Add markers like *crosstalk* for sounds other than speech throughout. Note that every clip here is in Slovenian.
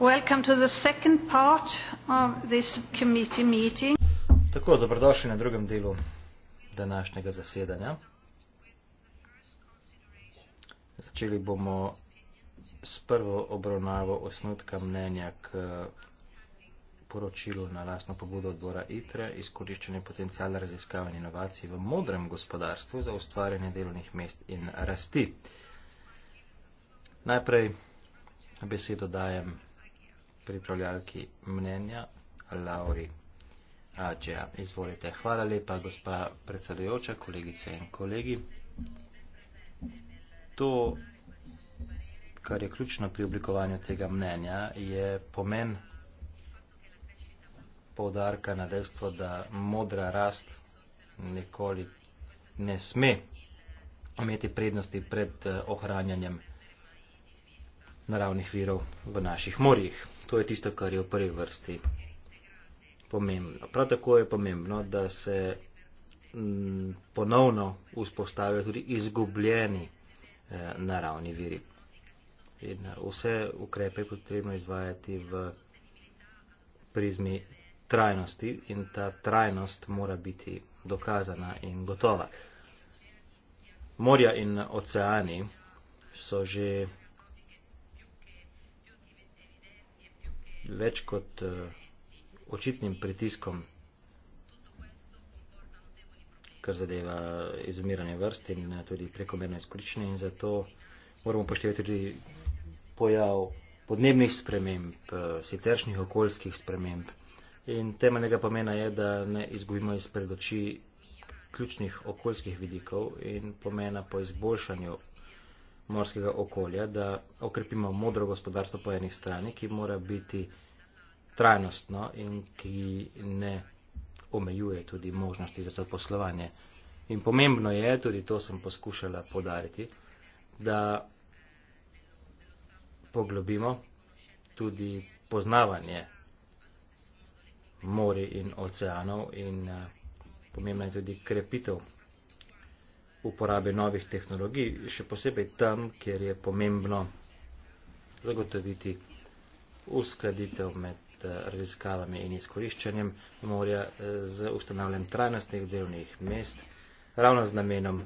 Welcome to the second part of this committee meeting. Tako, dobrodošli na drugem delu današnjega zasedanja. Začeli bomo s prvo obravnavo osnutka mnenja k poročilu na lastno pobudo odbora ITRE, izkoriščanje potencijala raziskave in inovacij v modrem gospodarstvu za ustvarjanje delovnih mest in rasti. Najprej besedo dajem pripravljalki mnenja Lauri Ađeja. Izvolite. Hvala lepa, gospa predsedujoča, kolegice in kolegi. To, kar je ključno pri oblikovanju tega mnenja, je pomen poudarka na dejstvo, da modra rast nikoli ne sme imeti prednosti pred eh, ohranjanjem naravnih virov v naših morjih. To je tisto, kar je v prvi vrsti pomembno. Prav tako je pomembno, da se mm, ponovno vzpostavijo tudi izgubljeni eh, naravni viri. In eh, vse ukrepe je potrebno izvajati v prizmi trajnosti in ta trajnost mora biti dokazana in gotova. Morja in oceani so že več kot eh, očitnim pritiskom, kar zadeva izumiranje vrst in eh, tudi prekomerno izkoriščenje in zato moramo poštevati tudi pojav podnebnih sprememb, eh, siceršnjih okoljskih sprememb. In temeljnega pomena je, da ne izgubimo iz predoči ključnih okoljskih vidikov in pomena po izboljšanju morskega okolja, da okrepimo modro gospodarstvo po eni strani, ki mora biti trajnostno in ki ne omejuje tudi možnosti za zaposlovanje. In pomembno je, tudi to sem poskušala podariti, da poglobimo tudi poznavanje mori in oceanov in eh, pomembno je tudi krepitev uporabe novih tehnologij, še posebej tam, kjer je pomembno zagotoviti uskladitev med eh, raziskavami in izkoriščanjem morja eh, z ustanavljanjem trajnostnih delovnih mest, ravno z namenom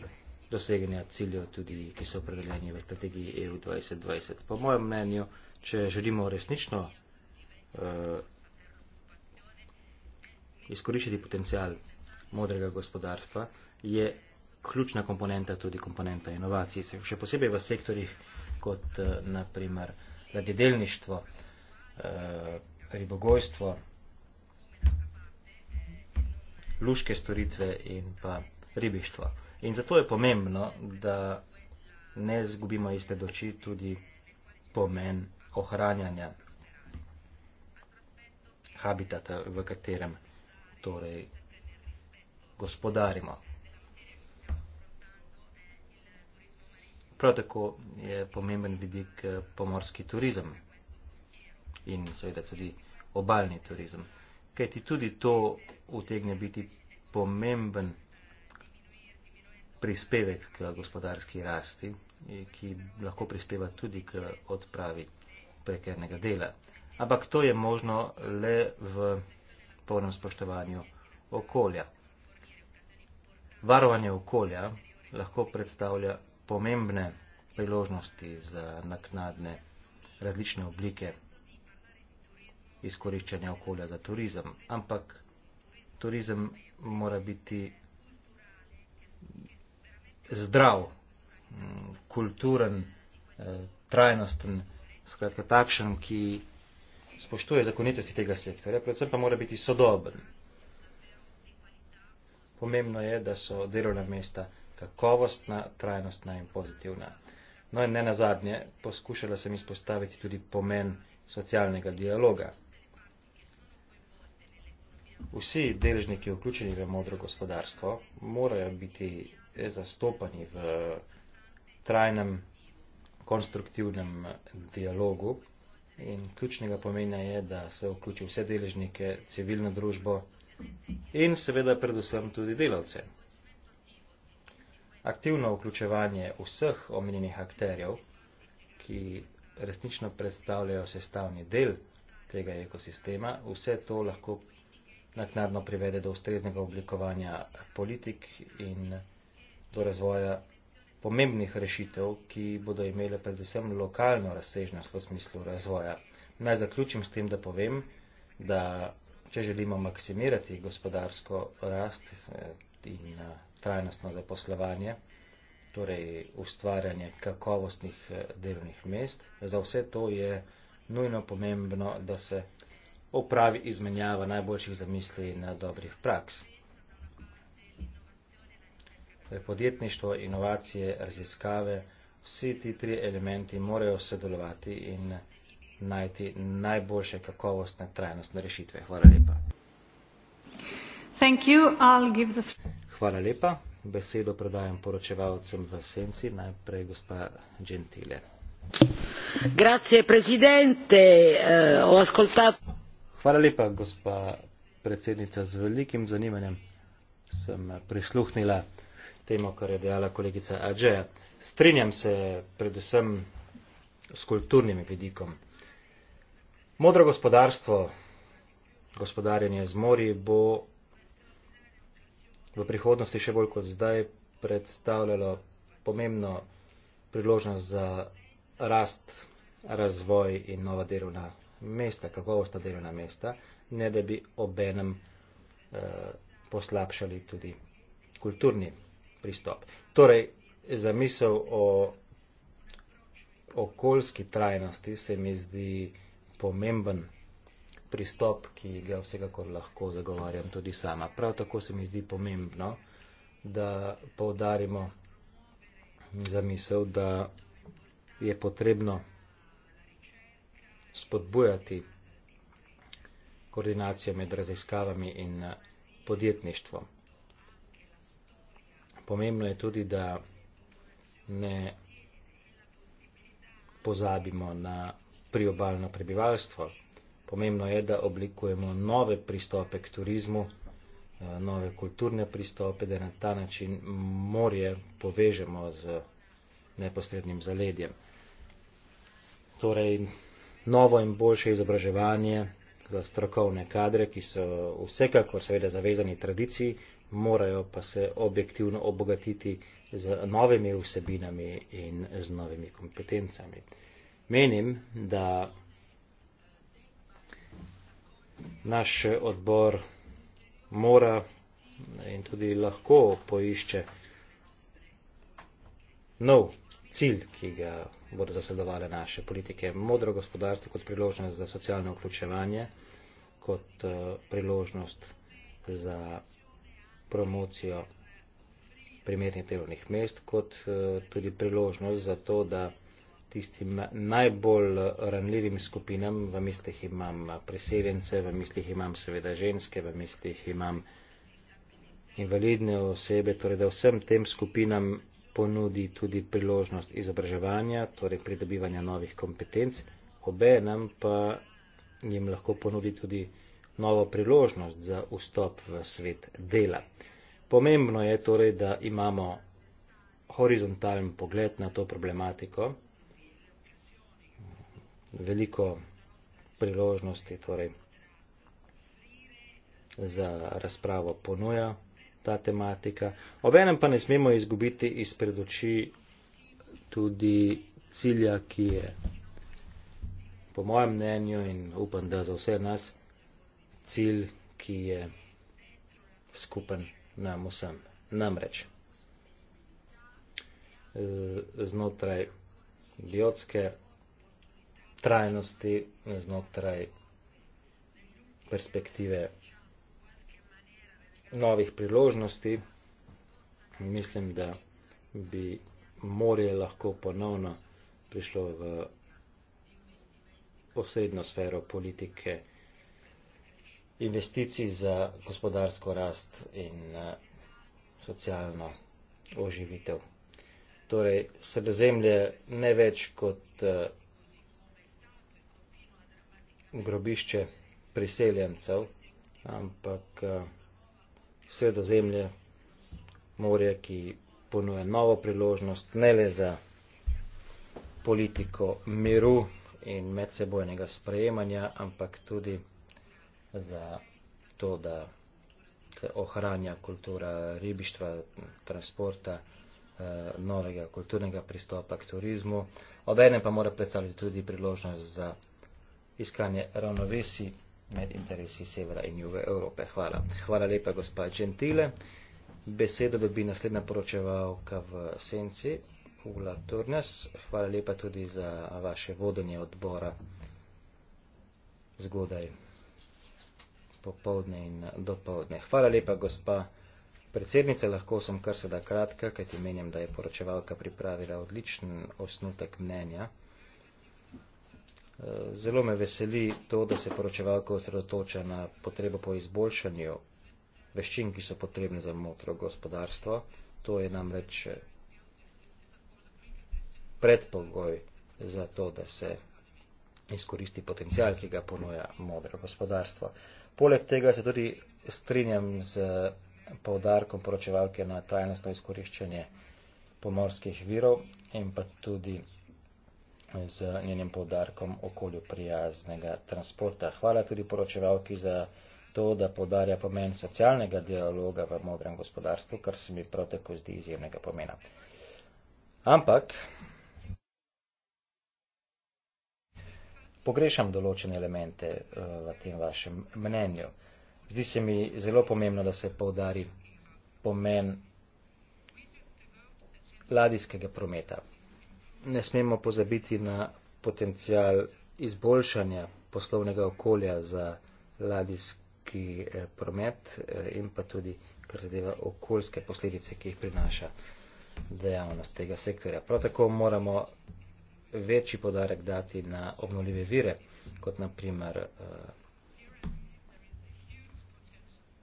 doseganja ciljev tudi, ki so opredeljeni v strategiji EU 2020. Po mojem mnenju, če želimo resnično uh, eh, izkoriščiti potencial modrega gospodarstva, je ključna komponenta tudi komponenta inovacij, še posebej v sektorjih kot eh, naprimer ladjedelništvo, eh, ribogojstvo, luške storitve in pa ribištvo. In zato je pomembno, da ne zgubimo izpred oči tudi pomen ohranjanja habitata, v katerem torej gospodarimo. Prav tako je pomemben vidik eh, pomorski turizem in seveda tudi obaljni turizem. Kaj ti tudi to utegne biti pomemben prispevek k gospodarski rasti, eh, ki lahko prispeva tudi k odpravi prekernega dela. Ampak to je možno le v polnem spoštovanju okolja. Varovanje okolja lahko predstavlja pomembne priložnosti za naknadne različne oblike izkoriščanja okolja za turizem, ampak turizem mora biti zdrav, kulturen, trajnosten, skratka takšen, ki spoštuje zakonitosti tega sektorja, predvsem pa mora biti sodoben. Pomembno je, da so delovna mesta kakovostna, trajnostna in pozitivna. No in ne nazadnje, poskušala sem izpostaviti tudi pomen socialnega dialoga. Vsi deležniki vključeni v modro gospodarstvo morajo biti eh, zastopani v trajnem, konstruktivnem dialogu in ključnega pomena je, da se vključi vse deležnike, civilno družbo in seveda predvsem tudi delavce aktivno vključevanje vseh omenjenih akterjev, ki resnično predstavljajo sestavni del tega ekosistema, vse to lahko naknadno privede do ustreznega oblikovanja politik in do razvoja pomembnih rešitev, ki bodo imele predvsem lokalno razsežnost v smislu razvoja. Naj zaključim s tem, da povem, da če želimo maksimirati gospodarsko rast, eh, in eh, trajnostno zaposlovanje, torej ustvarjanje kakovostnih eh, delovnih mest. Za vse to je nujno pomembno, da se opravi izmenjava najboljših zamisli in eh, dobrih praks. Torej podjetništvo, inovacije, raziskave, vsi ti tri elementi morajo sodelovati in najti najboljše kakovostne trajnostne rešitve. Hvala lepa. Hvala lepa. Besedo predajam poročevalcem v senci, najprej gospa Gentile. Eh, Hvala lepa, gospa predsednica. Z velikim zanimanjem sem prisluhnila temu, kar je dejala kolegica Adžeja. Strinjam se predvsem s kulturnim vidikom. Modro gospodarstvo, gospodarjenje z morji bo v prihodnosti še bolj kot zdaj predstavljalo pomembno priložnost za rast, razvoj in nova delovna mesta, kakovostna delovna mesta, ne da bi obenem eh, poslabšali tudi kulturni pristop. Torej, zamisel o okoljski trajnosti se mi zdi pomemben pristop, ki ga vsekakor lahko zagovarjam tudi sama. Prav tako se mi zdi pomembno, da poudarimo zamisel, da je potrebno spodbujati koordinacijo med raziskavami in eh, podjetništvom. Pomembno je tudi, da ne pozabimo na priobalno prebivalstvo, Pomembno je, da oblikujemo nove pristope k turizmu, eh, nove kulturne pristope, da na ta način morje povežemo z neposrednim zaledjem. Torej, novo in boljše izobraževanje za strokovne kadre, ki so vsekakor seveda zavezani tradiciji, morajo pa se objektivno obogatiti z novimi vsebinami in z novimi kompetencami. Menim, da naš odbor mora in tudi lahko poišče nov cilj, ki ga bodo zasledovale naše politike. Modro gospodarstvo kot priložnost za socialno vključevanje, kot eh, priložnost za promocijo primernih delovnih mest, kot eh, tudi priložnost za to, da tistim najbolj ranljivim skupinam, v mislih imam preseljence, v mislih imam seveda ženske, v mislih imam invalidne osebe, torej da vsem tem skupinam ponudi tudi priložnost izobraževanja, torej pridobivanja novih kompetenc, obe nam pa jim lahko ponudi tudi novo priložnost za vstop v svet dela. Pomembno je torej, da imamo horizontalen pogled na to problematiko, veliko priložnosti torej, za razpravo ponuja ta tematika. Obenem pa ne smemo izgubiti izpred oči tudi cilja, ki je po mojem mnenju in upam, da za vse nas cilj, ki je skupen nam vsem. Namreč e, znotraj biotske trajnosti znotraj perspektive novih priložnosti. Mislim, da bi morje lahko ponovno prišlo v osrednjo sfero politike investicij za gospodarsko rast in eh, socialno oživitev. Torej, sredozemlje ne več kot uh, grobišče priseljencev, ampak eh, sredozemlje, morje, ki ponuje novo priložnost ne le za politiko miru in medsebojnega sprejemanja, ampak tudi za to, da se ohranja kultura ribištva, transporta, eh, novega kulturnega pristopa k turizmu. Obenem pa mora predstavljati tudi priložnost za iskanje ravnovesi med interesi severa in juga Evrope. Hvala. Hvala lepa, gospa Gentile. Besedo dobi naslednja poročevalka v senci, Ula Turnes. Hvala lepa tudi za vaše vodenje odbora zgodaj popovdne in dopovdne. Hvala lepa, gospa predsednica. Lahko sem kar se da kratka, kajti menjam, da je poročevalka pripravila odličen osnutek mnenja. Zelo me veseli to, da se poročevalko osredotoča na potrebo po izboljšanju veščin, ki so potrebne za motro gospodarstvo. To je namreč eh, predpogoj za to, da se izkoristi potencial, ki ga ponuja modro gospodarstvo. Poleg tega se tudi strinjam z eh, povdarkom poročevalke na trajnostno izkoriščanje pomorskih virov in pa tudi z njenim povdarkom okolju prijaznega transporta. Hvala tudi poročevalki za to, da podarja pomen socialnega dialoga v modrem gospodarstvu, kar se mi prav tako zdi izjemnega pomena. Ampak pogrešam določene elemente eh, v tem vašem mnenju. Zdi se mi zelo pomembno, da se poudari pomen ladijskega prometa ne smemo pozabiti na potencial izboljšanja poslovnega okolja za ladijski eh, promet eh, in pa tudi, kar zadeva okoljske posledice, ki jih prinaša dejavnost tega sektorja. Prav tako moramo večji podarek dati na obnovljive vire, kot naprimer eh,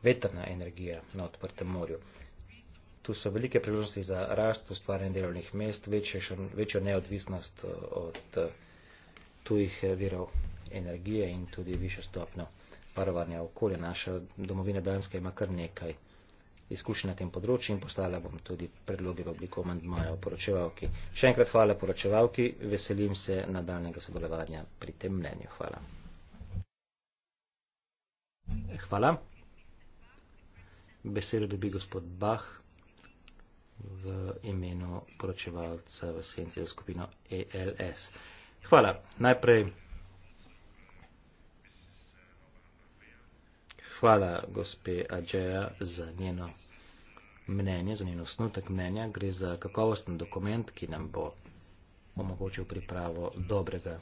vetrna energija na odprtem morju tu so velike priložnosti za rast, ustvarjanje delovnih mest, večjo, večjo neodvisnost eh, od eh, tujih eh, virov energije in tudi višjo stopnjo varovanja okolja. Naša domovina Danska ima kar nekaj izkušnje na tem področju in postala bom tudi predloge v obliku mandmaja o poročevalki. Še enkrat hvala poročevalki, veselim se nadaljnega sodelovanja pri tem mnenju. Hvala. Hvala. Besedo dobi gospod Bach v imenu poročevalca v senci za skupino ALS. E hvala. Najprej. Hvala gospe Adžeja za njeno mnenje, za njeno snutek mnenja. Gre za kakovosten dokument, ki nam bo omogočil pripravo dobrega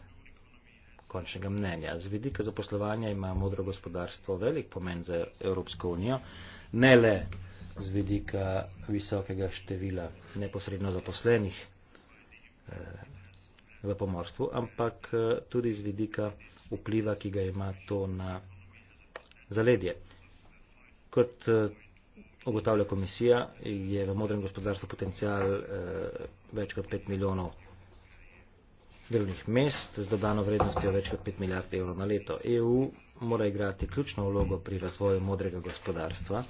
končnega mnenja. Z vidika zaposlovanja ima modro gospodarstvo velik pomen za Evropsko unijo, ne le z vidika visokega števila neposredno zaposlenih eh, v pomorstvu, ampak eh, tudi z vidika vpliva, ki ga ima to na zaledje. Kot eh, ugotavlja komisija, je v modrem gospodarstvu potencial več kot 5 milijonov delovnih mest z dodano vrednostjo več kot 5 milijard evrov na leto. EU mora igrati ključno vlogo pri razvoju modrega gospodarstva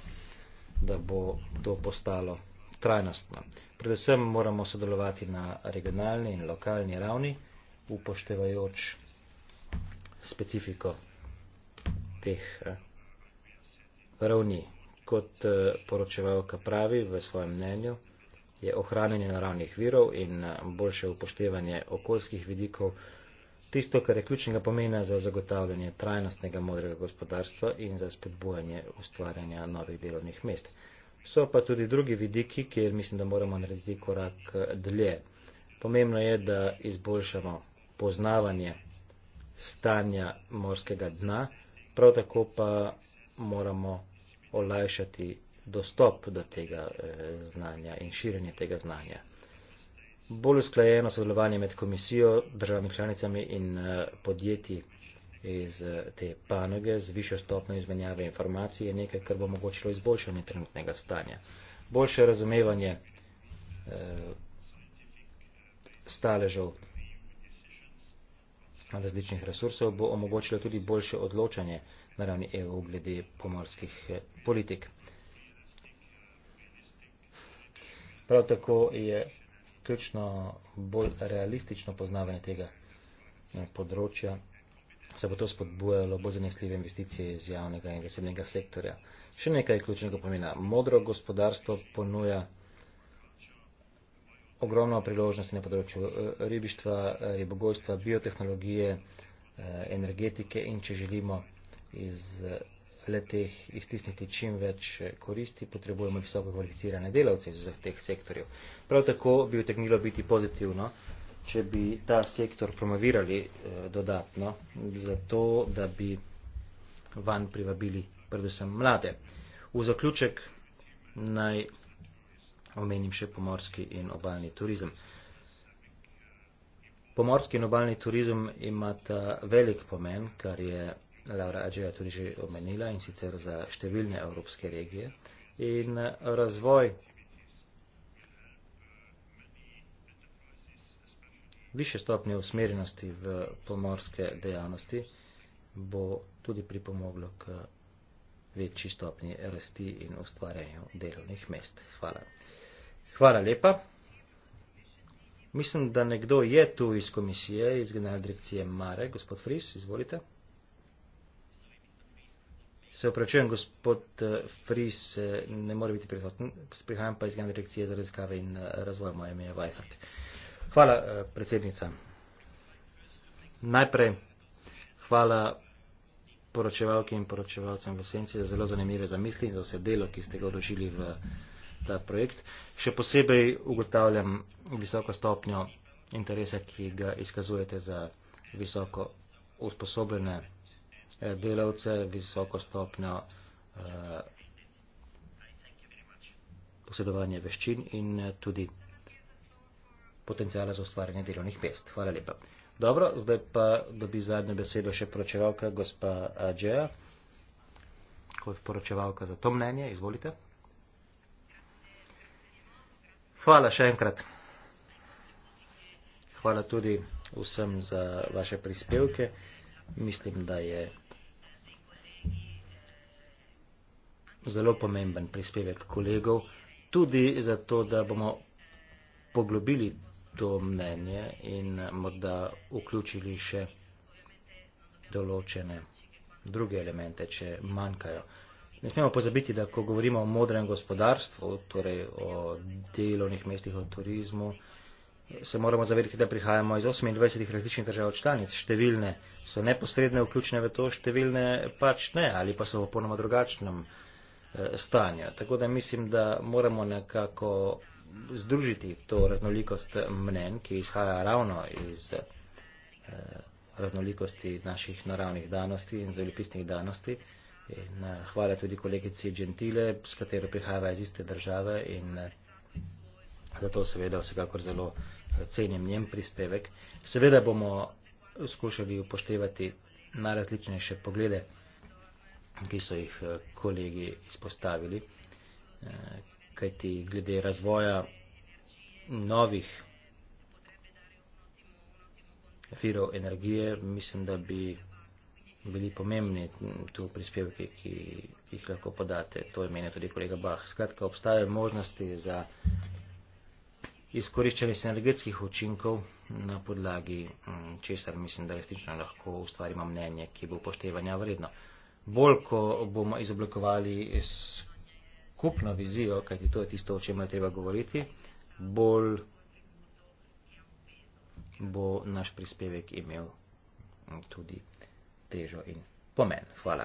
da bo to postalo trajnostno. Predvsem moramo sodelovati na regionalni in lokalni ravni, upoštevajoč specifiko teh eh, ravni. Kot eh, poročevalka pravi v svojem mnenju, je ohranjanje naravnih virov in eh, boljše upoštevanje okoljskih vidikov tisto, kar je ključnega pomena za zagotavljanje trajnostnega modrega gospodarstva in za spodbujanje ustvarjanja novih delovnih mest. So pa tudi drugi vidiki, kjer mislim, da moramo narediti korak eh, dlje. Pomembno je, da izboljšamo poznavanje stanja morskega dna, prav tako pa moramo olajšati dostop do tega eh, znanja in širjenje tega znanja bolj usklajeno sodelovanje med komisijo, državami članicami in eh, podjetji iz eh, te panoge z višjo stopno izmenjave informacij je nekaj, kar bo omogočilo izboljšanje trenutnega stanja. Boljše razumevanje eh, staležev različnih resursov bo omogočilo tudi boljše odločanje na ravni EU glede pomorskih eh, politik. Prav tako je kakšno bolj realistično poznavanje tega eh, področja, se bo to spodbujalo bolj zanesljive investicije iz javnega in zasebnega sektorja. Še nekaj ključnega pomena. Modro gospodarstvo ponuja ogromno priložnosti na področju eh, ribištva, ribogojstva, biotehnologije, eh, energetike in če želimo iz leteh iztisniti čim več eh, koristi, potrebujemo visoko kvalificirane delavce iz teh sektorjev. Prav tako bi utegnilo biti pozitivno, če bi ta sektor promovirali eh, dodatno, zato da bi van privabili predvsem mlade. V zaključek naj omenim še pomorski in obalni turizem. Pomorski in obalni turizem imata velik pomen, kar je Laura Adžeja tudi že omenila in sicer za številne evropske regije in razvoj više stopnje usmerjenosti v pomorske dejavnosti bo tudi pripomoglo k večji stopnji rasti in ustvarjanju delovnih mest. Hvala. Hvala lepa. Mislim, da nekdo je tu iz komisije, iz generalne direkcije Mare, gospod Fris, izvolite. Se opravičujem, gospod eh, Fris eh, ne more biti prihoten, prihajam pa iz Gen direkcije za raziskave in eh, razvoj, moje ime je Vajhard. Hvala, predsednica. Najprej hvala poročevalki in poročevalcem v Senci za zelo zanimive zamisli in za vse delo, ki ste ga odložili v ta projekt. Še posebej ugotavljam visoko stopnjo interesa, ki ga izkazujete za visoko usposobljene delavce, visoko stopnjo eh, posedovanja veščin in eh, tudi potencijala za ustvarjanje delovnih mest. Hvala lepa. Dobro, zdaj pa dobi zadnjo besedo še poročevalka, gospa Adžeja, kot poročevalka za to mnenje. Izvolite. Hvala še enkrat. Hvala tudi vsem za vaše prispevke. Mislim, da je. zelo pomemben prispevek kolegov, tudi zato, da bomo poglobili to mnenje in morda vključili še določene druge elemente, če manjkajo. Ne smemo pozabiti, da ko govorimo o modrem gospodarstvu, torej o delovnih mestih, o turizmu, se moramo zavedati, da prihajamo iz 28 različnih držav članic. Številne so neposredne vključene v to, številne pač ne ali pa so v popolnoma drugačnem Eh, stanja. Tako da mislim, da moramo nekako združiti to raznolikost mnen, ki izhaja ravno iz eh, raznolikosti naših naravnih danosti in zelopisnih danosti. In eh, hvala tudi kolegici Gentile, s katero prihajava iz iste države in zato seveda vsekakor zelo cenim njen prispevek. Seveda bomo skušali upoštevati najrazličnejše poglede ki so jih eh, kolegi izpostavili, eh, kajti glede razvoja novih virov energije, mislim, da bi bili pomembni tu prispevki, ki jih lahko podate. To je meni tudi kolega Bah. Skratka, obstajajo možnosti za izkoriščanje sinergetskih učinkov na podlagi mm, česar mislim, da resnično lahko ustvarimo mnenje, ki bo upoštevanja vredno bolj, ko bomo izoblikovali skupno vizijo, kajti to je tisto, o čem je treba govoriti, bolj bo naš prispevek imel tudi težo in pomen. Hvala.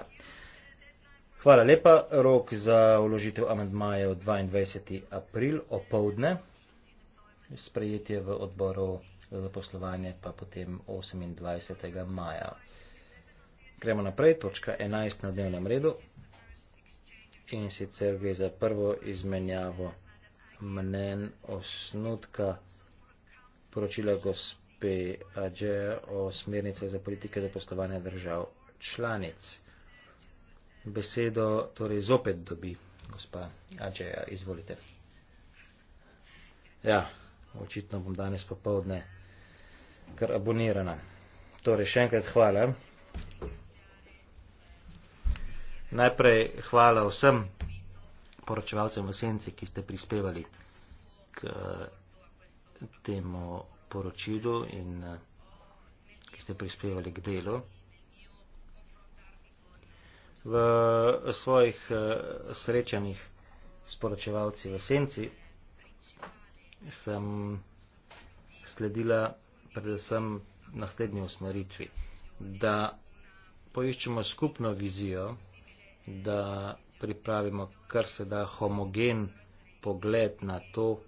Hvala lepa, rok za uložitev amandmaje od 22. april opovdne, sprejetje v odboru za poslovanje pa potem 28. maja. Gremo naprej, točka 11 na dnevnem redu in sicer gre za prvo izmenjavo mnen osnutka poročila gospe Adje o smernicah za politike zaposlovanja držav članic. Besedo torej zopet dobi gospa Adje, izvolite. Ja, očitno bom danes popovdne kar abonirana. Torej, še enkrat hvala. Najprej hvala vsem poročevalcem v Senci, ki ste prispevali k eh, temu poročilu in eh, ki ste prispevali k delu. V eh, svojih srečanjih s poročevalci v Senci sem sledila predvsem naslednji usmeritvi, da poiščemo skupno vizijo, da pripravimo kar se da homogen pogled na to,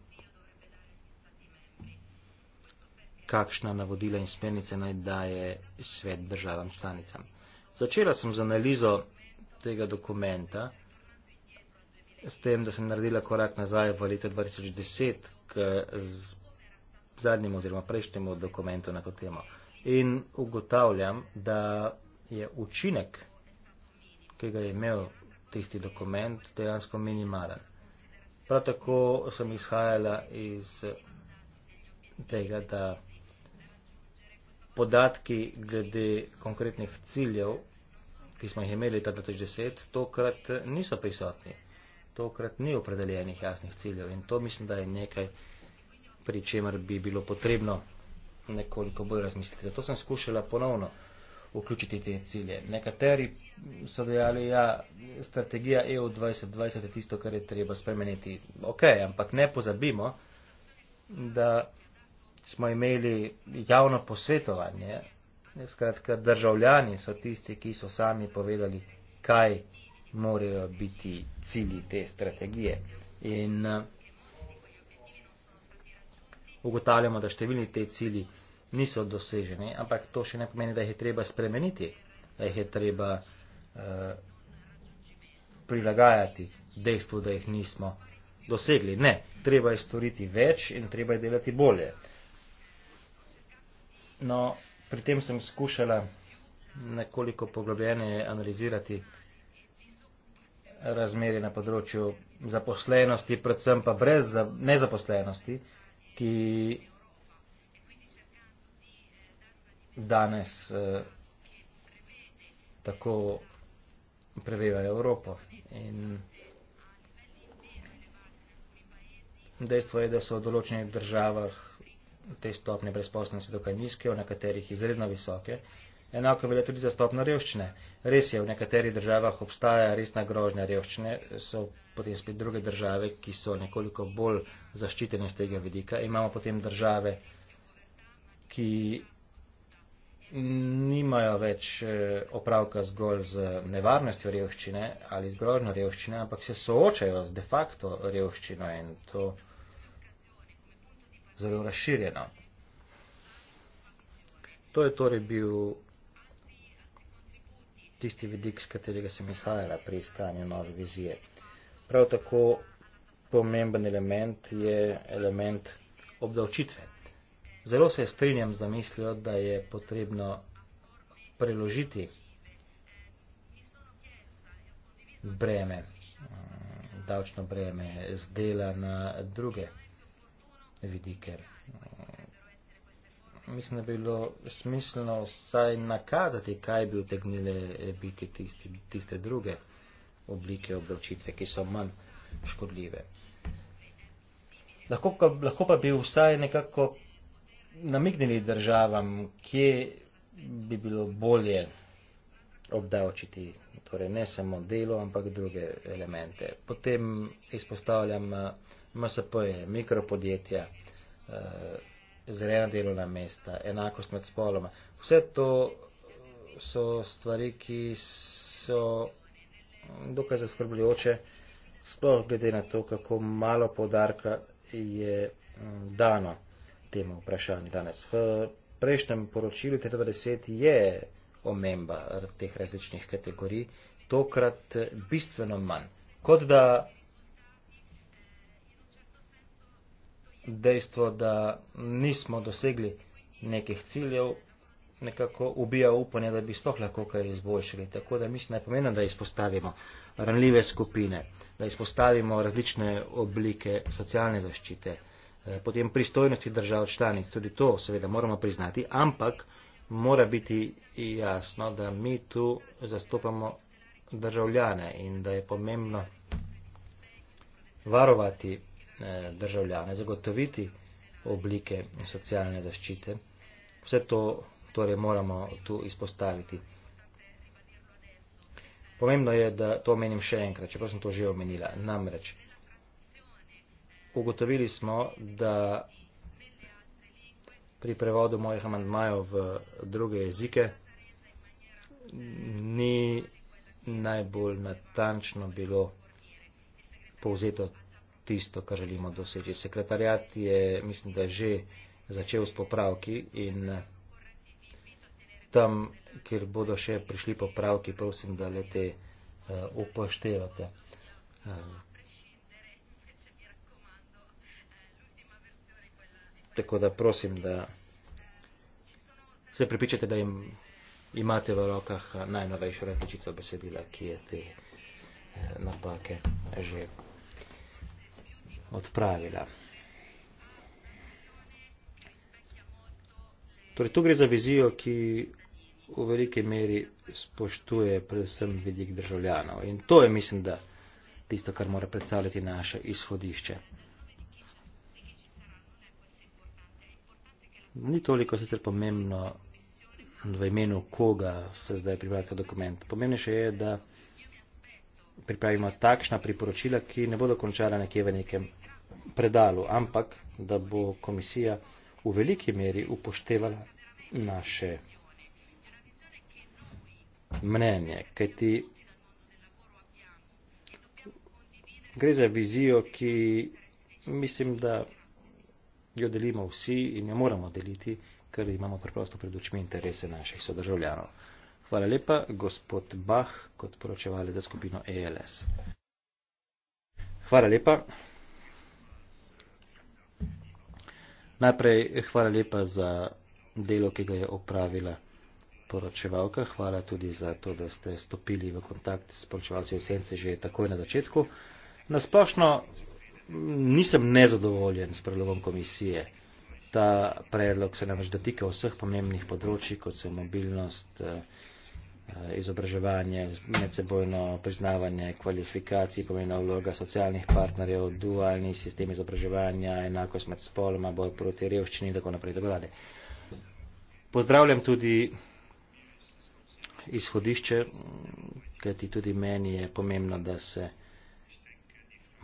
kakšna navodila in smernice naj daje svet državam članicam. Začela sem z analizo tega dokumenta, s tem, da sem naredila korak nazaj v leto 2010 k zadnjemu oziroma prejšnjemu dokumentu na to temo. In ugotavljam, da je učinek ki ga je imel tisti dokument, dejansko minimalen. Prav tako sem izhajala iz tega, da podatki glede konkretnih ciljev, ki smo jih imeli leta 2010, tokrat niso prisotni. Tokrat ni opredeljenih jasnih ciljev in to mislim, da je nekaj, pri čemer bi bilo potrebno nekoliko bolj razmisliti. Zato sem skušala ponovno vključiti te cilje. Nekateri so dejali, ja, strategija EU 2020 je tisto, kar je treba spremeniti. Ok, ampak ne pozabimo, da smo imeli javno posvetovanje, skratka državljani so tisti, ki so sami povedali, kaj morajo biti cilji te strategije. In uh, ugotavljamo, da številni te cilji niso doseženi, ampak to še ne pomeni, da jih je treba spremeniti, da jih je treba uh, prilagajati dejstvu, da jih nismo dosegli. Ne, treba je storiti več in treba je delati bolje. No, pri tem sem skušala nekoliko poglobljeneje analizirati razmeri na področju zaposlenosti, predvsem pa brez nezaposlenosti, ki danes eh, tako preveva Evropo. In dejstvo je, da so v določenih državah te stopne brezposobnosti dokaj nizke, v nekaterih izredno visoke. Enako velja tudi za stopno revščine. Res je, v nekaterih državah obstaja resna grožnja revščine, so potem spet druge države, ki so nekoliko bolj zaščitene z tega vidika. Imamo potem države, ki nimajo več eh, opravka zgolj z nevarnostjo revščine ali z grožnjo revščine, ampak se soočajo z de facto revščino in to zelo razširjeno. To je torej bil tisti vidik, z katerega sem izhajala pri iskanju nove vizije. Prav tako pomemben element je element obdavčitve. Zelo se strinjam z zamislijo, da je potrebno preložiti breme, davčno breme z dela na druge vidike. Mislim, da bi bilo smiselno vsaj nakazati, kaj bi utegnile biti tisti, tiste druge oblike obdavčitve, ki so manj škodljive. Lahko pa, lahko pa bi vsaj nekako namignili državam, kje bi bilo bolje obdavčiti, torej ne samo delo, ampak druge elemente. Potem izpostavljam eh, MSP-je, mikropodjetja, eh, zrena delovna mesta, enakost med spoloma. Vse to so stvari, ki so dokaj zaskrbljujoče, sploh glede na to, kako malo podarka je mm, dano tema vprašanja danes. V prejšnjem poročilu T90 je omemba teh različnih kategorij, tokrat bistveno manj. Kot da dejstvo, da nismo dosegli nekih ciljev, nekako ubija upanje, da bi sploh lahko kaj izboljšali. Tako da mislim, da je pomembno, da izpostavimo ranljive skupine, da izpostavimo različne oblike socialne zaščite. Eh, potem pristojnosti držav članic, tudi to seveda moramo priznati, ampak mora biti jasno, da mi tu zastopamo državljane in da je pomembno varovati eh, državljane, zagotoviti oblike socialne zaščite. Vse to torej moramo tu izpostaviti. Pomembno je, da to omenim še enkrat, čeprav sem to že omenila, namreč ugotovili smo, da pri prevodu mojih amandmajev v druge jezike ni najbolj natančno bilo povzeto tisto, kar želimo doseči. Sekretarjat je, mislim, da je že začel s popravki in tam, kjer bodo še prišli popravki, prosim, da le te eh, upoštevate. Eh, tako da prosim, da se pripičate, da im, imate v rokah eh, najnovejšo različico besedila, ki je te eh, napake že odpravila. Torej, tu gre za vizijo, ki v veliki meri spoštuje predvsem vidik državljanov. In to je, mislim, da tisto, kar mora predstavljati naše izhodišče. ni toliko sicer pomembno v imenu koga se zdaj pripravlja ta dokument. Pomembnejše je, da pripravimo takšna priporočila, ki ne bodo končala nekje v nekem predalu, ampak da bo komisija v veliki meri upoštevala naše mnenje. Kajti gre za vizijo, ki mislim, da jo delimo vsi in jo moramo deliti, ker imamo preprosto pred očmi interese naših sodržavljanov. Hvala lepa, gospod Bah, kot poročevali za skupino ELS. Hvala lepa. Najprej hvala lepa za delo, ki ga je opravila poročevalka. Hvala tudi za to, da ste stopili v kontakt s poročevalci v sence že takoj na začetku. Na splošno nisem nezadovoljen s predlogom komisije. Ta predlog se namreč dotika vseh pomembnih področji, kot so mobilnost, eh, eh, izobraževanje, medsebojno priznavanje kvalifikacij, pomembna vloga socialnih partnerjev, dualni sistem izobraževanja, enakost med spoloma, boj proti revščini in tako naprej. Dogolade. Pozdravljam tudi izhodišče, kajti tudi meni je pomembno, da se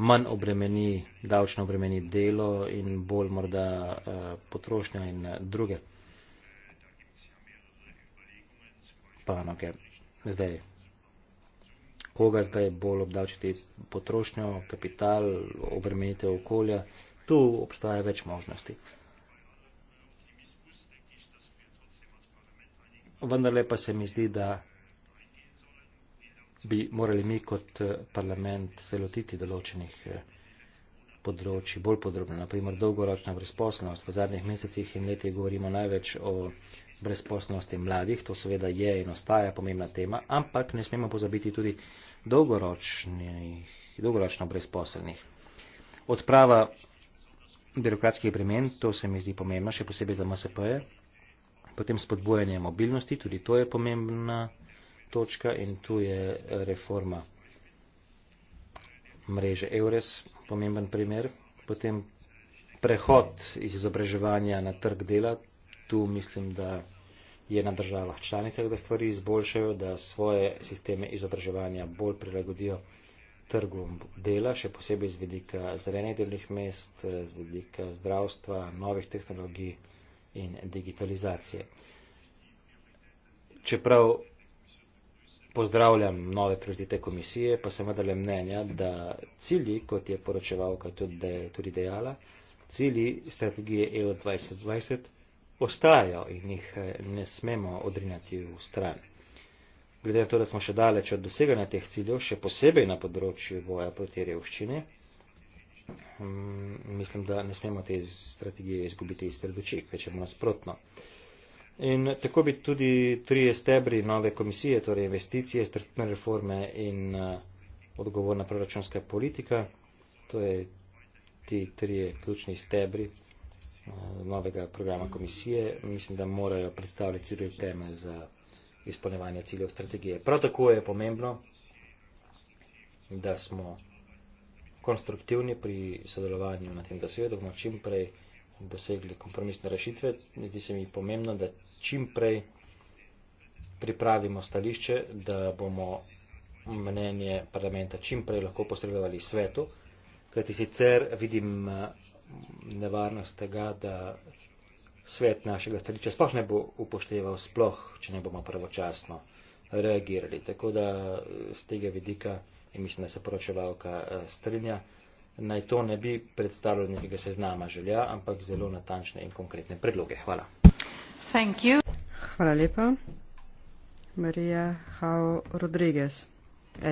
manj obremeni, davčno obremeni delo in bolj morda eh, potrošnja in eh, druge panoge. Zdaj, koga zdaj bolj obdavčiti potrošnjo, kapital, obremenitev okolja, tu obstaja več možnosti. Vendarle pa se mi zdi, da bi morali mi kot eh, parlament se lotiti določenih eh, področji, bolj podrobno, naprimer dolgoročna brezposlenost. V zadnjih mesecih in letih govorimo največ o brezposlenosti mladih, to seveda je in ostaja pomembna tema, ampak ne smemo pozabiti tudi dolgoročno brezposlenih. Odprava birokratskih bremen, to se mi zdi pomembno, še posebej za MSP-je, potem spodbojanje mobilnosti, tudi to je pomembna točka in tu je eh, reforma mreže EURES, pomemben primer. Potem prehod iz izobraževanja na trg dela, tu mislim, da je na državah članicah, da stvari izboljšajo, da svoje sisteme izobraževanja bolj prilagodijo trgu dela, še posebej z vidika zelenih delnih mest, eh, z vidika zdravstva, novih tehnologij in digitalizacije. Čeprav pozdravljam nove prioritete komisije, pa sem vendarle mnenja, da cilji, kot je poročevalka tudi, de, tudi dejala, cilji strategije EU 2020 ostajajo in jih eh, ne smemo odrinjati v stran. Glede na to, da smo še daleč od doseganja teh ciljev, še posebej na področju boja proti revščini, mm, mislim, da ne smemo te strategije izgubiti iz pred oči, več je nasprotno. In tako bi tudi trije stebri nove komisije, torej investicije, strateške reforme in eh, odgovorna proračunska politika, to je ti trije ključni stebri eh, novega programa komisije, mislim, da morajo predstavljati tudi teme za izpolnevanje ciljev strategije. Prav tako je pomembno, da smo konstruktivni pri sodelovanju na tem, da svedo bomo čim prej in dosegli kompromisne rešitve. Zdi se mi pomembno, da čim prej pripravimo stališče, da bomo mnenje parlamenta čim prej lahko posredovali svetu, kajti sicer vidim eh, nevarnost tega, da svet našega stališča sploh ne bo upošteval, sploh, če ne bomo pravočasno reagirali. Tako da z eh, tega vidika, in mislim, da se poročevalka eh, strinja, naj to ne bi predstavljalo nekega seznama želja, ampak zelo natančne in konkretne predloge. Hvala. Thank you. Hvala lepa. Marija Hau Rodriguez,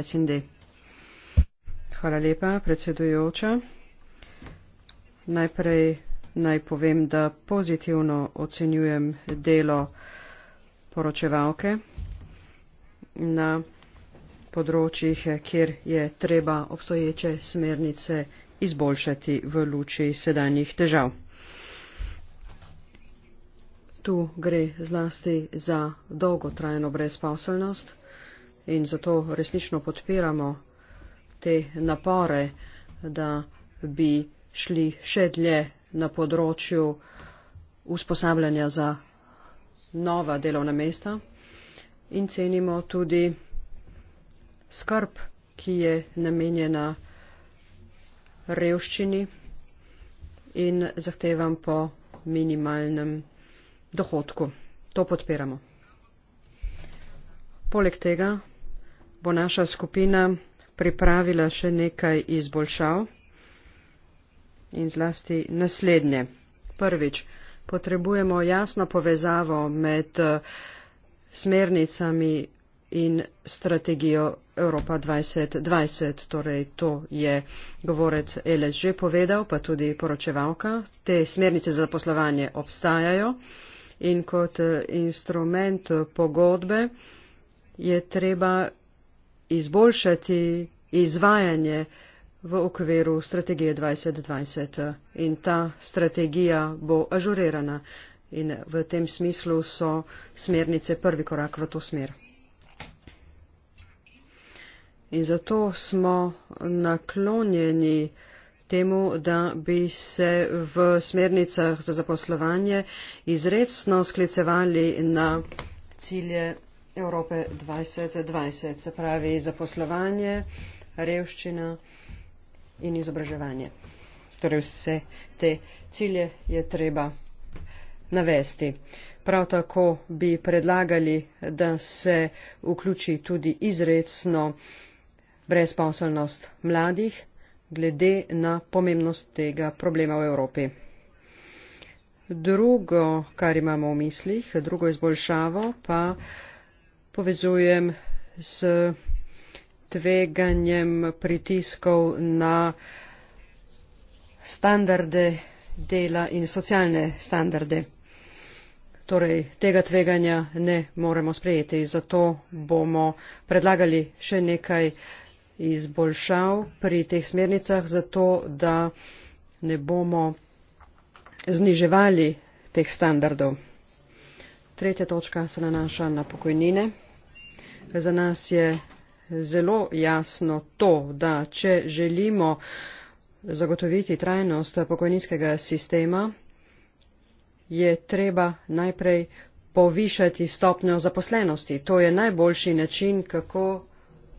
SND. Hvala lepa, predsedujoča. Najprej naj povem, da pozitivno ocenjujem delo poročevalke na področjih, kjer je treba obstoječe smernice izboljšati v luči sedanjih težav. Tu gre zlasti za dolgotrajno brezposelnost in zato resnično podpiramo te napore, da bi šli še dlje na področju usposabljanja za nova delovna mesta in cenimo tudi skrb, ki je namenjena revščini in zahtevam po minimalnem dohodku. To podpiramo. Poleg tega bo naša skupina pripravila še nekaj izboljšav in zlasti naslednje. Prvič, potrebujemo jasno povezavo med eh, smernicami in strategijo Evropa 2020. Torej, to je govorec Eles že povedal, pa tudi poročevalka. Te smernice za poslovanje obstajajo in kot eh, instrument pogodbe je treba izboljšati izvajanje v okviru strategije 2020 in ta strategija bo ažurirana in v tem smislu so smernice prvi korak v to smer. In zato smo naklonjeni temu, da bi se v smernicah za zaposlovanje izredno sklicevali na cilje Evrope 2020, se pravi zaposlovanje, revščina in izobraževanje. Torej vse te cilje je treba navesti. Prav tako bi predlagali, da se vključi tudi izredno brezposelnost mladih glede na pomembnost tega problema v Evropi. Drugo, kar imamo v mislih, drugo izboljšavo pa povezujem s tveganjem pritiskov na standarde dela in socialne standarde. Torej, tega tveganja ne moremo sprejeti, zato bomo predlagali še nekaj uh, izboljšav pri teh smernicah, zato da ne bomo zniževali teh standardov. Tretja točka se nanaša na pokojnine. Za nas je zelo jasno to, da če želimo zagotoviti trajnost pokojninskega sistema, je treba najprej povišati stopnjo zaposlenosti. To je najboljši način, kako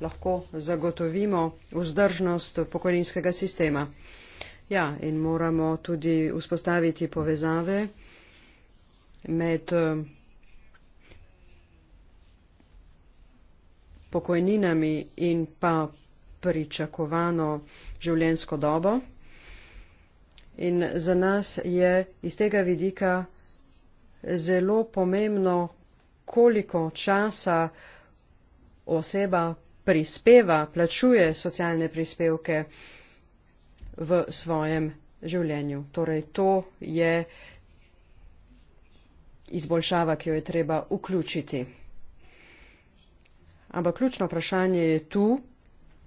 lahko zagotovimo vzdržnost pokojninskega sistema. Ja, in moramo tudi vzpostaviti povezave med eh, pokojninami in pa pričakovano življensko dobo. In za nas je iz tega vidika zelo pomembno, koliko časa oseba prispeva, plačuje socialne prispevke v svojem življenju. Torej, to je izboljšava, ki jo je treba vključiti. Ampak ključno vprašanje je tu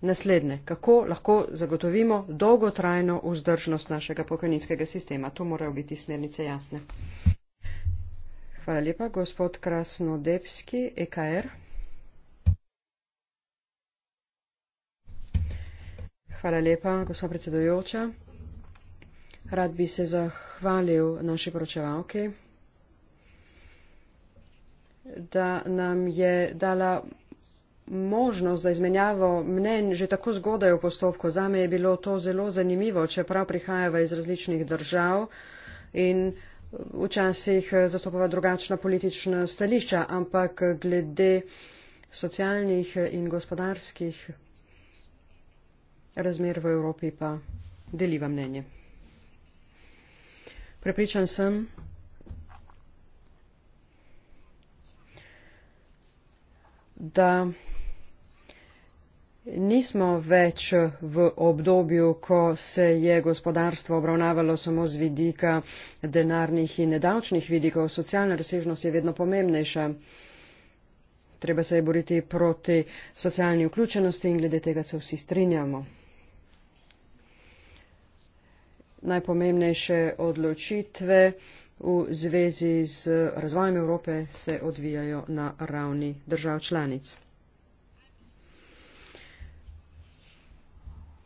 naslednje. Kako lahko zagotovimo dolgotrajno vzdržnost našega pokojninskega sistema? Tu morajo biti smernice jasne. Hvala lepa, gospod Krasnodebski, EKR. Hvala lepa, gospod predsedujoča. Rad bi se zahvalil naši poročevalki, da nam je dala možnost za izmenjavo mnen že tako zgodaj v postopku. Zame je bilo to zelo zanimivo, čeprav prihajava iz različnih držav in včasih zastopava drugačna politična stališča, ampak glede socialnih in gospodarskih razmer v Evropi pa deliva mnenje. Prepričan sem, da nismo več v obdobju, ko se je gospodarstvo obravnavalo samo z vidika denarnih in nedavčnih vidikov. Socialna razsežnost je vedno pomembnejša. Treba se je boriti proti socialni vključenosti in glede tega se vsi strinjamo najpomembnejše odločitve v zvezi z razvojem Evrope se odvijajo na ravni držav članic.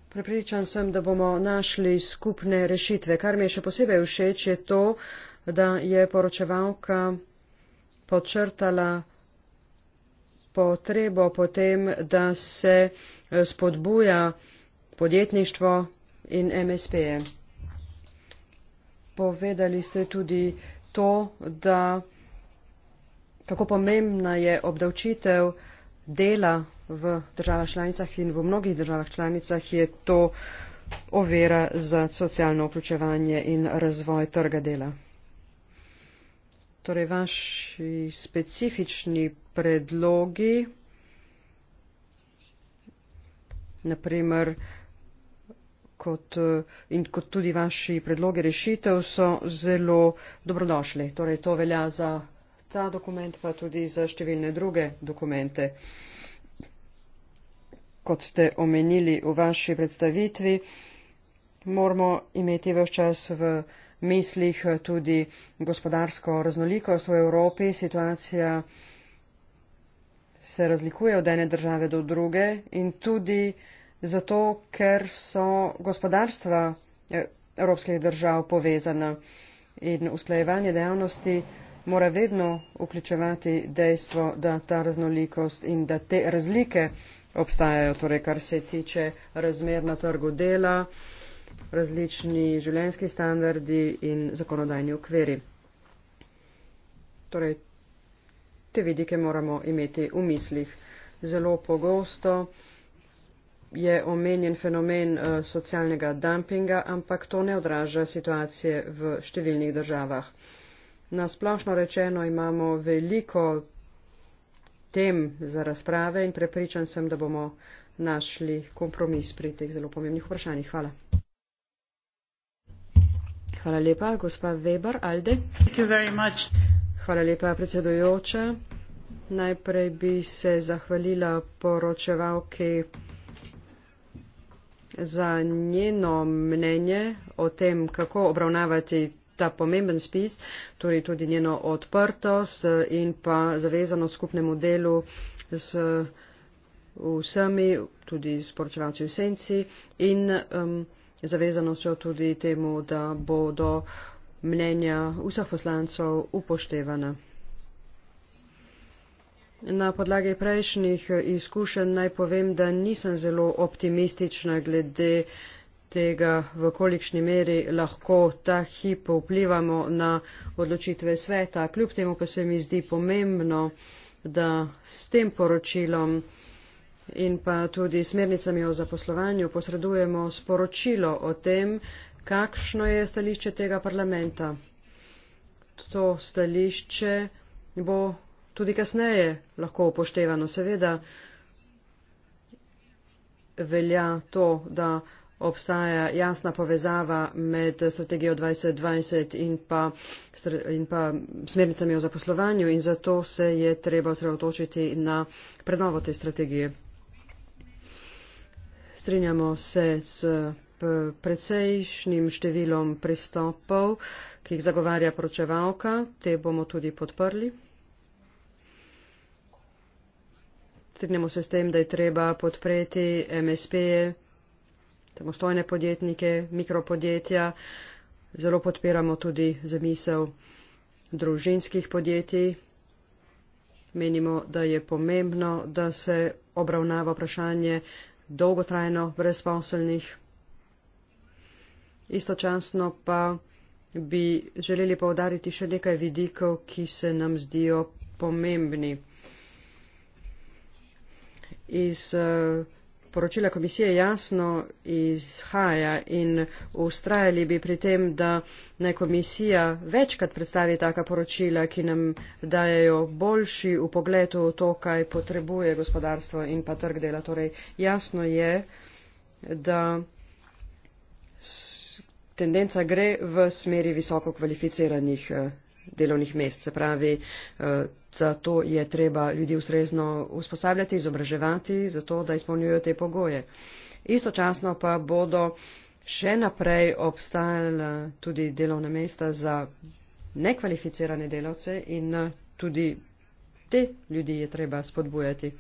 Prepričan sem, da bomo našli skupne rešitve. Kar mi je še posebej všeč je to, da je poročevalka podčrtala potrebo potem, da se spodbuja podjetništvo in MSP-je. Povedali ste tudi to, da kako pomembna je obdavčitev dela v državah članicah in v mnogih državah članicah je to ovira za socialno vključevanje in razvoj trga dela. Torej, vaši specifični predlogi, naprimer, kot, eh, in kot tudi vaši predloge rešitev so zelo dobrodošli. Torej, to velja za ta dokument, pa tudi za številne druge dokumente. Kot ste omenili v vaši predstavitvi, moramo imeti več čas v mislih tudi gospodarsko raznolikost v Evropi. Situacija se razlikuje od ene države do druge in tudi zato ker so gospodarstva eh, evropskih držav povezana in usklajevanje dejavnosti mora vedno vključevati dejstvo, da ta raznolikost in da te razlike obstajajo, torej kar se tiče razmer na trgu dela, različni življenjski standardi in zakonodajni okveri. Torej, te vidike moramo imeti v mislih. Zelo pogosto je omenjen fenomen eh, socialnega dumpinga, ampak to ne odraža situacije v številnih državah. Na splošno rečeno imamo veliko tem za razprave in prepričan sem, da bomo našli kompromis pri teh zelo pomembnih vprašanjih. Hvala. Hvala lepa, gospa Weber, Alde. Hvala lepa, predsedujoča. Najprej bi se zahvalila poročevalki. Okay za njeno mnenje o tem, kako obravnavati ta pomemben spis, torej tudi njeno odprtost eh, in pa zavezano skupnemu delu z eh, vsemi, tudi s poročevalci v senci in um, zavezano so tudi temu, da bodo mnenja vseh poslancev upoštevana. Na podlagi prejšnjih eh, izkušenj naj povem, da nisem zelo optimistična glede tega, v kolikšni meri lahko ta hip vplivamo na odločitve sveta. Kljub temu pa se mi zdi pomembno, da s tem poročilom in pa tudi smernicami o zaposlovanju posredujemo sporočilo o tem, kakšno je stališče tega parlamenta. To stališče bo tudi kasneje lahko upoštevano. Seveda velja to, da obstaja jasna povezava med strategijo 2020 in pa, in pa smernicami o zaposlovanju in zato se je treba osredotočiti na prenovo te strategije. Strinjamo se s precejšnjim številom pristopov, ki jih zagovarja poročevalka, te bomo tudi podprli. Strinjamo se s tem, da je treba podpreti MSP-je, samostojne podjetnike, mikropodjetja. Zelo podpiramo tudi zamisel družinskih podjetij. Menimo, da je pomembno, da se obravnava vprašanje dolgotrajno brezposelnih. Istočasno pa bi želeli povdariti še nekaj vidikov, ki se nam zdijo pomembni iz eh, poročila komisije jasno izhaja in ustrajali bi pri tem, da naj komisija večkrat predstavi taka poročila, ki nam dajo boljši v pogledu to, kaj potrebuje gospodarstvo in pa trg dela. Torej, jasno je, da tendenca gre v smeri visoko kvalificiranih eh, delovnih mest. Se pravi, eh, zato je treba ljudi ustrezno usposabljati, izobraževati, zato da izpolnjujo te pogoje. Istočasno pa bodo še naprej obstajala tudi delovna mesta za nekvalificirane delavce in eh, tudi te ljudi je treba spodbujati.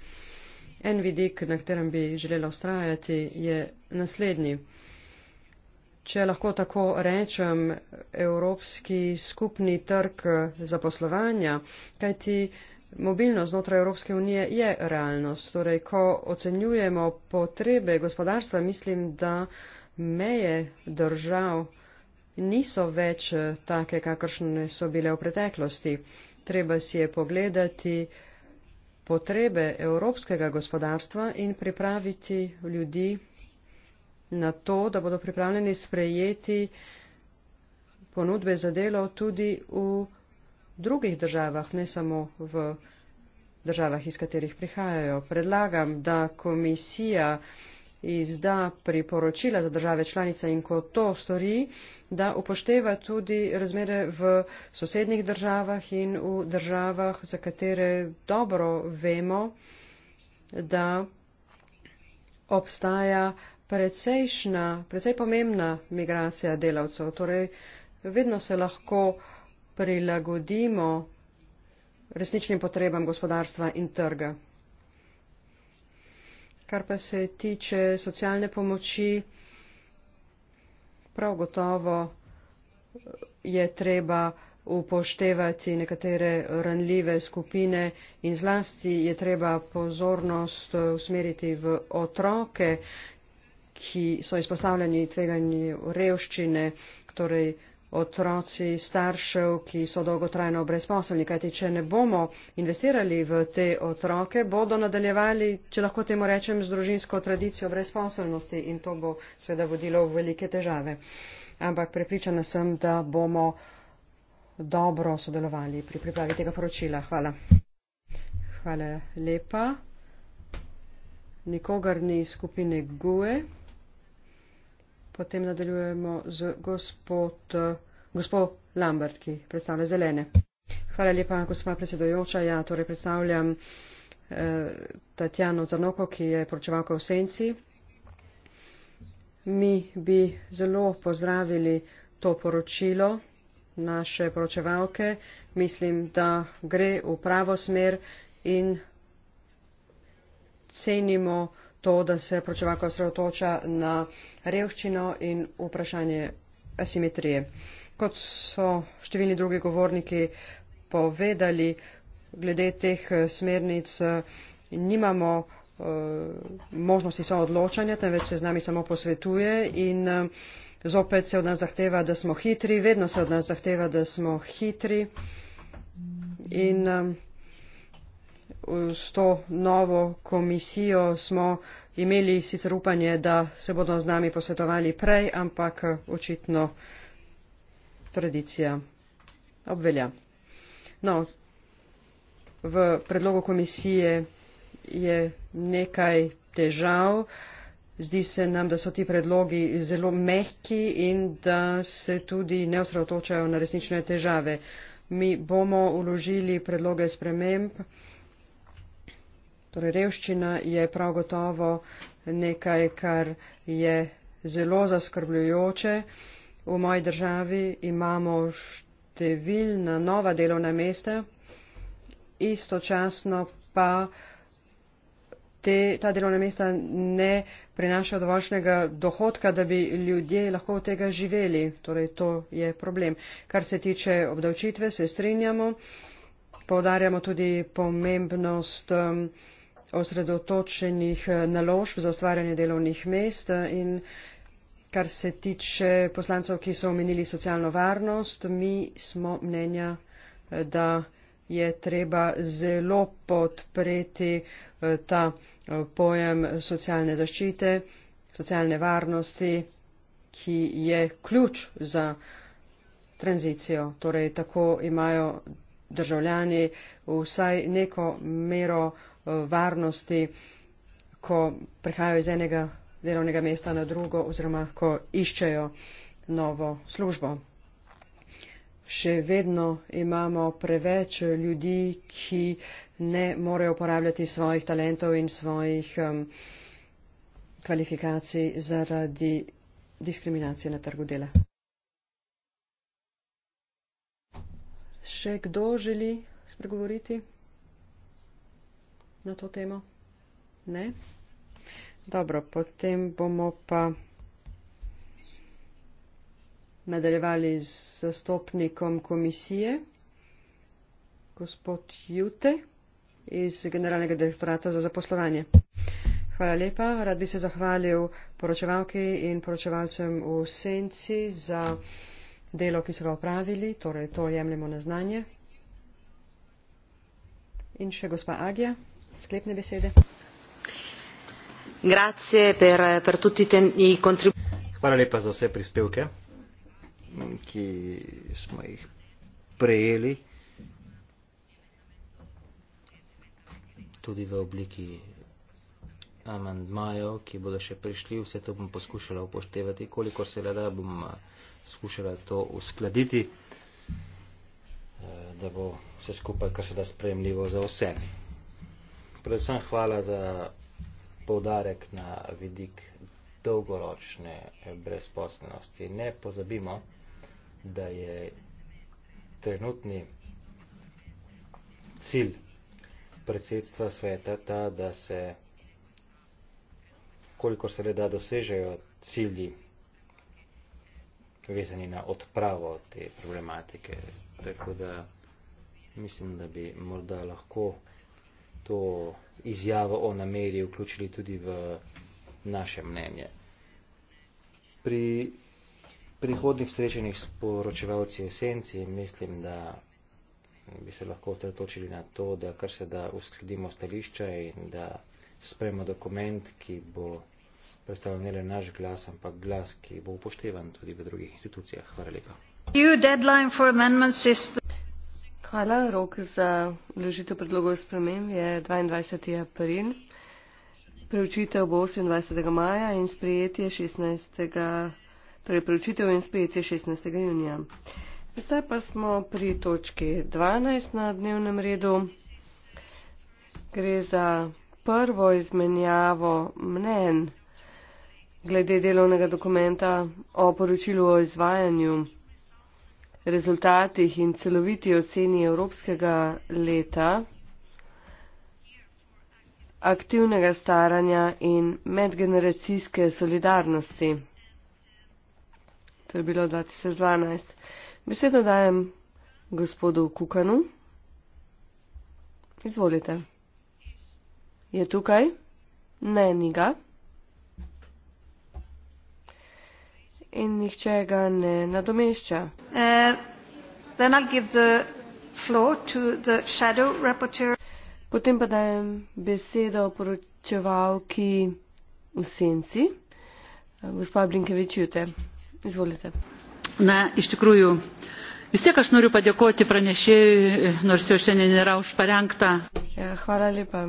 En vidik, na katerem bi želela ustrajati, je naslednji če lahko tako rečem, evropski skupni trg zaposlovanja, kajti mobilnost znotraj Evropske unije je realnost. Torej, ko ocenjujemo potrebe gospodarstva, mislim, da meje držav niso več take, kakršne so bile v preteklosti. Treba si je pogledati potrebe evropskega gospodarstva in pripraviti ljudi na to, da bodo pripravljeni sprejeti ponudbe za delo tudi v drugih državah, ne samo v državah, iz katerih prihajajo. Predlagam, da komisija izda priporočila za države članice in ko to stori, da upošteva tudi razmere v sosednjih državah in v državah, za katere dobro vemo, da obstaja precejšna, precej pomembna migracija delavcev. Torej, vedno se lahko prilagodimo resničnim potrebam gospodarstva in trga. Kar pa se tiče socialne pomoči, prav gotovo je treba upoštevati nekatere ranljive skupine in zlasti je treba pozornost usmeriti v otroke, ki so izpostavljeni tveganju revščine, torej otroci staršev, ki so dolgotrajno brezposobni, kajti če ne bomo investirali v te otroke, bodo nadaljevali, če lahko temu rečem, z družinsko tradicijo brezposobnosti in to bo seveda vodilo v velike težave. Ampak prepričana sem, da bomo dobro sodelovali pri pripravi tega poročila. Hvala. Hvala lepa. Nikogar ni skupine GUE. Potem nadaljujemo z gospod, gospod Lambert, ki predstavlja zelene. Hvala lepa, gospod predsedojoča. Ja, torej predstavljam eh, Tatjano Zanoko, ki je poročevalka v Senci. Mi bi zelo pozdravili to poročilo naše poročevalke. Mislim, da gre v pravo smer in cenimo to, da se pročevalka osredotoča na revščino in vprašanje asimetrije. Kot so številni drugi govorniki povedali, glede teh eh, smernic eh, nimamo eh, možnosti so odločanja, temveč se z nami samo posvetuje in zopet se od nas zahteva, da smo hitri, vedno se od nas zahteva, da smo hitri in um, s to novo komisijo smo imeli sicer upanje, da se bodo z nami posvetovali prej, ampak očitno tradicija obvelja. No, v predlogu komisije je nekaj težav. Zdi se nam, da so ti predlogi zelo mehki in da se tudi ne osredotočajo na resnične težave. Mi bomo uložili predloge sprememb. Torej, revščina je prav gotovo nekaj, kar je zelo zaskrbljujoče. V moji državi imamo številna nova delovna mesta, istočasno pa te, ta delovna mesta ne prinašajo dovoljšnega dohodka, da bi ljudje lahko od tega živeli. Torej, to je problem. Kar se tiče obdavčitve, se strinjamo. Povdarjamo tudi pomembnost. Um, osredotočenih eh, naložb za ustvarjanje delovnih mest eh, in kar se tiče poslancev, ki so omenili socialno varnost, mi smo mnenja, eh, da je treba zelo podpreti ta pojem socialne zaščite, socialne varnosti, ki je ključ za tranzicijo. Torej, tako imajo državljani vsaj neko mero uh, varnosti, ko prehajajo iz enega delovnega mesta na drugo oziroma ko iščejo novo službo. Še vedno imamo preveč ljudi, ki ne morejo uporabljati svojih talentov in svojih um, kvalifikacij zaradi diskriminacije na trgu dela. Še kdo želi spregovoriti? na to temo? Ne? Dobro, potem bomo pa nadaljevali z zastopnikom komisije, gospod Jute iz Generalnega direktorata za zaposlovanje. Hvala lepa. Rad bi se zahvalil poročevalki in poročevalcem v Senci za delo, ki so ga opravili. Torej, to jemljemo na znanje. In še gospa Agija sklepne besede. Per, per tutti ten, i kontrib... Hvala lepa za vse prispevke, ki smo jih prejeli tudi v obliki amandmajev, ki bodo še prišli. Vse to bom poskušala upoštevati, koliko se le da bom eh, skušala to uskladiti, eh, da bo vse skupaj, kar se da, sprejemljivo za vse predvsem hvala za povdarek na vidik dolgoročne brezposelnosti. Ne pozabimo, da je trenutni cilj predsedstva sveta ta, da se koliko se le da dosežejo cilji vezani na odpravo te problematike. Tako da mislim, da bi morda lahko to izjavo o nameri vključili tudi v naše mnenje. Pri prihodnih srečenih s poročevalci esenci mislim, da bi se lahko osredotočili na to, da kar se da uskladimo stališča in da spremo dokument, ki bo predstavljen ne le naš glas, ampak glas, ki bo upoštevan tudi v drugih institucijah. Hvala lepa. New deadline for amendments is the... Hvala. Rok za vložitev predlogov sprememb je 22. april. Preučitev bo 28. maja in sprejetje 16. Torej, preučitev in sprejetje 16. junija. Zdaj pa smo pri točki 12 na dnevnem redu. Gre za prvo izmenjavo mnen glede delovnega dokumenta o poročilu o izvajanju rezultatih in celoviti oceni evropskega leta aktivnega staranja in medgeneracijske solidarnosti. To je bilo 2012. Besedo dajem gospodu Kukanu. Izvolite. Je tukaj? Ne, ni ga. in nihče ga ne nadomešča. Uh, Potem pa dajem besedo poročevalki v senci, gospod Blinkevič Jute. Izvolite. Na, iš tikrųjų, vis tiek aš noriu padėkoti pranešėjui, nors jo šiandien nėra užparengta. Ja, hvala lepa.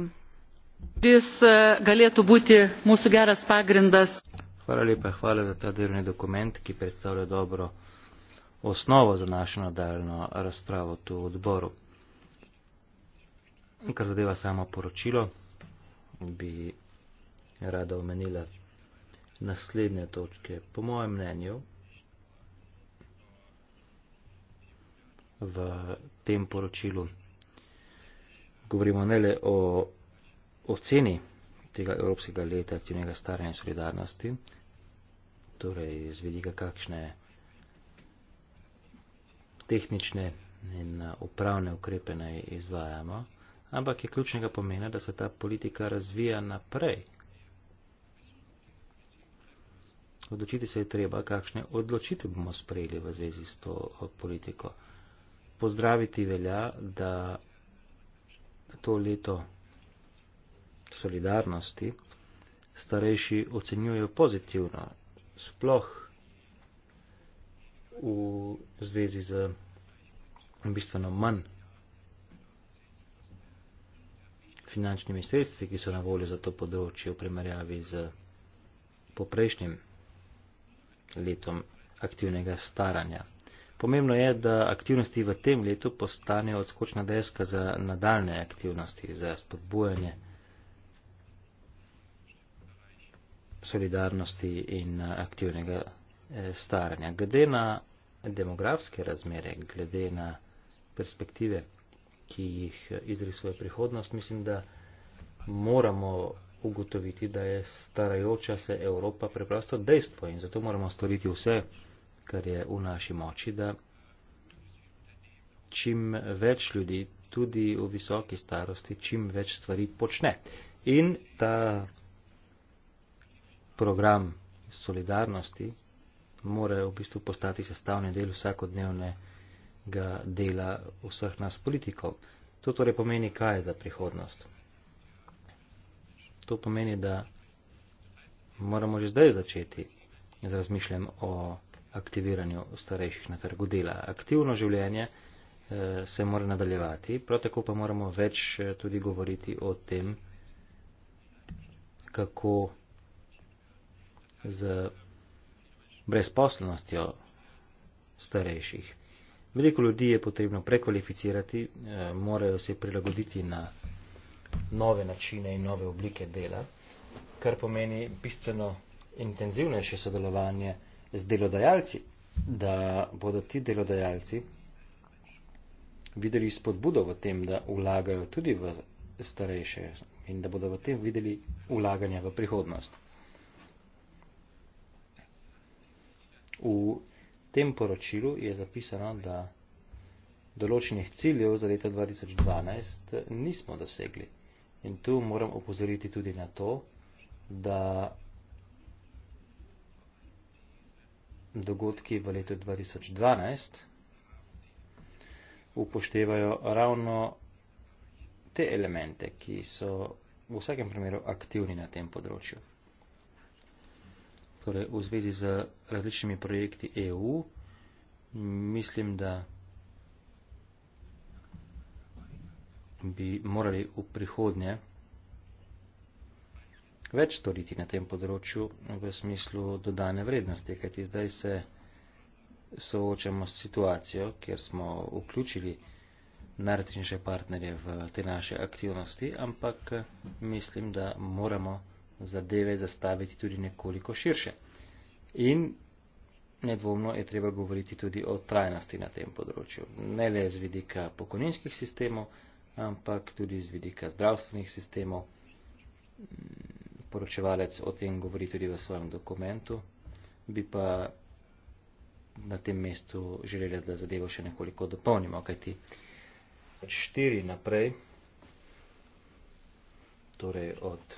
Jis eh, galėtų būti mūsų geras pagrindas Hvala lepa, hvala za ta delovni dokument, ki predstavlja dobro osnovo za našo nadaljno razpravo tu v odboru. Kar zadeva samo poročilo, bi rada omenila naslednje točke. Po mojem mnenju, v tem poročilu govorimo ne le o oceni tega Evropskega leta aktivnega staranja in solidarnosti, torej z vidika kakšne tehnične in eh, upravne ukrepe naj izvajamo, ampak je ključnega pomena, da se ta politika razvija naprej. Odločiti se je treba, kakšne odločitve bomo sprejeli v zvezi s to eh, politiko. Pozdraviti velja, da to leto solidarnosti starejši ocenjujejo pozitivno sploh v zvezi z bistveno manj finančnimi sredstvi, ki so na voljo za to področje v primerjavi z poprejšnjim letom aktivnega staranja. Pomembno je, da aktivnosti v tem letu postanejo odskočna deska za nadaljne aktivnosti, za spodbujanje. solidarnosti in eh, aktivnega eh, staranja. Glede na demografske razmere, glede na perspektive, ki jih eh, izrisuje prihodnost, mislim, da moramo ugotoviti, da je starajoča se Evropa preprosto dejstvo in zato moramo storiti vse, kar je v naši moči, da čim več ljudi, tudi v visoki starosti, čim več stvari počne. In ta program solidarnosti mora v bistvu postati sestavni del vsakodnevnega dela vseh nas politikov. To torej pomeni, kaj je za prihodnost. To pomeni, da moramo že zdaj začeti z razmišljanjem o aktiviranju starejših na trgu dela. Aktivno življenje eh, se mora nadaljevati, prav tako pa moramo več eh, tudi govoriti o tem, kako z brezposlenostjo starejših. Veliko ljudi je potrebno prekvalificirati, eh, morajo se prilagoditi na nove načine in nove oblike dela, kar pomeni bistveno intenzivnejše sodelovanje z delodajalci, da bodo ti delodajalci videli spodbudo v tem, da vlagajo tudi v starejše in da bodo v tem videli vlaganje v prihodnost. V tem poročilu je zapisano, da določenih ciljev za leto 2012 nismo dosegli. In tu moram upozoriti tudi na to, da dogodki v letu 2012 upoštevajo ravno te elemente, ki so v vsakem primeru aktivni na tem področju torej v zvezi z različnimi projekti EU. Mislim, da bi morali v prihodnje več storiti na tem področju v smislu dodane vrednosti, kajti zdaj se soočamo s situacijo, kjer smo vključili najrtinjše partnerje v te naše aktivnosti, ampak mislim, da moramo zadeve zastaviti tudi nekoliko širše. In nedvomno je treba govoriti tudi o trajnosti na tem področju. Ne le z vidika pokojninskih sistemov, ampak tudi z vidika zdravstvenih sistemov. Poročevalec o tem govori tudi v svojem dokumentu. Bi pa na tem mestu želeli, da zadevo še nekoliko dopolnimo, kajti od 4 naprej, torej od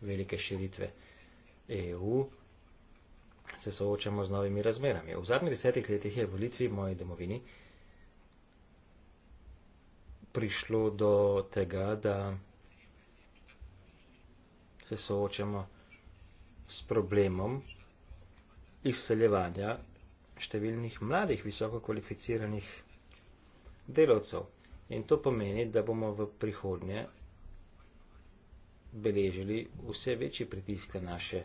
velike širitve EU, se soočamo z novimi razmerami. V zadnjih desetih letih je v Litvi, moji domovini, prišlo do tega, da se soočamo s problemom izseljevanja številnih mladih, visoko kvalificiranih delavcev. In to pomeni, da bomo v prihodnje beležili vse večji pritisk na naše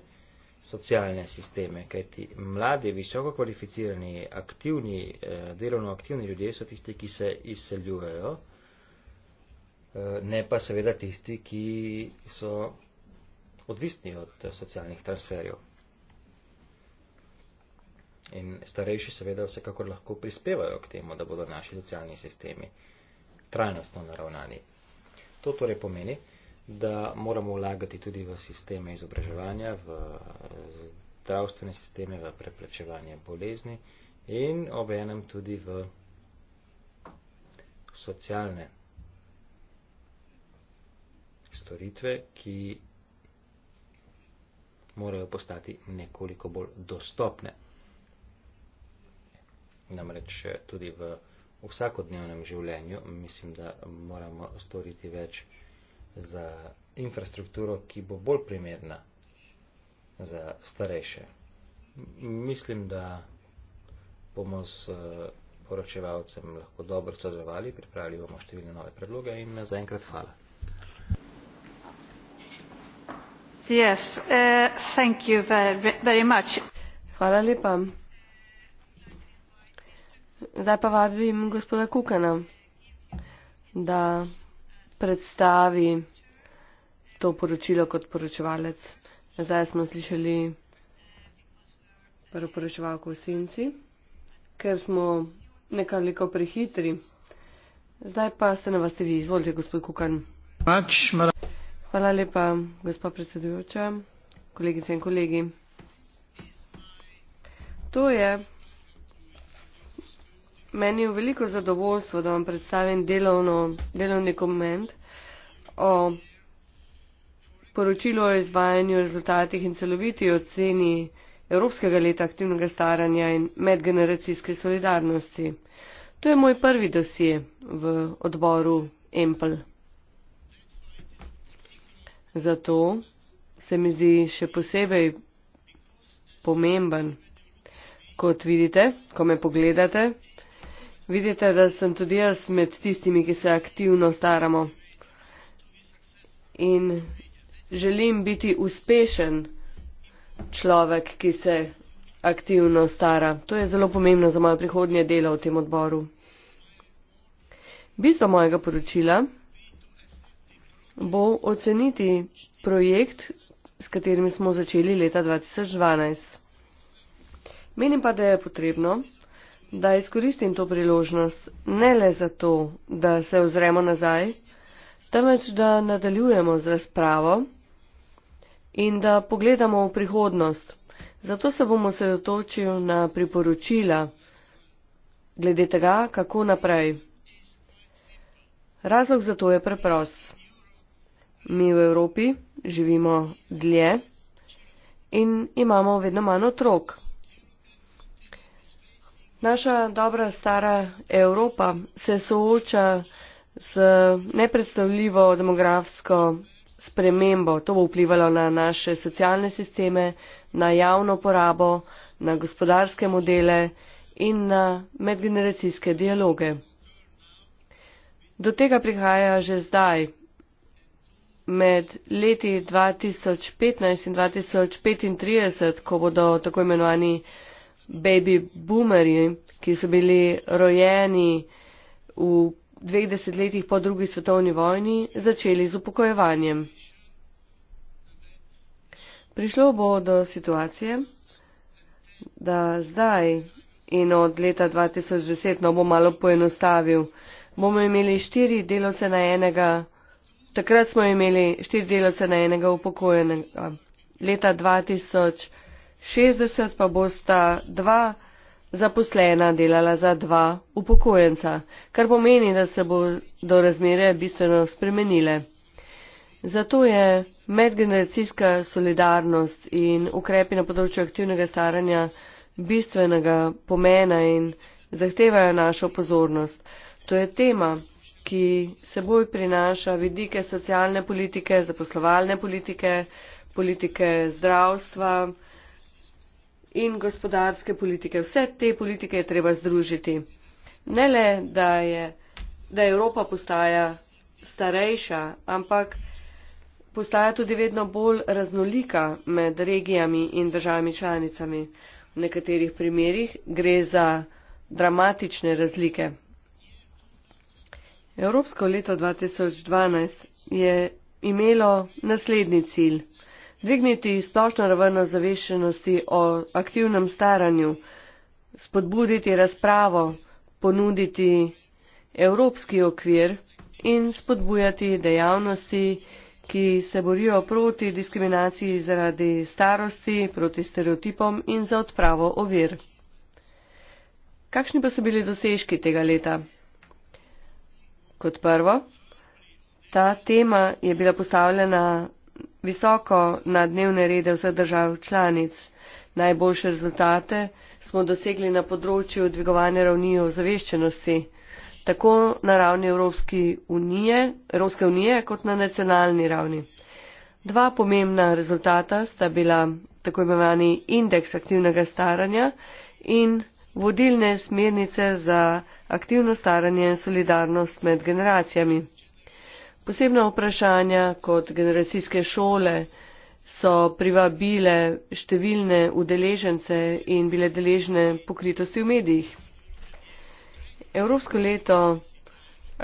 socialne sisteme, kajti mladi, visoko kvalificirani, aktivni, eh, delovno aktivni ljudje so tisti, ki se izseljujejo, eh, ne pa seveda tisti, ki so odvisni od eh, socialnih transferjev. In starejši seveda vsekakor lahko prispevajo k temu, da bodo naši socialni sistemi trajnostno naravnani. To torej pomeni, da moramo vlagati tudi v sisteme izobraževanja, v eh, zdravstvene sisteme, v preprečevanje bolezni in obenem tudi v socialne storitve, ki morajo postati nekoliko bolj dostopne. Namreč eh, tudi v vsakodnevnem življenju mislim, da moramo storiti več za infrastrukturo, ki bo bolj primerna za starejše. Mislim, da bomo s eh, poročevalcem lahko dobro sodelovali, pripravili bomo številne nove predloge in za enkrat hvala. Yes, uh, thank you very, very much. Hvala lepa. Zdaj pa vabim gospoda Kukana, da predstavi to poročilo kot poročevalec. Zdaj smo slišali prvo poročevalko v senci, ker smo nekoliko prehitri. Zdaj pa ste na vas vi, izvolite, gospod Kukan. Hvala lepa, gospa predsedujoča, kolegice in kolegi. To je Meni je veliko zadovoljstvo, da vam predstavim delovno, delovni komment o poročilu o izvajanju rezultatih in celoviti oceni Evropskega leta aktivnega staranja in medgeneracijske solidarnosti. To je moj prvi dosje v odboru EMPL. Zato se mi zdi še posebej pomemben. Kot vidite, ko me pogledate, Vidite, da sem tudi jaz med tistimi, ki se aktivno staramo. In želim biti uspešen človek, ki se aktivno stara. To je zelo pomembno za moje prihodnje delo v tem odboru. Bistvo mojega poročila bo oceniti projekt, s katerim smo začeli leta 2012. Menim pa, da je potrebno, da izkoristim to priložnost ne le zato, da se ozremo nazaj, temveč da nadaljujemo z razpravo in da pogledamo v prihodnost. Zato se bomo sredotočil na priporočila glede tega, kako naprej. Razlog za to je preprost. Mi v Evropi živimo dlje in imamo vedno manj otrok. Naša dobra stara Evropa se sooča z nepredstavljivo demografsko spremembo. To bo vplivalo na naše socialne sisteme, na javno porabo, na gospodarske modele in na medgeneracijske dialoge. Do tega prihaja že zdaj. Med leti 2015 in 2035, ko bodo tako imenovani baby boomerji, ki so bili rojeni v dveh desetletjih po drugi svetovni vojni, začeli z upokojevanjem. Prišlo bo do situacije, da zdaj in od leta 2010, no bom malo poenostavil, bomo imeli štiri delovce na enega, takrat smo imeli štiri delovce na enega upokojenega. Leta 2010. 60 pa bosta dva zaposlena delala za dva upokojenca, kar pomeni, da se bo do razmere bistveno spremenile. Zato je medgeneracijska solidarnost in ukrepi na področju aktivnega staranja bistvenega pomena in zahtevajo našo pozornost. To je tema, ki seboj prinaša vidike socialne politike, zaposlovalne politike, politike zdravstva, in gospodarske politike. Vse te politike je treba združiti. Ne le, da, je, da Evropa postaja starejša, ampak postaja tudi vedno bolj raznolika med regijami in državami članicami. V nekaterih primerjih gre za dramatične razlike. Evropsko leto 2012 je imelo naslednji cilj dvigniti splošno raven ozaveščenosti o aktivnem staranju, spodbuditi razpravo, ponuditi evropski okvir in spodbujati dejavnosti, ki se borijo proti diskriminaciji zaradi starosti, proti stereotipom in za odpravo ovir. Kakšni pa so bili dosežki tega leta? Kot prvo, ta tema je bila postavljena visoko na dnevne rede vseh držav članic. Najboljše rezultate smo dosegli na področju dvigovanja ravni ozaveščenosti, tako na ravni Evropske unije, Evropske unije kot na nacionalni ravni. Dva pomembna rezultata sta bila tako imenovani indeks aktivnega staranja in vodilne smernice za aktivno staranje in solidarnost med generacijami. Posebna vprašanja kot generacijske šole so privabile številne udeležence in bile deležne pokritosti v medijih. Evropsko leto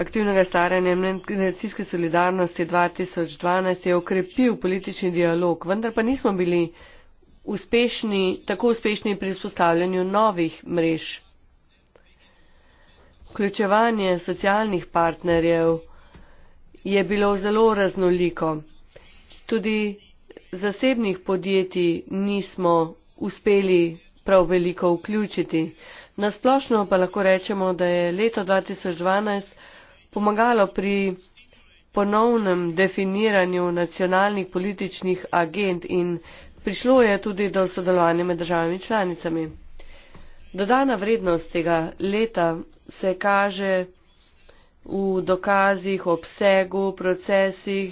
aktivnega staranja generacijske solidarnosti 2012 je okrepil politični dialog, vendar pa nismo bili uspešni, tako uspešni pri vzpostavljanju novih mrež. Vključevanje socialnih partnerjev je bilo zelo raznoliko. Tudi zasebnih podjetij nismo uspeli prav veliko vključiti. Nasplošno pa lahko rečemo, da je leto 2012 pomagalo pri ponovnem definiranju nacionalnih političnih agent in prišlo je tudi do sodelovanja med državami članicami. Dodana vrednost tega leta se kaže v dokazih, obsegu, procesih,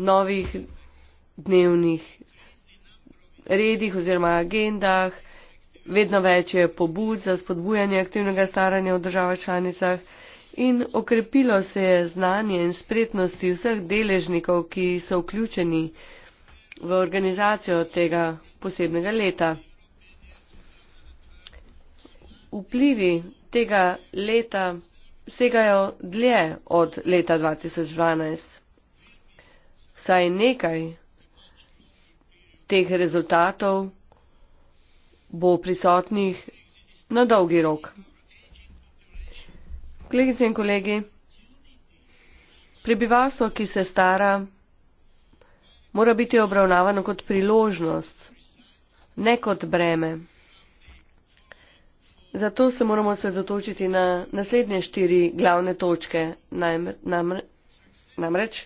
novih dnevnih redih oziroma agendah. Vedno več je pobud za spodbujanje aktivnega staranja v državah članicah in okrepilo se je znanje in spretnosti vseh deležnikov, ki so vključeni v organizacijo tega posebnega leta. Vplivi tega leta segajo dlje od leta 2012. Vsaj nekaj teh rezultatov bo prisotnih na dolgi rok. Kolegice in kolegi, prebivalstvo, ki se stara, mora biti obravnavano kot priložnost, ne kot breme. Zato se moramo sredotočiti na naslednje štiri glavne točke. Namreč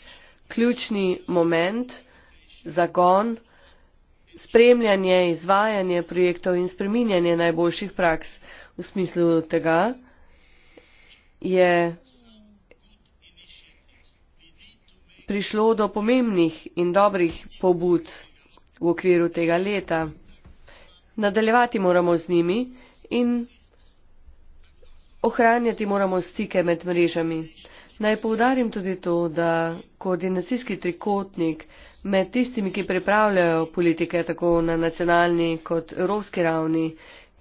ključni moment, zagon, spremljanje, izvajanje projektov in spreminjanje najboljših praks v smislu tega je prišlo do pomembnih in dobrih pobud v okviru tega leta. Nadaljevati moramo z njimi in Ohranjati moramo stike med mrežami. Naj povdarim tudi to, da koordinacijski trikotnik med tistimi, ki pripravljajo politike tako na nacionalni kot evropski ravni,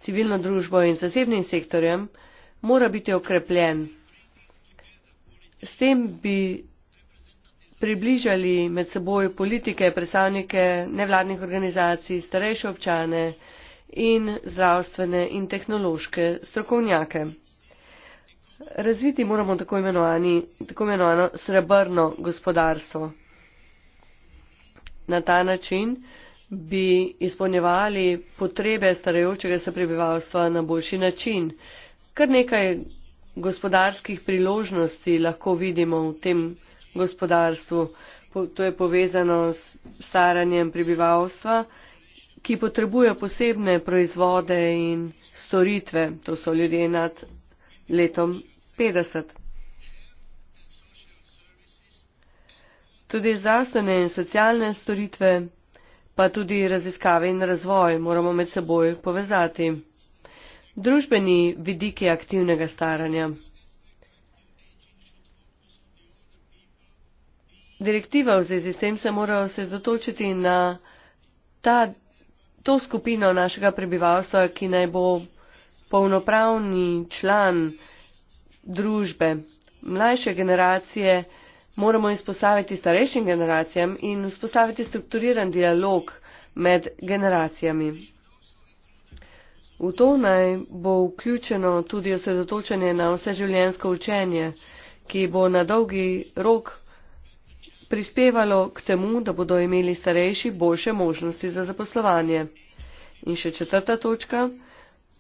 civilno družbo in zasebnim sektorjem, mora biti okrepljen. S tem bi približali med seboj politike, predstavnike nevladnih organizacij, starejše občane in zdravstvene in tehnološke strokovnjake. Razviti moramo tako, tako imenovano srebrno gospodarstvo. Na ta način bi izpolnjevali potrebe starajočega se prebivalstva na boljši način. Kar nekaj gospodarskih priložnosti lahko vidimo v tem gospodarstvu. To je povezano s staranjem prebivalstva, ki potrebuje posebne proizvode in storitve. To so ljudje nad letom 50. Tudi zdravstvene in socialne storitve, pa tudi raziskave in razvoj moramo med seboj povezati. Družbeni vidiki aktivnega staranja. Direktiva v zvezi s tem se mora osredotočiti na ta, to skupino našega prebivalstva, ki naj bo polnopravni član družbe mlajše generacije, moramo izpostaviti starejšim generacijam in vzpostaviti strukturiran dialog med generacijami. V to naj bo vključeno tudi osredotočenje na vseživljenjsko učenje, ki bo na dolgi rok prispevalo k temu, da bodo imeli starejši boljše možnosti za zaposlovanje. In še četrta točka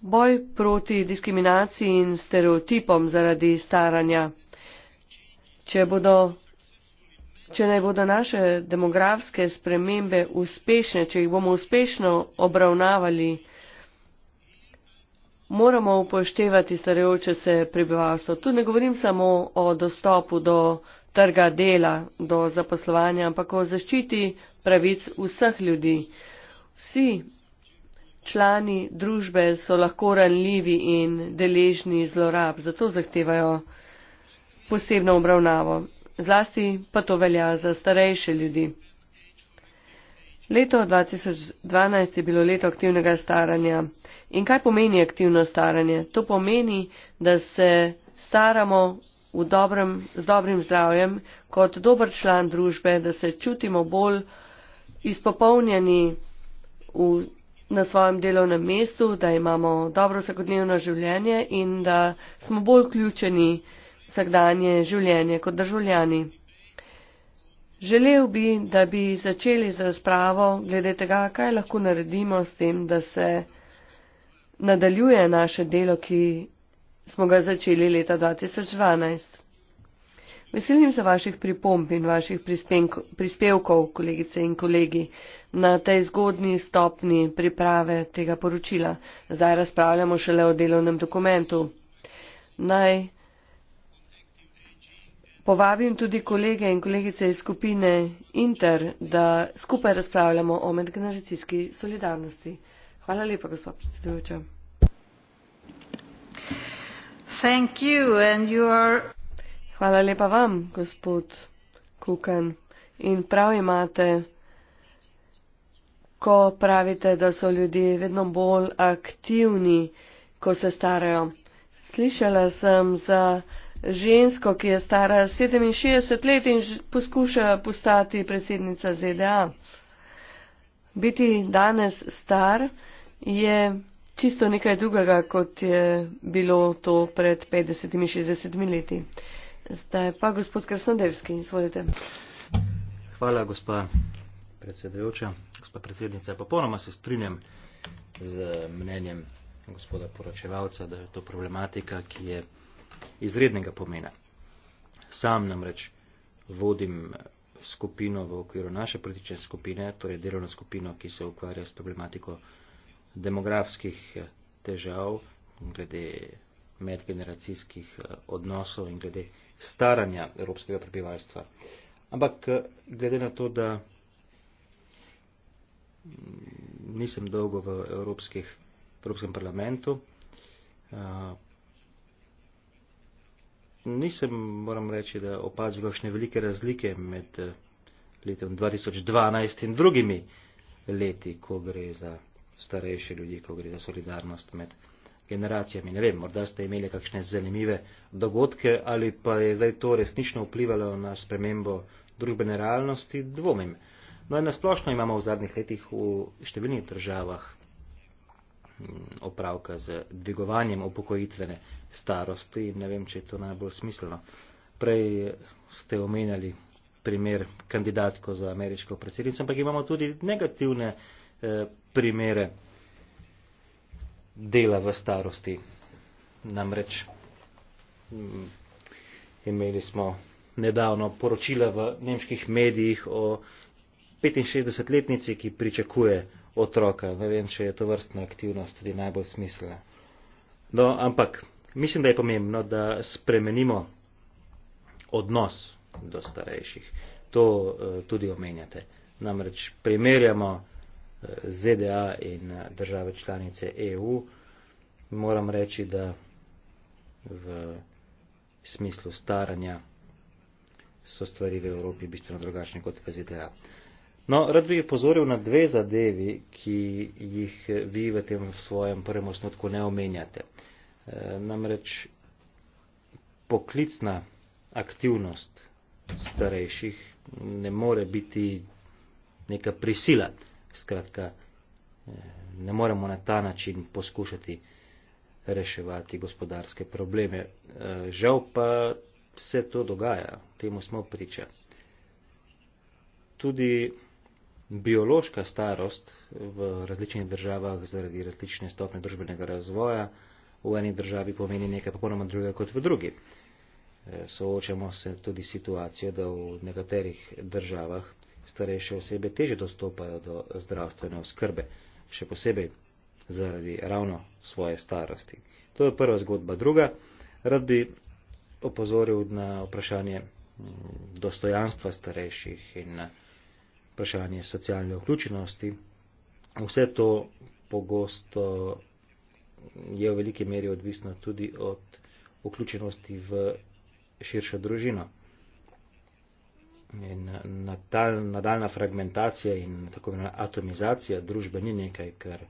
boj proti diskriminaciji in stereotipom zaradi staranja. Če bodo. Če naj bodo naše demografske spremembe uspešne, če jih bomo uspešno obravnavali, moramo upoštevati starajoče se prebivalstvo. Tu ne govorim samo o dostopu do trga dela, do zaposlovanja, ampak o zaščiti pravic vseh ljudi. Vsi člani družbe so lahko ranljivi in deležni zlorab, zato zahtevajo posebno obravnavo. Zlasti pa to velja za starejše ljudi. Leto 2012 je bilo leto aktivnega staranja. In kaj pomeni aktivno staranje? To pomeni, da se staramo dobrem, z dobrim zdravjem, kot dober član družbe, da se čutimo bolj izpopolnjeni v na svojem delovnem mestu, da imamo dobro vsakodnevno življenje in da smo bolj vključeni v vsakdanje življenje kot državljani. Želel bi, da bi začeli z razpravo glede tega, kaj lahko naredimo s tem, da se nadaljuje naše delo, ki smo ga začeli leta 2012. Veselim se vaših pripomb in vaših prispevkov, kolegice in kolegi na tej zgodni stopni priprave tega poročila. Zdaj razpravljamo šele o delovnem dokumentu. Naj povabim tudi kolege in kolegice iz skupine Inter, da skupaj razpravljamo o medgeneracijski solidarnosti. Hvala lepa, gospod predsedujoča. Hvala lepa vam, gospod Kukan. In prav imate ko pravite, da so ljudje vedno bolj aktivni, ko se starajo. Slišala sem za žensko, ki je stara 67 let in poskuša postati predsednica ZDA. Biti danes star je čisto nekaj drugega, kot je bilo to pred 50-60 leti. Zdaj pa gospod Krasnodevski, izvolite. Hvala, gospa predsedujoča gospa predsednica, popolnoma se strinjam z mnenjem gospoda poročevalca, da je to problematika, ki je izrednega pomena. Sam namreč vodim skupino v okviru naše politične skupine, torej delovno skupino, ki se ukvarja s problematiko demografskih eh, težav, glede medgeneracijskih eh, odnosov in glede staranja evropskega prebivalstva. Ampak eh, glede na to, da nisem dolgo v Evropskih, Evropskem parlamentu. Nisem, moram reči, da opazil kakšne velike razlike med eh, letom 2012 in drugimi leti, ko gre za starejše ljudi, ko gre za solidarnost med generacijami. Ne vem, morda ste imeli kakšne zanimive dogodke ali pa je zdaj to resnično vplivalo na spremembo družbene realnosti, dvomim. No in nasplošno imamo v zadnjih letih v številnih državah mm, opravka z dvigovanjem upokojitvene starosti in ne vem, če je to najbolj smiselno. Prej ste omenjali primer kandidatko za ameriško predsednico, ampak imamo tudi negativne eh, primere dela v starosti. Namreč mm, imeli smo nedavno poročila v nemških medijih o 65 letnici, ki pričakuje otroka. Ne vem, če je to vrstna aktivnost tudi najbolj smiselna. No, ampak mislim, da je pomembno, da spremenimo odnos do starejših. To uh, tudi omenjate. Namreč primerjamo uh, eh, ZDA in eh, države članice EU. Moram reči, da v smislu staranja so stvari v Evropi bistveno drugačne kot v ZDA. Uh, No, rad bi pozoril na dve zadevi, ki jih vi v tem v svojem prvem osnotku ne omenjate. E, namreč poklicna aktivnost starejših ne more biti neka prisila. Skratka, e, ne moremo na ta način poskušati reševati gospodarske probleme. E, žal pa se to dogaja, temu smo priča. Tudi biološka starost v različnih državah zaradi različne stopne družbenega razvoja v eni državi pomeni nekaj popolnoma drugega kot v drugi. E, soočamo se tudi s situacijo, da v nekaterih državah starejše osebe teže dostopajo do zdravstvene oskrbe, še posebej zaradi ravno svoje starosti. To je prva zgodba. Druga, rad bi opozoril na vprašanje mm, dostojanstva starejših in na vprašanje socialne vključenosti. Vse to pogosto je v veliki meri odvisno tudi od vključenosti v širšo družino. In natal, nadaljna fragmentacija in tako imenovana atomizacija družbe ni nekaj, kar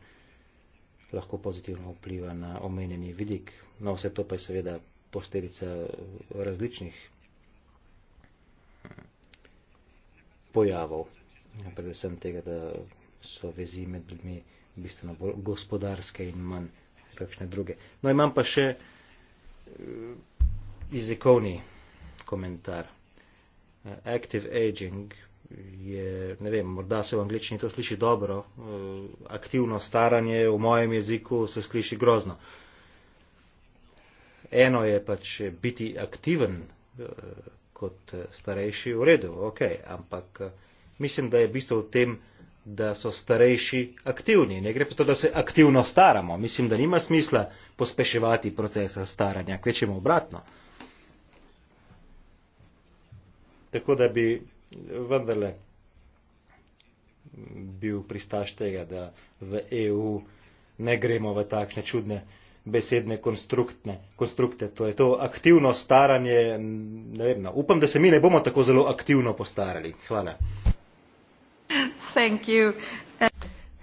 lahko pozitivno vpliva na omenjeni vidik. No, vse to pa je seveda posledica različnih pojavov. Ja, predvsem tega, da so vezi med ljudmi bistveno bolj gospodarske in manj kakšne druge. No, imam pa še eh, jezikovni komentar. Eh, active aging je, ne vem, morda se v angličini to sliši dobro, eh, aktivno staranje v mojem jeziku se sliši grozno. Eno je pač biti aktiven kot starejši v redu, ok, ampak mislim da je bistvo v tem da so starejši aktivni ne gre pa to da se aktivno staramo mislim da nima smisla pospeševati procesa staranja kvečemo obratno tako da bi vendarle bil pristaš tega da v EU ne gremo v takšne čudne besedne konstruktne konstrukte to je to aktivno staranje ne vem no, upam da se mi ne bomo tako zelo aktivno postarali hvala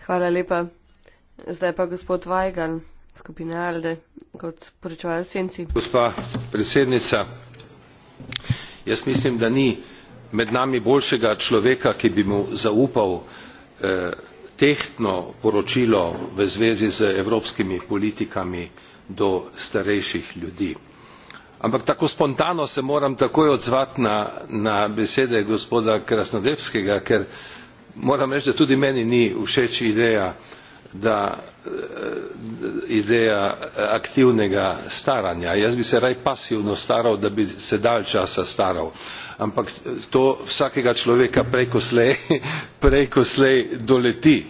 Hvala lepa. Zdaj pa gospod Vajgal, skupina Alde, kot poročevalj senci. Gospa predsednica, jaz mislim, da ni med nami boljšega človeka, ki bi mu zaupal eh, tehtno poročilo v zvezi z evropskimi politikami do starejših ljudi. Ampak tako spontano se moram takoj odzvati na, na besede gospoda Krasnodevskega, ker moram reči da tudi meni ni všeč ideja da e, ideja aktivnega staranja jaz bi se raje pasivno staral da bi se dalj časa staral ampak to vsakega človeka preko slej *laughs* preko slej doleti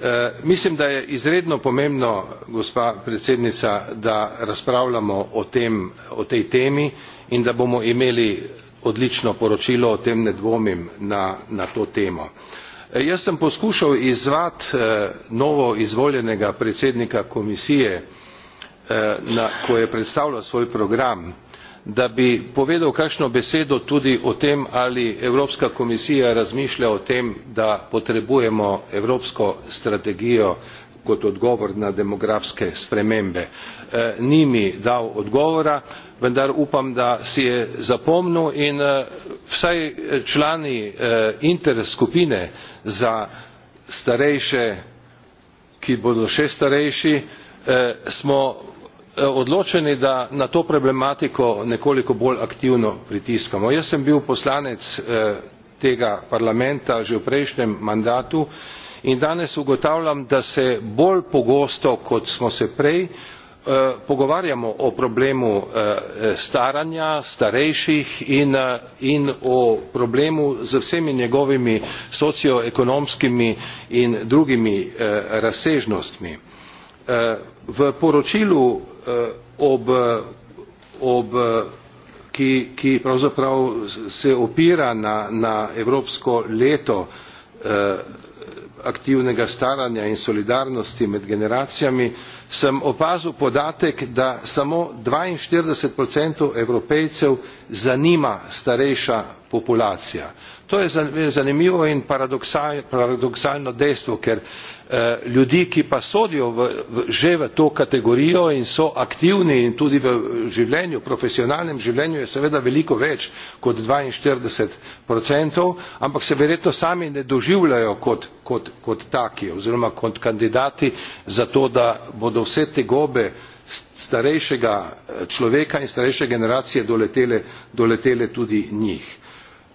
e, mislim da je izredno pomembno gospa predsednica da razpravljamo o tem o tej temi in da bomo imeli odlično poročilo o tem ne dvomim na na to temo E, jaz sem poskušal izzvati e, novoizvoljenega predsednika komisije e, ko je predstavljal svoj program da bi povedal kakšno besedo tudi o tem ali evropska komisija razmišlja o tem da potrebujemo evropsko strategijo kot odgovor na demografske spremembe. E, ni mi dal odgovora vendar upam da si je zapomnil in e, vsaj člani e, interskupine za starejše ki bodo še starejši smo odločeni da na to problematiko nekoliko bolj aktivno pritiskamo. jaz sem bil poslanec tega parlamenta že v prejšnjem mandatu in danes ugotavljam da se bolj pogosto kot smo se prej eh, pogovarjamo o problemu eh, staranja starejših eh, in o problemu z vsemi njegovimi socioekonomskimi in drugimi razsežnostmi. v poročilu ki pravzaprav se opira na evropsko leto aktivnega staranja in solidarnosti med generacijami sem opazil podatek da samo dvainštirideset evropejcev zanima starejša populacija. to je zanimivo in paradoksalno dejstvo ker Eh, ljudi ki pa sodijo že v to kategorijo in so aktivni in tudi v življenju profesionalnem življenju je seveda veliko več kot dvainštirideset ampak se verjetno sami ne doživljajo kot taki oziroma kot kandidati za to da bodo vse tegobe starejšega eh, človeka in starejše generacije doletele tudi njih.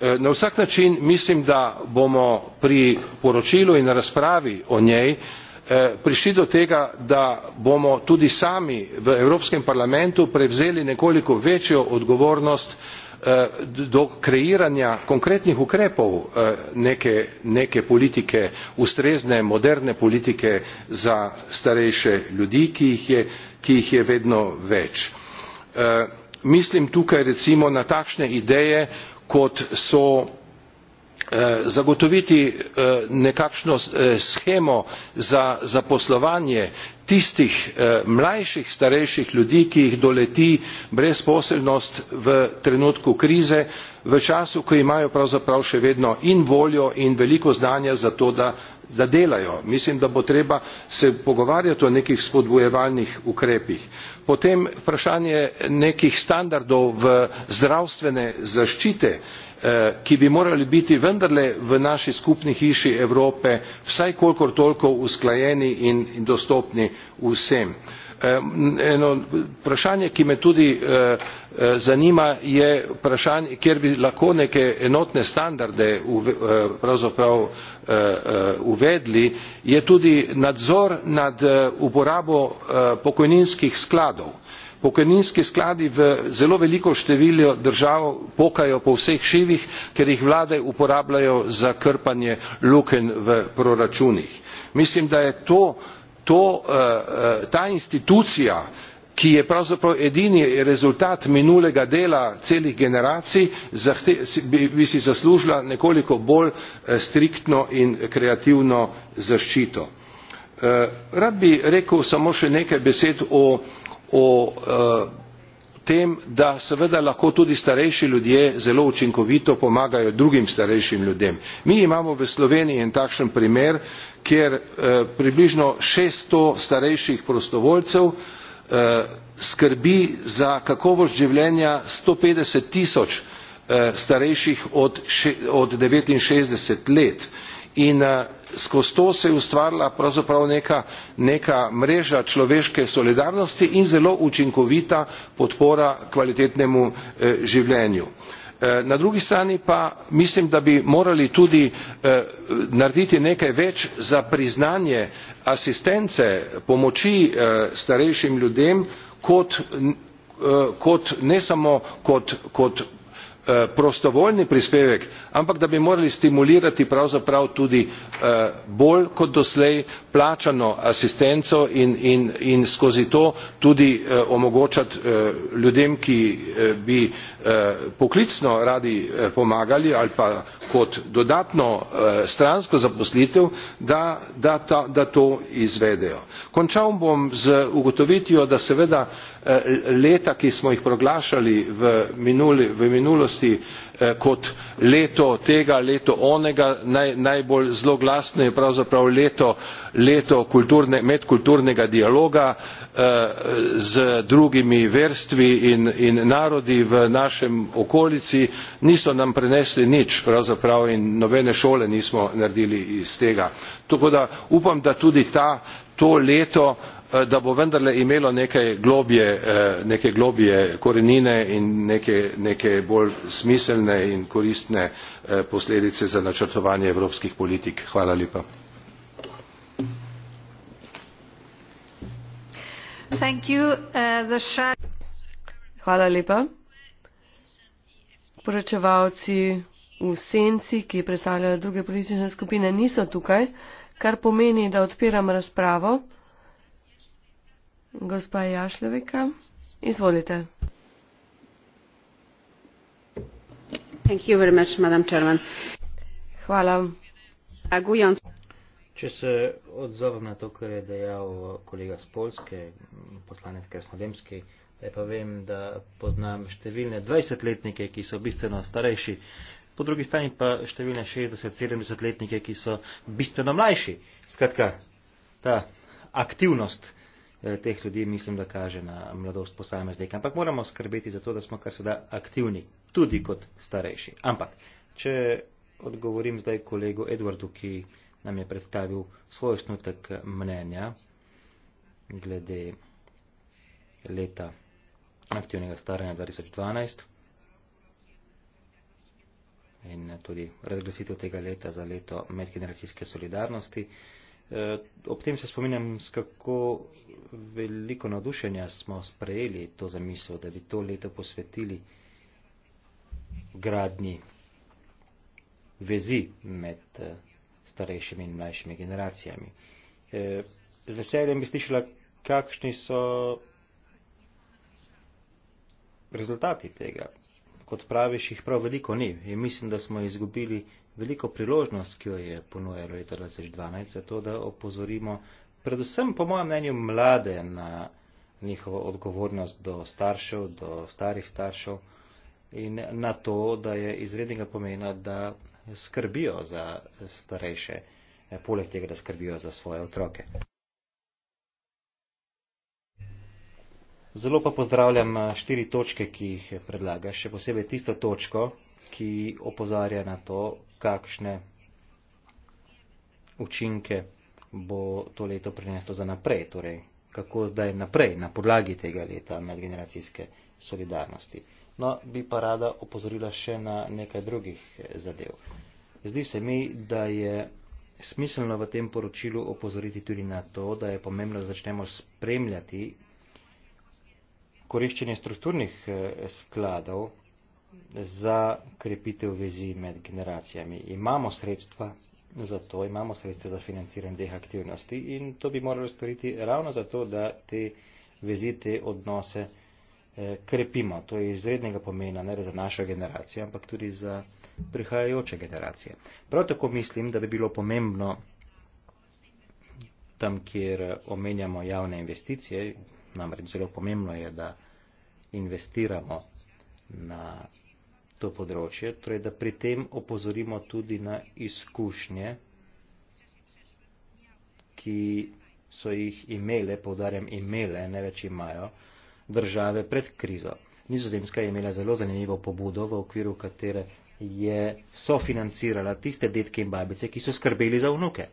Eh, na vsak način mislim da bomo pri poročilu in razpravi o njej eh, prišli do tega da bomo tudi sami v evropskem parlamentu prevzeli nekoliko večjo odgovornost eh, do kreiranja konkretnih ukrepov neke, neke politike ustrezne moderne politike za starejše ljudi ki jih je, ki jih je vedno več mislim tukaj recimo na takšne ideje kot so eh, zagotoviti eh, nekakšno eh, shemo za zaposlovanje tistih mlajših starejših ljudi ki jih doleti brezposelnost v trenutku krize v času ko imajo pravzaprav še vedno in voljo in veliko znanja za to da zadelajo. mislim da bo treba se pogovarjati o nekih spodbujevalnih ukrepih potem vprašanje nekih standardov v zdravstvene zaščite eh, ki bi morali biti vendarle v naši skupni hiši evrope vsaj kolikor toliko usklajeni in dostopni vsem. Eh, eno vprašanje ki me tudi eh, eh, zanima je vprašanje kjer bi lahko neke enotne standarde pravzaprav uvedli je tudi nadzor nad uporabo pokojninskih skladov. pokojninski skladi v zelo veliko število držav pokajo po vseh šivih ker jih vlade uporabljajo za krpanje lukenj v proračunih. mislim da je to Eh, eh, ta institucija ki je pravzaprav edini rezultat minulega dela celih generacij bi si zaslužila nekoliko bolj eh, striktno in kreativno zaščito. rad bi rekel samo še nekaj besed o tem da seveda lahko tudi starejši ljudje zelo učinkovito pomagajo drugim starejšim ljudem. mi imamo v sloveniji en takšen primer kjer eh, približno šeststo starejših prostovoljcev eh, skrbi za kakovost življenja sto petdeset tisoč eh, starejših od devetinšestdeset let in skozi to se je ustvarila pravzaprav neka neka mreža človeške solidarnosti in zelo učinkovita podpora kvalitetnemu življenju. Eh, na drugi strani pa mislim da bi morali tudi eh, narediti nekaj več za priznanje asistence pomoči eh, starejšim ljudem kot ne samo kot prostovoljni prispevek ampak da bi morali stimulirati pravzaprav tudi eh, bolj kot doslej plačano asistenco in skozi to tudi eh, omogočati eh, ljudem ki bi poklicno radi pomagali ali pa kot dodatno stransko zaposlitev da to izvedejo. končal bom z ugotovitvijo da seveda leta ki smo jih proglašali v minulosti Eh, kot leto tega leto onega najbolj zloglasno je pravzaprav leto medkulturnega dialoga eh, z drugimi verstvi in narodi v naši okolici niso nam prinesli nič pravzaprav in nobene šole nismo naredili iz tega. tako da upam da tudi to leto Eh, da bo vendarle imelo neke globje, eh, neke globje korenine in neke, neke bolj smiselne in koristne eh, posledice za načrtovanje evropskih politik. Hvala lepa. Hvala lepa. Poročevalci v senci, ki predstavljajo druge politične skupine, niso tukaj, kar pomeni, da odpiram razpravo. Gospa Jašlevika, izvolite. Much, Hvala. Če se odzovem na to, kar je dejal kolega z Polske, poslanec Kresnodemski, da pa vem, da poznam številne 20-letnike, ki so bistveno starejši, po drugi strani pa številne 60-70-letnike, ki so bistveno mlajši. Skratka, ta aktivnost Eh, teh ljudi mislim, da kaže na mladost posameznika. Ampak moramo skrbeti za to, da smo kar seveda aktivni, tudi kot starejši. Ampak, če odgovorim zdaj kolegu Edwardu, ki nam je predstavil svoj osnutek mnenja glede leta aktivnega staranja 2012 in tudi razglasitev tega leta za leto medgeneracijske solidarnosti. Uh, Eh, ob tem se spominjam, s kako veliko nadušenja smo sprejeli to zamisel, da bi to leto posvetili gradni vezi med eh, starejšimi in mlajšimi generacijami. Eh, z veseljem bi slišala, kakšni so rezultati tega, kot praviš, jih prav veliko ni. In mislim, da smo izgubili veliko priložnost, ki jo je ponujalo leta 2012, zato da opozorimo predvsem, po mojem mnenju, mlade na njihovo odgovornost do staršev, do starih staršev in na to, da je izrednega pomena, da skrbijo za starejše, poleg tega, da skrbijo za svoje otroke. Zelo pa pozdravljam eh, štiri točke, ki jih predlagaš, še posebej tisto točko, ki opozarja na to, kakšne učinke bo to leto prineslo za naprej, torej kako zdaj naprej na podlagi tega leta medgeneracijske solidarnosti. No, bi pa rada opozorila še na nekaj drugih eh, zadev. Zdi se mi, da je smiselno v tem poročilu opozoriti tudi na to, da je pomembno, da začnemo spremljati, koriščenje strukturnih eh, skladov za krepitev vezi med generacijami. Imamo sredstva za to, imamo sredstva za financiranje teh aktivnosti in to bi morali storiti ravno zato, da te vezi, te odnose eh, krepimo. To je izrednega pomena ne le za našo generacijo, ampak tudi za prihajajoče generacije. Prav tako mislim, da bi bilo pomembno tam, kjer eh, omenjamo javne investicije, Namreč zelo pomembno je, da investiramo na to področje, torej da pri tem opozorimo tudi na izkušnje, ki so jih imele, povdarjam imele, ne več imajo, države pred krizo. Nizozemska je imela zelo zanimivo pobudo, v okviru katere je sofinancirala tiste detke in babice, ki so skrbeli za vnuke.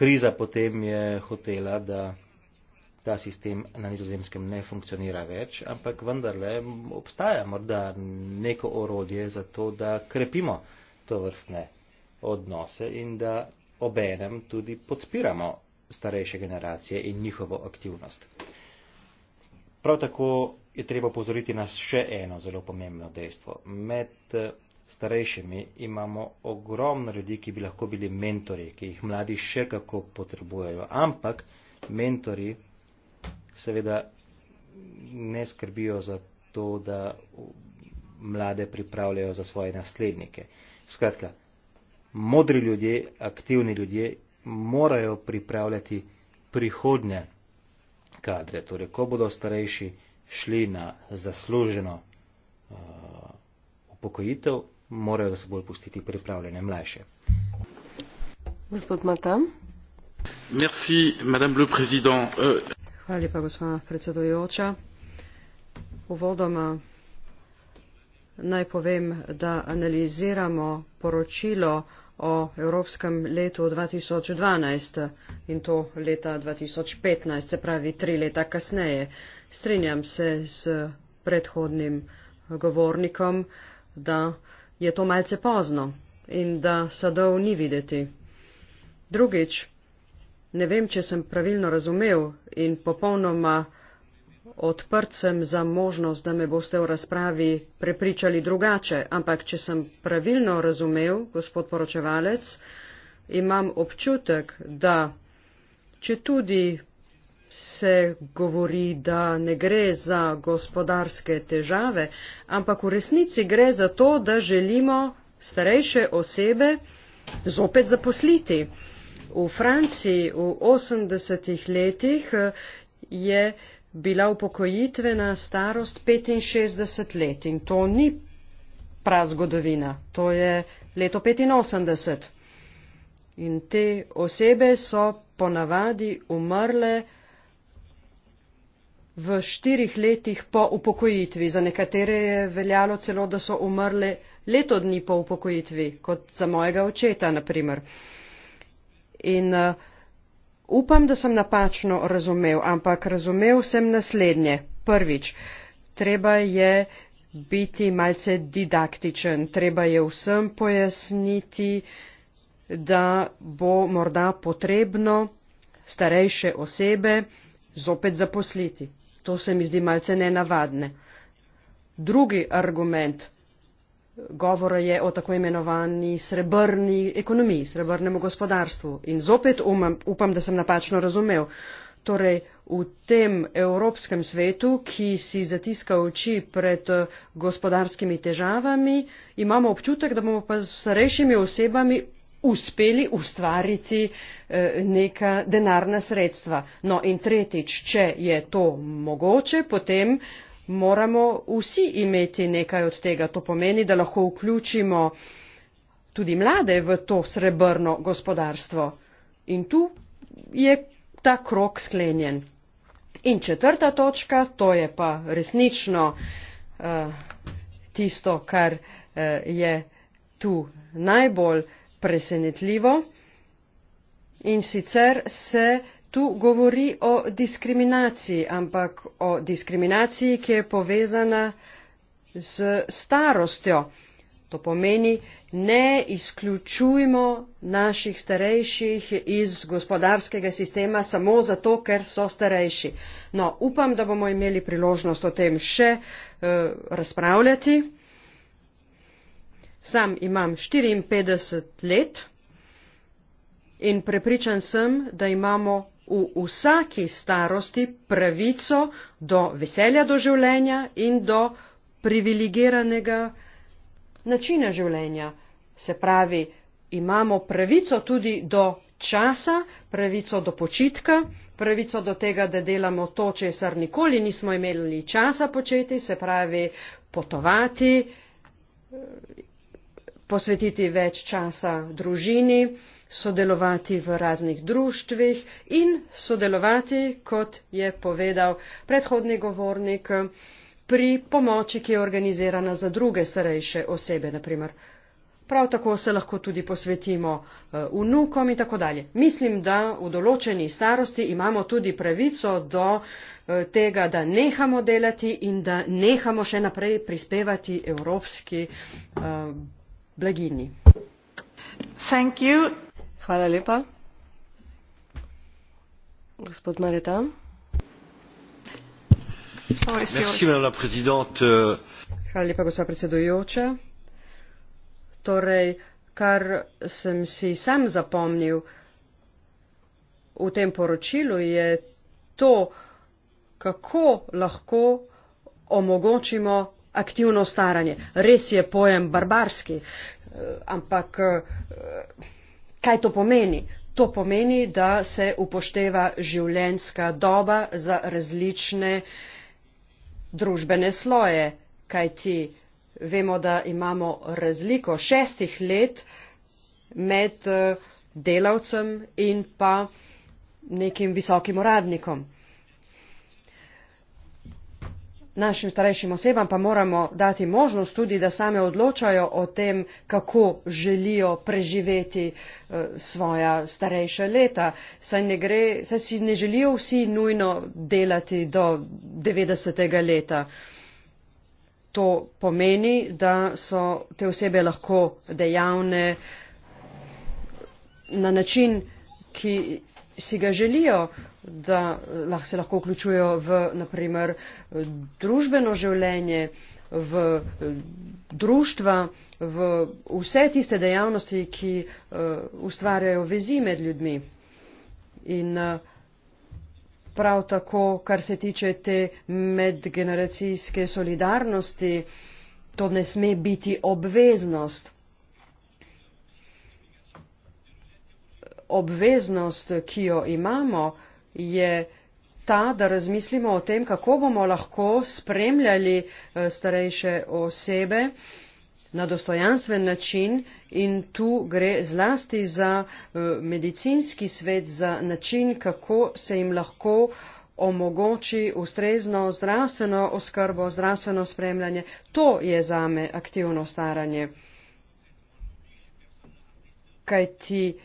Kriza potem je hotela, da ta sistem na nizozemskem ne funkcionira več, ampak vendarle obstaja morda neko orodje za to, da krepimo to vrstne odnose in da obenem tudi podpiramo starejše generacije in njihovo aktivnost. Prav tako je treba pozoriti na še eno zelo pomembno dejstvo. Med eh, starejšimi imamo ogromno ljudi, ki bi lahko bili mentori, ki jih mladi še kako potrebujejo, ampak mentori seveda ne skrbijo za to, da mlade pripravljajo za svoje naslednike. Skratka, modri ljudje, aktivni ljudje morajo pripravljati prihodnje kadre. Torej, ko bodo starejši šli na zasluženo uh, upokojitev, morajo za seboj pustiti pripravljene mlajše. Gospod Matam. Merci, madame le président. Euh... Hvala lepa, gospa predsedujoča. Uvodoma naj povem, da analiziramo poročilo o Evropskem letu 2012 in to leta 2015, se pravi tri leta kasneje. Strinjam se s predhodnim govornikom, da je to malce pozno in da sadov ni videti. Drugič, Ne vem, če sem pravilno razumev in popolnoma odprt sem za možnost, da me boste v razpravi prepričali drugače, ampak če sem pravilno razumev, gospod poročevalec, imam občutek, da če tudi se govori, da ne gre za gospodarske težave, ampak v resnici gre za to, da želimo starejše osebe zopet zaposliti. V Franciji v 80-ih letih eh, je bila upokojitvena starost 65 let in to ni prazgodovina, to je leto 85. In te osebe so ponavadi umrle v štirih letih po upokojitvi. Za nekatere je veljalo celo, da so umrle leto dni po upokojitvi, kot za mojega očeta, na primer. In eh, upam, da sem napačno razumev, ampak razumev sem naslednje. Prvič, treba je biti malce didaktičen, treba je vsem pojasniti, da bo morda potrebno starejše osebe zopet zaposliti. To se mi zdi malce nenavadne. Drugi argument govora je o tako imenovani srebrni ekonomiji, srebrnemu gospodarstvu. In zopet umam, upam, da sem napačno razumel. Torej, v tem evropskem svetu, ki si zatiska oči pred eh, gospodarskimi težavami, imamo občutek, da bomo pa s starejšimi osebami uspeli ustvariti eh, neka denarna sredstva. No in tretjič, če je to mogoče, potem moramo vsi imeti nekaj od tega. To pomeni, da lahko vključimo tudi mlade v to srebrno gospodarstvo. In tu je ta krok sklenjen. In četrta točka, to je pa resnično uh, tisto, kar uh, je tu najbolj presenetljivo. In sicer se tu govori o diskriminaciji ampak o diskriminaciji ki je povezana z starostjo to pomeni ne izključujmo naših starejših iz gospodarskega sistema samo zato ker so starejši no upam da bomo imeli priložnost o tem še uh, razpravljati sam imam 54 let in prepričan sem da imamo v vsaki starosti pravico do veselja do življenja in do privilegiranega načina življenja. Se pravi, imamo pravico tudi do časa, pravico do počitka, pravico do tega, da delamo to, česar nikoli nismo imeli časa početi, se pravi potovati, eh, posvetiti več časa družini sodelovati v raznih društvih in sodelovati, kot je povedal predhodni govornik, pri pomoči, ki je organizirana za druge starejše osebe, naprimer. Prav tako se lahko tudi posvetimo eh, vnukom in tako dalje. Mislim, da v določeni starosti imamo tudi pravico do eh, tega, da nehamo delati in da nehamo še naprej prispevati evropski eh, blagini. Thank you. Hvala lepa. Gospod Mareta. Euh, Hvala lepa, gospod predsedujoča. Torej, kar sem si sam zapomnil v tem poročilu, je to, kako lahko omogočimo aktivno staranje. Res je pojem barbarski, eh, ampak. Eh, Kaj to pomeni? To pomeni, da se upošteva življenska doba za različne družbene sloje, kajti vemo, da imamo razliko šestih let med eh, delavcem in pa nekim visokim uradnikom našim starejšim osebam pa moramo dati možnost tudi, da same odločajo o tem, kako želijo preživeti eh, svoja starejša leta. Saj, ne gre, saj si ne želijo vsi nujno delati do 90. leta. To pomeni, da so te osebe lahko dejavne na način, ki si ga želijo, da eh, se lahko vključujejo v naprimer eh, družbeno življenje, v eh, društva, v vse tiste dejavnosti, ki ustvarjajo vezi med ljudmi. In prav tako, kar se tiče te medgeneracijske solidarnosti, to ne sme biti obveznost. obveznost, ki jo imamo, je ta, da razmislimo o tem, kako bomo lahko spremljali eh, starejše osebe na dostojanstven način in tu gre zlasti za eh, medicinski svet, za način, kako se jim lahko omogoči ustrezno zdravstveno oskrbo, zdravstveno spremljanje. To je zame aktivno staranje. Kaj ti uh,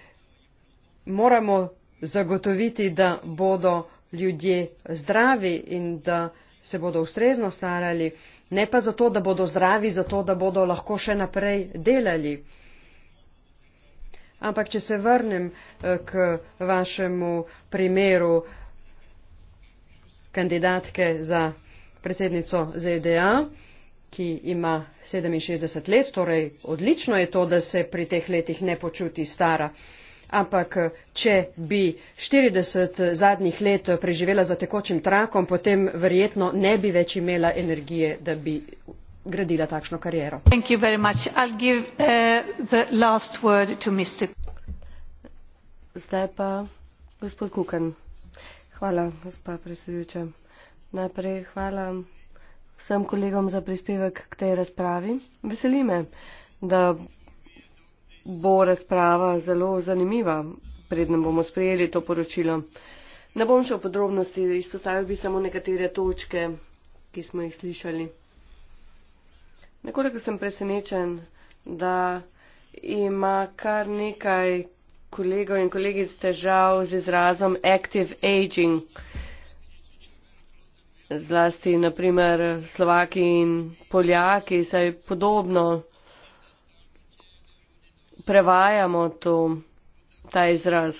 moramo zagotoviti, da bodo ljudje zdravi in da se bodo ustrezno starali, ne pa zato, da bodo zdravi, zato, da bodo lahko še naprej delali. Ampak, če se vrnem eh, k vašemu primeru kandidatke za predsednico ZDA, ki ima 67 let, torej odlično je to, da se pri teh letih ne počuti stara ampak če bi štirideset zadnjih let preživela za tekočim trakom potem verjetno ne bi več imela energije da bi gradila takšno kariero. Uh, hvala, gospa predsedujoča. Najprej hvala vsem kolegom za prispevek k tej razpravi. Veseli me, da bo razprava zelo zanimiva, predem bomo sprejeli to poročilo. Ne bom šel v podrobnosti, izpostavil bi samo nekatere točke, ki smo jih slišali. Nekoliko sem presenečen, da ima kar nekaj kolegov in kolegic težav z izrazom active aging. Zlasti, naprimer, Slovaki in Poljaki, saj podobno prevajamo to, ta izraz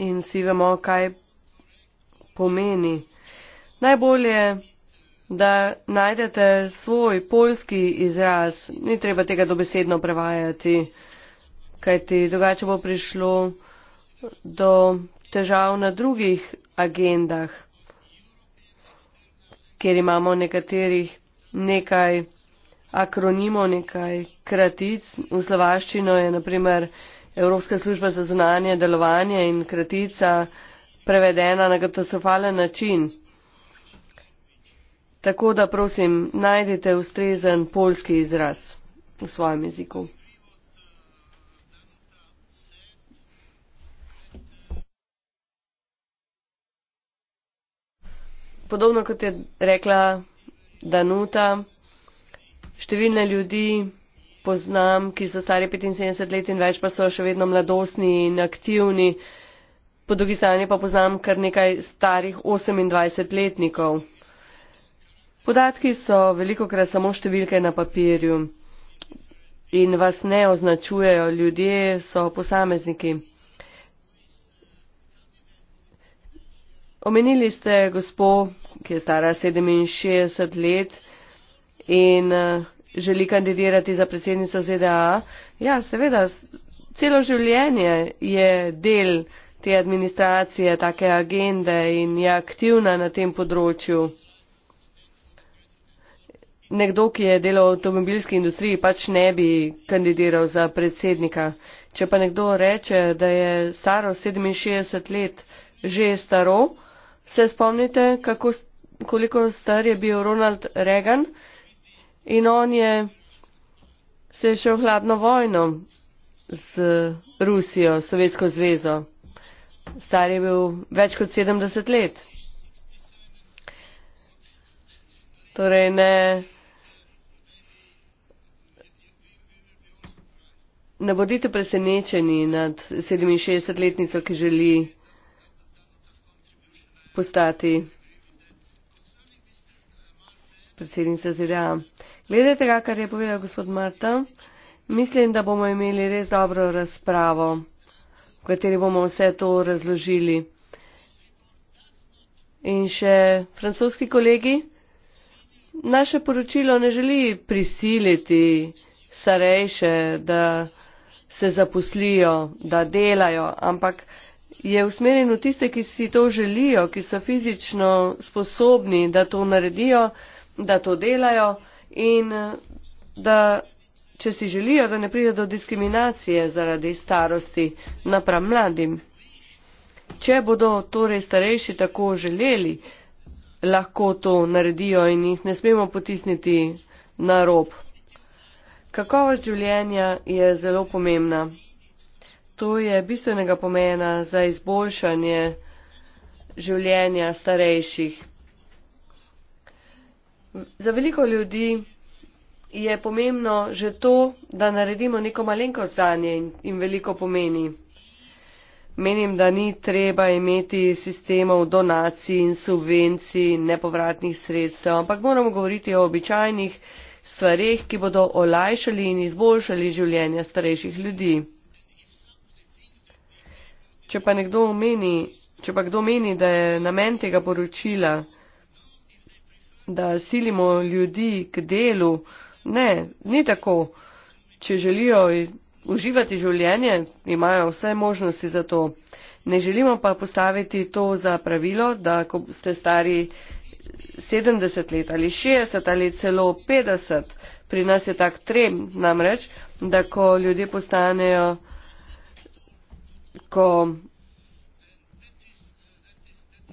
in vsi vemo, kaj pomeni. Najbolje, da najdete svoj polski izraz, ni treba tega dobesedno prevajati, kajti drugače bo prišlo do težav na drugih agendah, kjer imamo nekaterih nekaj akronimov, nekaj kratic. V slovaščino je naprimer Evropska služba za zunanje delovanje in kratica prevedena na katastrofalen način. Tako da prosim, najdite ustrezen polski izraz v svojem jeziku. Podobno kot je rekla Danuta, številne ljudi poznam, ki so stari 75 let in več, pa so še vedno mladostni in aktivni. Po drugi strani pa poznam kar nekaj starih 28-letnikov. Podatki so veliko krat samo številke na papirju in vas ne označujejo, ljudje so posamezniki. Omenili ste gospo, ki je stara 67 let in eh, želi kandidirati za predsednico ZDA. Ja, seveda, celo življenje je del te administracije, take agende in je aktivna na tem področju. Nekdo, ki je delal v avtomobilski industriji, pač ne bi kandidiral za predsednika. Če pa nekdo reče, da je staro 67 let že staro, se spomnite, kako, koliko star je bil Ronald Reagan? in on je se je šel hladno vojno z Rusijo, Sovjetsko zvezo. Star je bil več kot 70 let. Torej ne, ne bodite presenečeni nad 67-letnico, ki želi postati predsednica ZDA. Glede tega, kar je povedal gospod Marta, mislim, da bomo imeli res dobro razpravo, v kateri bomo vse to razložili. In še francoski kolegi, naše poročilo ne želi prisiliti starejše, da se zaposlijo, da delajo, ampak je usmerjen v tiste, ki si to želijo, ki so fizično sposobni, da to naredijo, da to delajo in eh, da če si želijo, da ne pride do diskriminacije zaradi starosti napram mladim. Če bodo torej starejši tako želeli, lahko to naredijo in jih ne smemo potisniti na rob. Kakovost življenja je zelo pomembna. To je bistvenega pomena za izboljšanje življenja starejših. Za veliko ljudi je pomembno že to, da naredimo neko malenkost zanje in, in veliko pomeni. Menim, da ni treba imeti sistemov donacij in subvencij in nepovratnih sredstev, ampak moramo govoriti o običajnih stvarih, ki bodo olajšali in izboljšali življenja starejših ljudi. Če pa, meni, če pa kdo meni, da je namen tega poročila, da silimo ljudi k delu. Ne, ni tako. Če želijo uživati življenje, imajo vse možnosti za to. Ne želimo pa postaviti to za pravilo, da ko ste stari 70 let ali 60 ali celo 50, pri nas je tak trem namreč, da ko ljudje postanejo, ko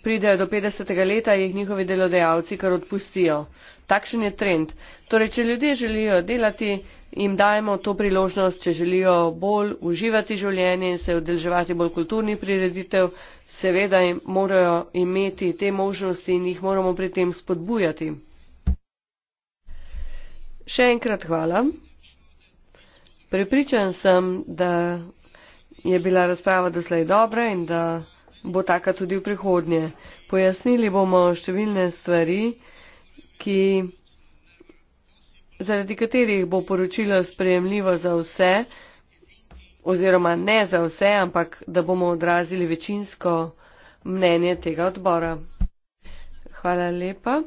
pridejo do 50. leta, jih njihovi delodajalci kar odpustijo. Takšen je trend. Torej, če ljudje želijo delati, jim dajemo to priložnost, če želijo bolj uživati življenje in se odeljevati bolj kulturnih prireditev, seveda jim morajo imeti te možnosti in jih moramo pri tem spodbujati. Še enkrat hvala. Prepričan sem, da je bila razprava doslej dobra in da bo taka tudi v prihodnje. Pojasnili bomo številne stvari, ki, zaradi katerih bo poročilo sprejemljivo za vse, oziroma ne za vse, ampak da bomo odrazili večinsko mnenje tega odbora. Hvala lepa.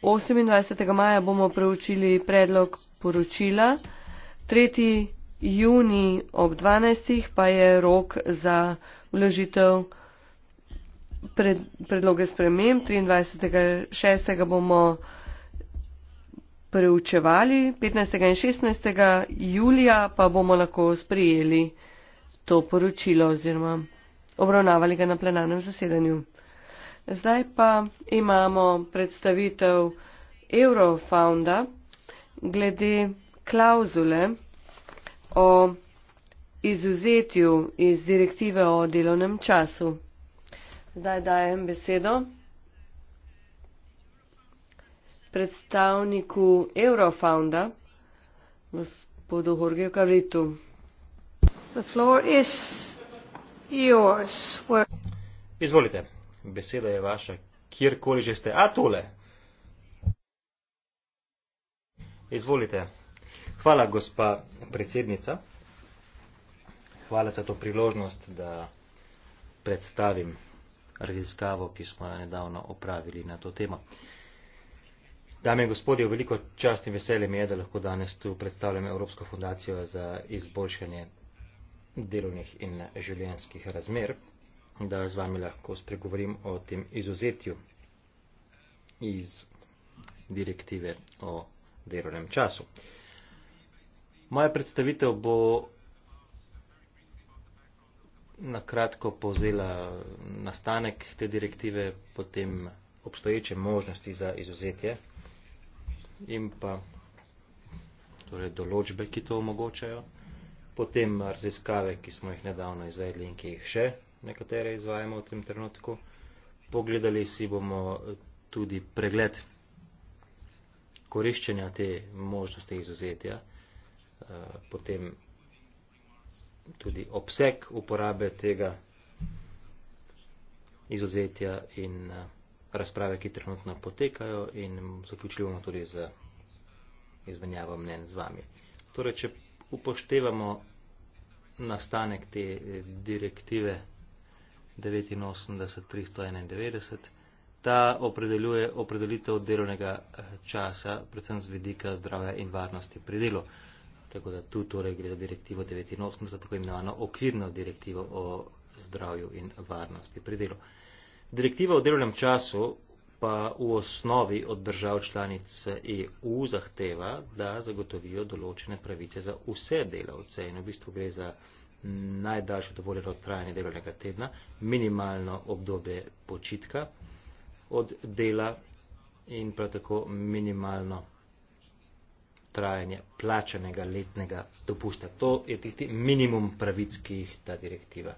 28. maja bomo preučili predlog poročila. Tretji juni ob 12. pa je rok za vložitev pred, predloge spremem. 23.6. bomo preučevali, 15. in 16. julija pa bomo lahko sprijeli to poročilo oziroma obravnavali ga na plenarnem zasedanju. Zdaj pa imamo predstavitev Eurofounda glede klauzule o izuzetju iz direktive o delovnem času. Zdaj dajem besedo predstavniku Eurofonda, gospodu Horgeju Karitu. Izvolite, beseda je vaša, kjerkoli že ste. A tole! Izvolite. Hvala, gospa predsednica. Hvala za to priložnost, da predstavim raziskavo, ki smo jo nedavno opravili na to temo. Dame in gospodje, veliko čast in veselje mi je, da lahko danes tu predstavljam Evropsko fundacijo za izboljšanje delovnih in življenjskih razmer, da z vami lahko spregovorim o tem izuzetju iz direktive o delovnem času. Uh, Moja predstavitev bo na kratko povzela nastanek te direktive, potem obstoječe možnosti za izuzetje in pa torej določbe, ki to omogočajo, potem raziskave, ki smo jih nedavno izvedli in ki jih še nekatere izvajamo v tem trenutku. Pogledali si bomo tudi pregled koriščenja te možnosti izuzetja potem tudi obseg uporabe tega izuzetja in eh, razprave, ki trenutno potekajo in zaključljivamo tudi z izmenjavo mnen z vami. Torej, če upoštevamo nastanek te eh, direktive 89.391, ta opredeljuje opredelitev delovnega eh, časa, predvsem z vidika zdrave in varnosti pri delu. Tako da tu torej gre za direktivo 89, tako imenovano okvirno direktivo o zdravju in varnosti pri delu. Direktiva o delovnem času pa v osnovi od držav članic EU zahteva, da zagotovijo določene pravice za vse delavce in v bistvu gre za najdaljše dovoljeno trajanje delovnega tedna, minimalno obdobje počitka od dela in prav tako minimalno trajanje plačanega letnega dopusta. To je tisti minimum pravic, ki jih ta direktiva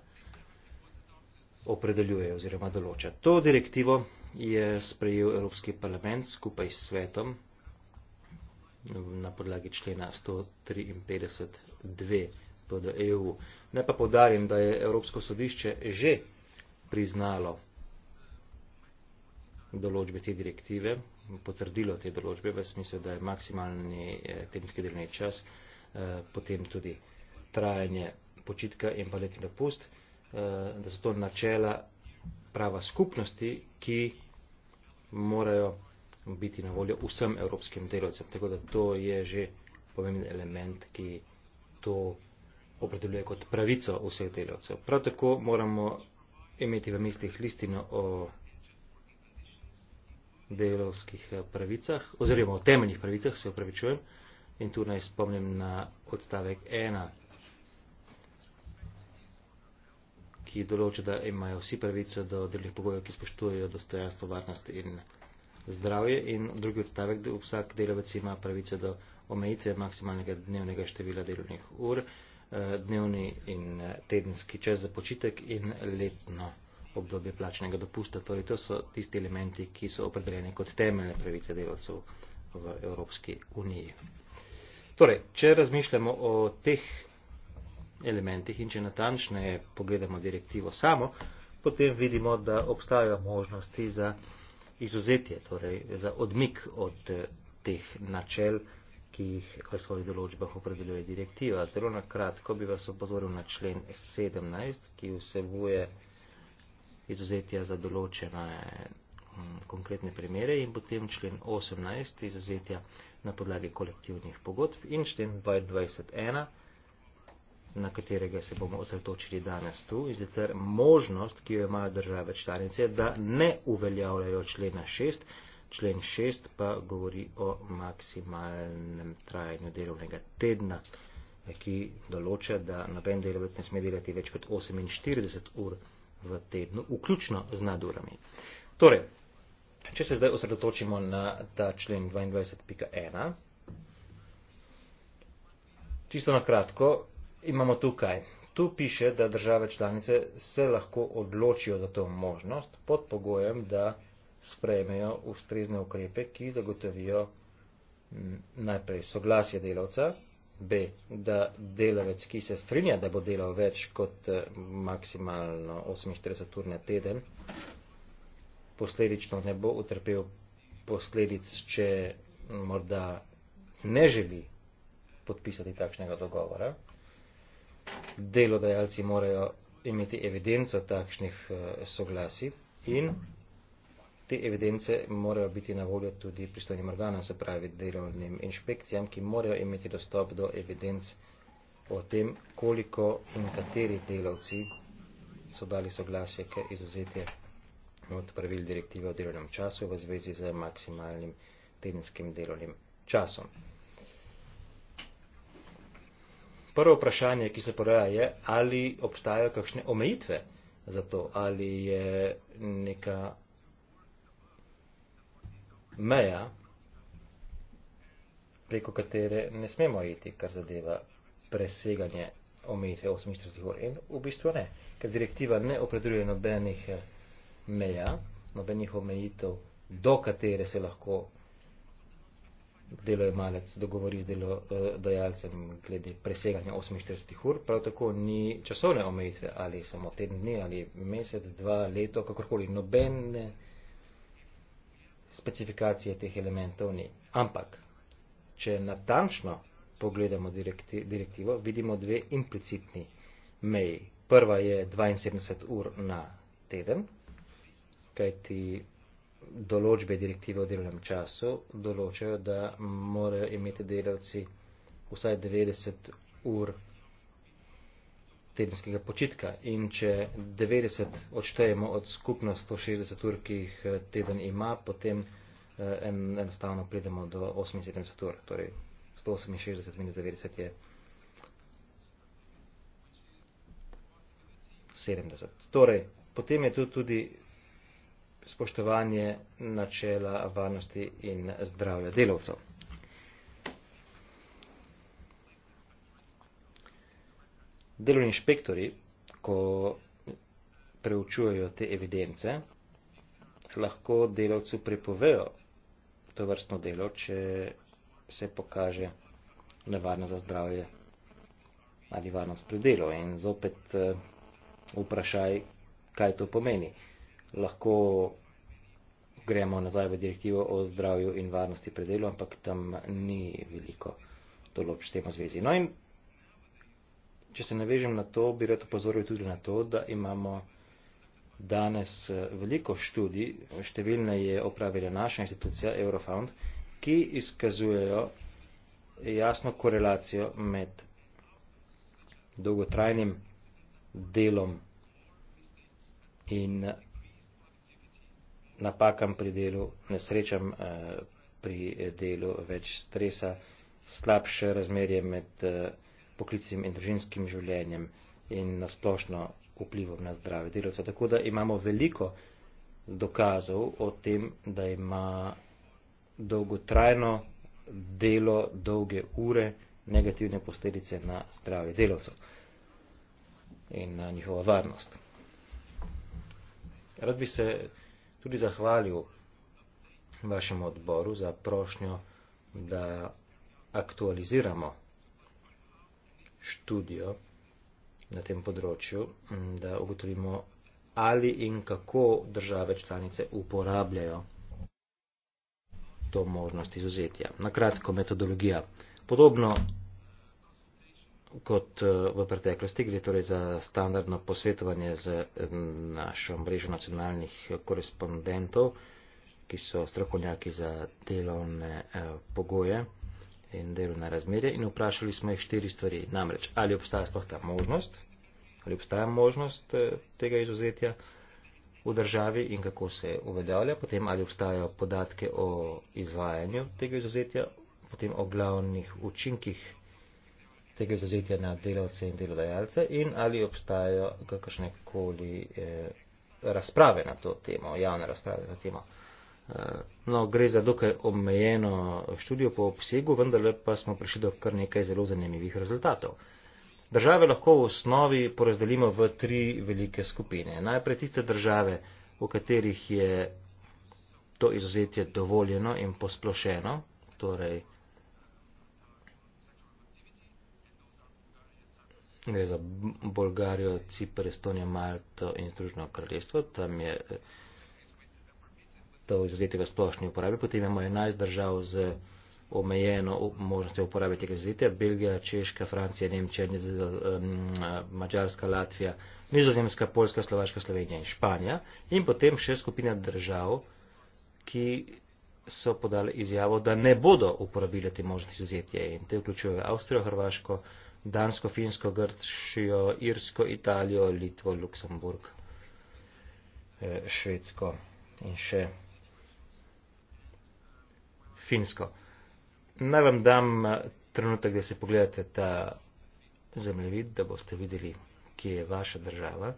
opredeljuje oziroma določa. To direktivo je sprejel Evropski parlament skupaj s svetom na podlagi člena 153.2 pod EU. Ne pa podarim, da je Evropsko sodišče že priznalo določbe te direktive potrdilo te določbe v smislu, da je maksimalni eh, tedenski delovni čas, eh, potem tudi trajanje počitka in pa letni dopust, eh, da so to načela prava skupnosti, ki morajo biti na voljo vsem evropskim delovcem. Tako da to je že pomemben element, ki to opredeljuje kot pravico vseh delovcev. Prav tako moramo imeti v mislih listino o delovskih eh, pravicah, oziroma o temeljnih pravicah, se upravičujem, in tu naj spomnim na odstavek 1, ki določa, da imajo vsi pravico do delovnih pogojev, ki spoštujejo dostojanstvo, varnost in zdravje, in drugi odstavek, da vsak delovec ima pravico do omejitve maksimalnega dnevnega števila delovnih ur, eh, dnevni in eh, tedenski čas za počitek in letno obdobje plačnega dopusta. Torej, to so tisti elementi, ki so opredeljeni kot temeljne pravice delavcev v Evropski uniji. Torej, če razmišljamo o teh elementih in če natančneje pogledamo direktivo samo, potem vidimo, da obstajajo možnosti za izuzetje, torej za odmik od eh, teh načel, ki jih v svojih določbah opredeljuje direktiva. Zelo na kratko bi vas opozoril na člen 17, ki vsebuje izuzetja za določene mm, konkretne primere in potem člen 18 izuzetja na podlagi kolektivnih pogodb in člen 22.1, na katerega se bomo osredotočili danes tu, in sicer možnost, ki jo imajo države članice, da ne uveljavljajo člena 6. Člen 6 pa govori o maksimalnem trajanju delovnega tedna, ki določa, da noben delavec ne sme delati več kot 48 ur v tednu, vključno z nadurami. Torej, če se zdaj osredotočimo na ta člen 22.1, čisto na kratko imamo tukaj. Tu piše, da države članice se lahko odločijo za to možnost pod pogojem, da sprejmejo ustrezne ukrepe, ki zagotovijo najprej soglasje delavca, b da delavec ki se strinja da bo delal več kot eh, maksimalno 48 ur na teden posledično ne bo utrpel posledic če morda ne želi podpisati takšnega dogovora delodajalci morajo imeti evidenco takšnih eh, soglasij in te evidence morajo biti na voljo tudi pristojnim organom, se pravi delovnim inšpekcijam, ki morajo imeti dostop do evidenc o tem, koliko in kateri delavci so dali soglasje k izuzetje od pravil direktive o delovnem času v zvezi z maksimalnim tedenskim delovnim časom. Prvo vprašanje, ki se poraja, je, ali obstajajo kakšne omejitve za to, ali je neka meja, preko katere ne smemo iti, kar zadeva preseganje omejitve 48 ur. In v bistvu ne, ker direktiva ne opredeljuje nobenih eh, meja, nobenih omejitev, do katere se lahko delojemalec dogovori z delodajalcem eh, glede preseganja 48 ur, prav tako ni časovne omejitve ali samo teden dni ali mesec, dva, leto, kakorkoli, nobene specifikacije teh elementov ni. Ampak, če natančno pogledamo direkti, direktivo, vidimo dve implicitni meji. Prva je 72 ur na teden, kajti določbe direktive o delovnem času določajo, da morajo imeti delavci vsaj 90 ur na teden tedenskega počitka. In če 90 odštejemo od skupno 160 ur, ki jih eh, teden ima, potem eh, en, enostavno pridemo do 78 ur. Torej 168 minus 90 je 70. Torej, potem je tu tudi spoštovanje načela varnosti in zdravja delovcev. delovni inšpektori, ko preučujejo te evidence, lahko delavcu prepovejo to vrstno delo, če se pokaže nevarno za zdravje ali varnost pri delu. In zopet eh, vprašaj, kaj to pomeni. Lahko gremo nazaj v direktivo o zdravju in varnosti pri delu, ampak tam ni veliko določb s tem v zvezi. No in Če se navežem na to, bi rad opozoril tudi na to, da imamo danes eh, veliko študij, številne je opravila naša institucija Eurofound, ki izkazujejo jasno korelacijo med dolgotrajnim delom in eh, napakam pri delu, nesrečam eh, pri delu, več stresa, slabše razmerje med poklicnim in družinskim življenjem in na splošno vplivom na zdrave delovce. Tako da imamo veliko dokazov o tem, da ima dolgotrajno delo, dolge ure, negativne posledice na zdrave delovcev in na njihovo varnost. Rad bi se tudi zahvalil vašemu odboru za prošnjo, da aktualiziramo študijo na tem področju, da ugotovimo, ali in kako države članice uporabljajo to možnost izuzetja. Na kratko, metodologija. Podobno kot eh, v preteklosti gre torej za standardno posvetovanje z eh, našo mrežo nacionalnih eh, korespondentov, ki so strokovnjaki za delovne pogoje in delovna razmerja in vprašali smo jih štiri stvari. Namreč, ali obstaja sploh ta možnost, ali obstaja možnost eh, tega izuzetja v državi in kako se uveljavlja, potem ali obstajajo podatke o izvajanju tega izuzetja, potem o glavnih učinkih tega izuzetja na delavce in delodajalce in ali obstajajo kakršne koli eh, razprave na to temo, javne razprave na to temo. No, gre za dokaj omejeno študijo po obsegu, vendar pa smo prišli do kar nekaj zelo zanimivih rezultatov. Države lahko v osnovi porazdelimo v tri velike skupine. Najprej tiste države, v katerih je to izuzetje dovoljeno in posplošeno, torej gre za Bolgarijo, Cipr, Estonijo, Malto in Združeno kraljestvo, tam je eh, to izuzetega splošni uporabi. Potem imamo 11 držav z omejeno možnostjo uporabe tega izuzetja. Belgija, Češka, Francija, Nemčija, Mačarska, Latvija, Nizozemska, Poljska, Slovaška, Slovenija in Španija. In potem še skupina držav, ki so podali izjavo, da ne bodo uporabili te možnosti izuzetja. In te vključujejo Avstrijo, Hrvaško, Dansko, Finsko, Grčijo, Irsko, Italijo, Litvo, Luksemburg, eh, Švedsko in še Finsko. Naj vam dam eh, trenutek, da si pogledate ta zemljevid, da boste videli, kje je vaša država.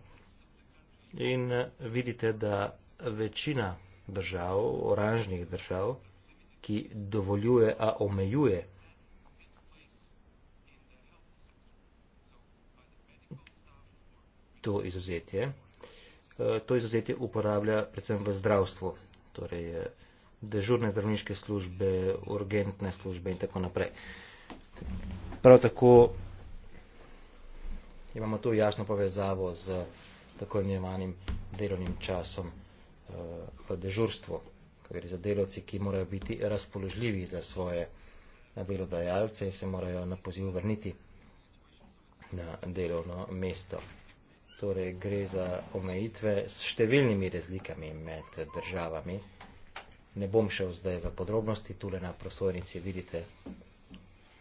In eh, vidite, da večina držav, oranžnih držav, ki dovoljuje, a omejuje to izuzetje, eh, to izuzetje uporablja predvsem v zdravstvu. Torej, dežurne zdravniške službe, urgentne službe in tako naprej. Prav tako imamo tu jasno povezavo z tako imenovanim delovnim časom eh, v dežurstvu, kateri za delovci, ki morajo biti razpoložljivi za svoje delodajalce in se morajo na poziv vrniti na delovno mesto. Torej, gre za omejitve s številnimi razlikami med državami, ne bom šel zdaj v podrobnosti, tule na prosojnici vidite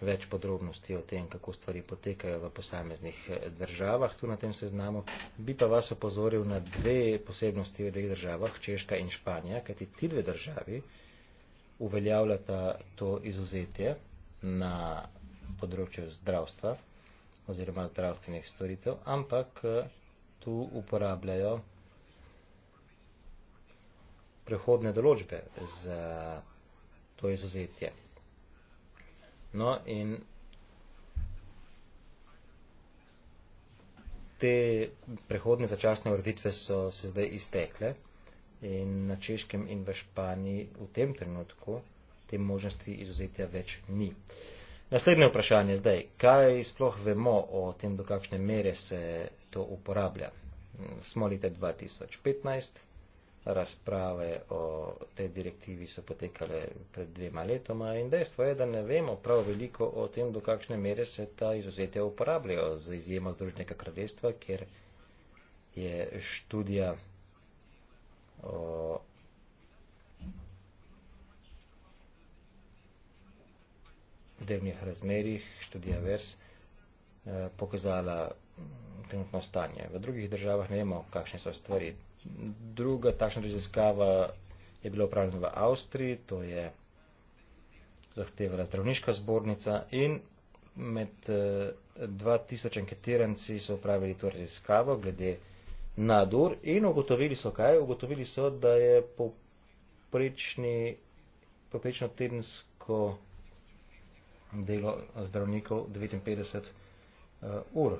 več podrobnosti o tem, kako stvari potekajo v posameznih eh, državah, tu na tem seznamu. Bi pa vas opozoril na dve posebnosti v dveh državah, Češka in Španija, kajti ti dve državi uveljavljata to izuzetje na področju zdravstva oziroma zdravstvenih storitev, ampak eh, tu uporabljajo prehodne določbe za to izuzetje. No in te prehodne začasne ureditve so se zdaj iztekle in na Češkem in v Španiji v tem trenutku te možnosti izuzetja več ni. Naslednje vprašanje zdaj, kaj sploh vemo o tem, do kakšne mere se to uporablja? Smo leta 2015, razprave o tej direktivi so potekale pred dvema letoma in dejstvo je, da ne vemo prav veliko o tem, do kakšne mere se ta izuzetja uporabljajo, z izjemo Združenega kraljestva, kjer je študija o delnih razmerih, študija vers, eh, pokazala trenutno stanje. V drugih državah ne vemo, kakšne so stvari. Druga takšna raziskava je bila upravljena v Avstriji, to je zahtevala zdravniška zbornica in med 2000 eh, anketiranci so upravili to raziskavo glede nadur in ugotovili so kaj? Ugotovili so, da je poprečni, poprečno tedensko delo zdravnikov 59 uh, eh, ur.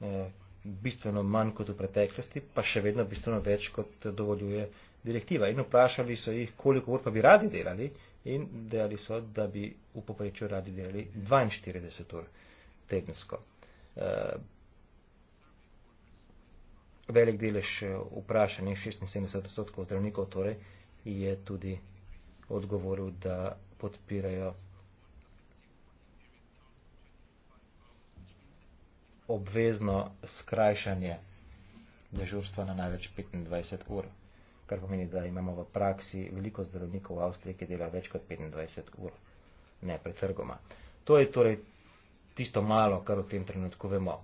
Eh, bistveno manj kot v preteklosti, pa še vedno bistveno več, kot dovoljuje direktiva. In vprašali so jih, koliko ur pa bi radi delali in delali so, da bi v poprečju radi delali 42 ur tedensko. Eh, velik delež eh, vprašanih, 76 odstotkov zdravnikov, torej je tudi odgovoril, da podpirajo obvezno skrajšanje dežurstva na največ 25 ur, kar pomeni, da imamo v praksi veliko zdravnikov v Avstriji, ki dela več kot 25 ur, ne pretrgoma. To je torej tisto malo, kar v tem trenutku vemo.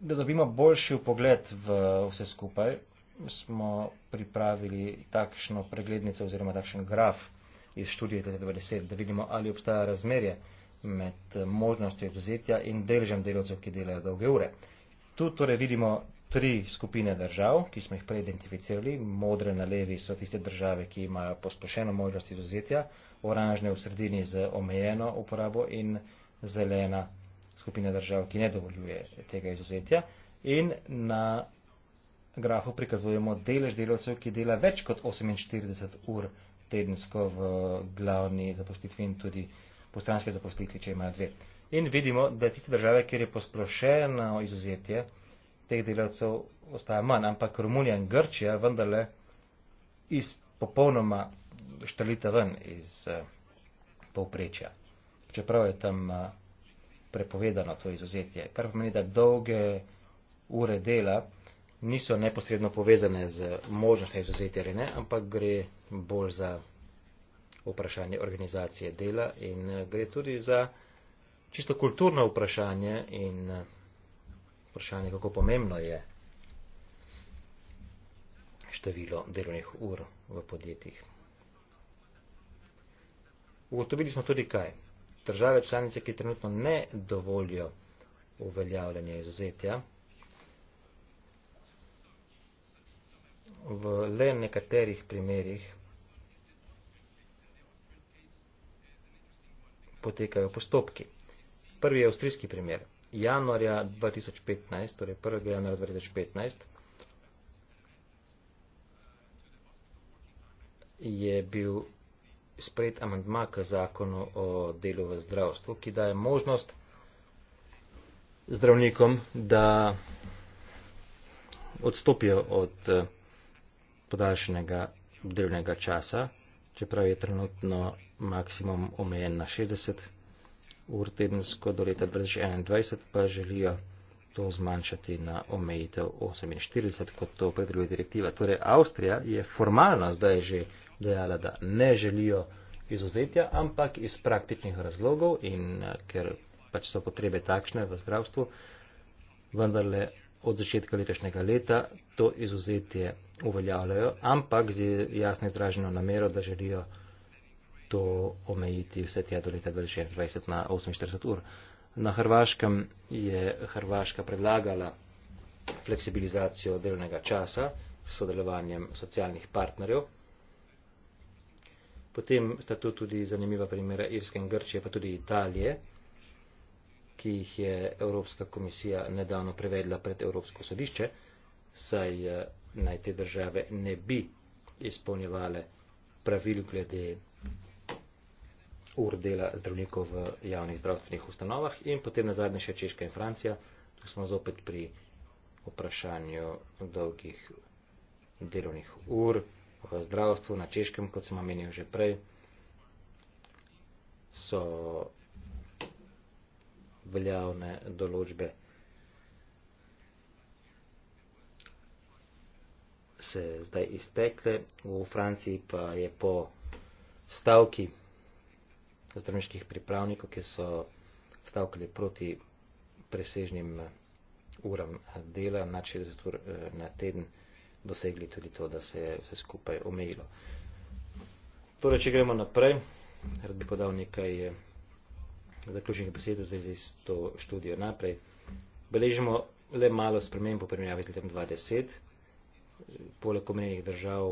Da dobimo boljši pogled v vse skupaj, smo pripravili takšno preglednico oziroma takšen graf iz študije iz leta 2010, da vidimo, ali obstaja razmerje med eh, možnostjo izuzetja in deležem delovcev, ki delajo dolge ure. Tu torej vidimo tri skupine držav, ki smo jih preidentificirali. Modre na levi so tiste države, ki imajo pospošeno možnost izuzetja, oranžne v sredini z omejeno uporabo in zelena skupina držav, ki ne dovoljuje tega izuzetja. In na grafu prikazujemo delež delovcev, ki dela več kot 48 ur tedensko v glavni zapustitvi in tudi postranske zaposlitvi, če imajo dve. In vidimo, da tiste države, kjer je posplošeno izuzetje teh delavcev, ostaja manj. Ampak Romunija in Grčija vendarle iz popolnoma štrlita ven iz uh, povprečja. Čeprav je tam uh, prepovedano to izuzetje. Kar pomeni, da dolge ure dela niso neposredno povezane z možnostjo izuzetja, ampak gre bolj za vprašanje organizacije dela in eh, gre tudi za čisto kulturno vprašanje in eh, vprašanje, kako pomembno je število delovnih ur v podjetjih. Ugotovili smo tudi kaj. Države članice, ki trenutno ne dovolijo uveljavljanje izuzetja, v le nekaterih primerjih potekajo postopki. Prvi je avstrijski primer. Januarja 2015, torej 1. januarja 2015, je bil sprejet amandma k zakonu o delu v zdravstvu, ki daje možnost zdravnikom, da odstopijo od eh, podaljšanega delovnega časa, čeprav je trenutno maksimum omejen na 60 ur tedensko, do leta 2021 pa želijo to zmanjšati na omejitev 48, kot to predeluje direktiva. Torej, Avstrija je formalno zdaj že dejala, da ne želijo izuzetja, ampak iz praktičnih razlogov in eh, ker pač so potrebe takšne v zdravstvu, vendarle od začetka letošnjega leta to izuzetje uveljavljajo, ampak z jasno izraženo namero, da želijo to omejiti vse tja do leta 2024 na 48 ur. Na Hrvaškem je Hrvaška predlagala fleksibilizacijo delnega časa s sodelovanjem socialnih partnerjev. Potem sta tu tudi zanimiva primera Irske in Grčije, pa tudi Italije, ki jih je Evropska komisija nedavno prevedla pred Evropsko sodišče, saj eh, naj te države ne bi izpolnjevale pravil glede ur dela zdravnikov v javnih zdravstvenih ustanovah in potem na zadnje še Češka in Francija. Tu smo zopet pri vprašanju dolgih delovnih ur v zdravstvu na Češkem, kot sem omenil že prej, so veljavne določbe se zdaj iztekle, v Franciji pa je po stavki zdravniških pripravnikov, ki so stavkali proti presežnim eh, uram eh, dela na 60 ur na teden, dosegli tudi to, da se je vse skupaj omejilo. Torej, če gremo naprej, rad bi podal nekaj eh, zaključnih besed v zvezi s to študijo naprej. Beležimo le malo sprememb po primerjavi z letom 2010. Poleg omenjenih držav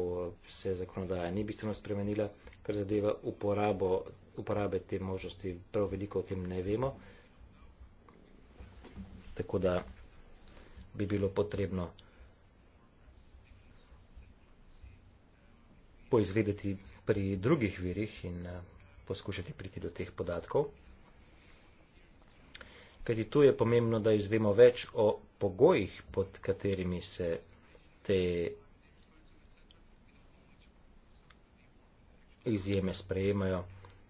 se zakonodaja ni bistveno spremenila, kar zadeva uporabo uporabe te možnosti, prav veliko o tem ne vemo, tako da bi bilo potrebno poizvedeti pri drugih virih in eh, poskušati priti do teh podatkov. Kajti tu je pomembno, da izvemo več o pogojih, pod katerimi se te izjeme sprejemajo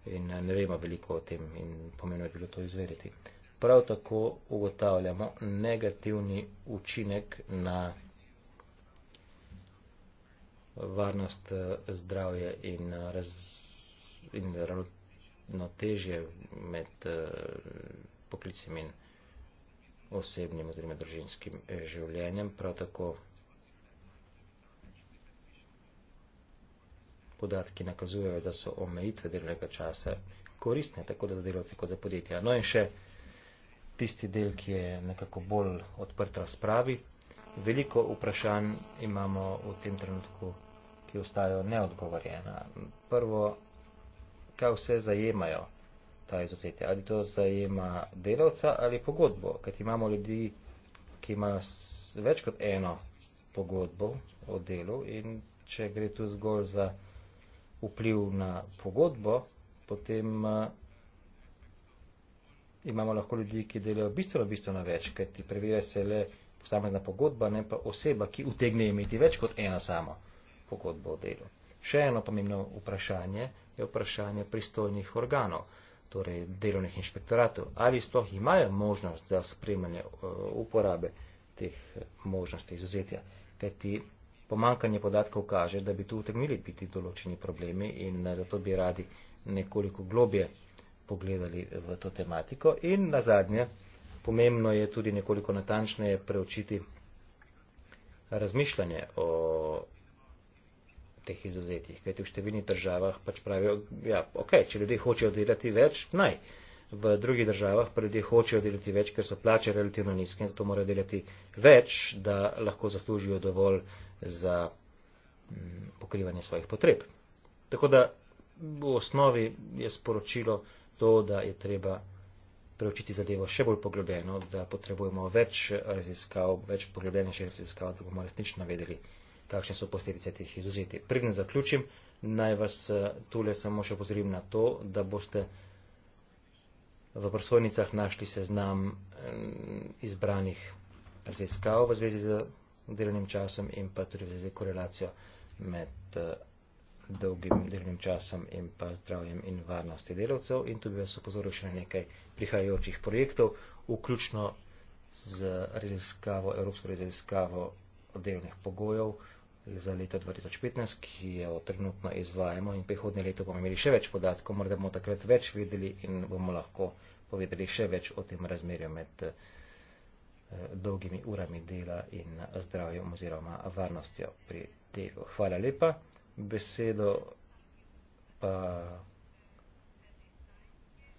in eh, ne vemo veliko o tem in pomeno je bilo to izvedeti. Prav tako ugotavljamo negativni učinek na varnost, eh, zdravje in, eh, raz, in ravnotežje med poklicim in osebnim oziroma družinskim življenjem. Prav tako podatki nakazujejo, da so omejitve delovnega časa koristne, tako da za delovce, kot za podjetja. No in še tisti del, ki je nekako bolj odprt razpravi. Veliko vprašanj imamo v tem trenutku, ki ostajajo neodgovorjena. Prvo, kaj vse zajemajo ta izuzetja? Ali to zajema delavca ali pogodbo? Ker imamo ljudi, ki imajo več kot eno pogodbo o delu in če gre tu zgolj za vpliv na pogodbo, potem eh, imamo lahko ljudi, ki delajo bistveno, bistveno več, kajti preverja se le posamezna pogodba, ne pa oseba, ki utegne imeti več kot eno samo pogodbo o delu. Še eno pomembno vprašanje je vprašanje pristojnih organov, torej delovnih inšpektoratov, ali sploh imajo možnost za spremljanje eh, uporabe teh eh, možnosti izuzetja. Kajti pomankanje podatkov kaže, da bi tu utegnili biti določeni problemi in zato bi radi nekoliko globje pogledali v to tematiko. In na zadnje, pomembno je tudi nekoliko natančneje preučiti razmišljanje o teh izuzetjih, kajti v številnih državah pač pravijo, ja, ok, če ljudje hočejo delati več, naj. V drugih državah pa ljudje hočejo delati več, ker so plače relativno nizke in zato morajo delati več, da lahko zaslužijo dovolj uh, za mm, pokrivanje svojih potreb. Tako da v osnovi je sporočilo to, da je treba preučiti zadevo še bolj poglobljeno, da potrebujemo več raziskav, več poglobljenejših raziskav, da bomo resnično vedeli, kakšne so posledice teh izuzeti. Preden zaključim, naj vas eh, tule samo še pozorim na to, da boste v prosvojnicah našli seznam eh, izbranih raziskav v zvezi z delovnim časom in pa tudi vezi korelacijo med eh, dolgim delovnim časom in pa zdravjem in varnosti delavcev. In tu bi vas opozoril še na nekaj prihajajočih projektov, vključno z raziskavo, evropsko raziskavo delovnih pogojev za leto 2015, ki jo trenutno izvajamo in prihodnje leto bomo imeli še več podatkov, morda bomo takrat več videli in bomo lahko povedali še več o tem razmerju med eh, dolgimi urami dela in zdravjem oziroma varnostjo pri delu. Hvala lepa. Besedo pa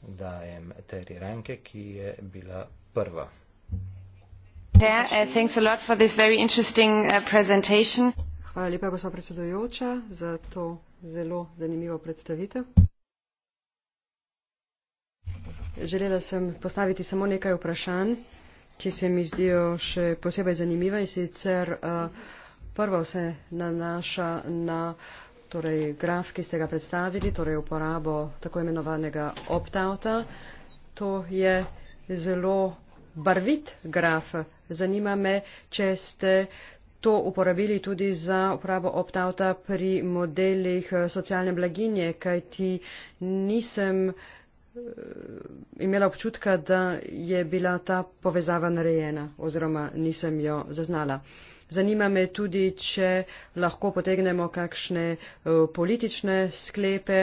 dajem Terri Ranke, ki je bila prva. Uh, uh, Hvala lepa, gospod predsedujoča, za to zelo zanimivo predstavitev. Želela sem postaviti samo nekaj vprašanj ki se mi zdijo še posebej zanimive in sicer eh, prvo se nanaša na torej, graf, ki ste ga predstavili, torej uporabo tako imenovanega opt-outa. To je zelo barvit graf. Zanima me, če ste to uporabili tudi za uporabo opt-outa pri modelih eh, socialne blaginje, kajti nisem. Eh, imela občutka, da je bila ta povezava narejena oziroma nisem jo zaznala. Zanima me tudi, če lahko potegnemo kakšne eh, politične sklepe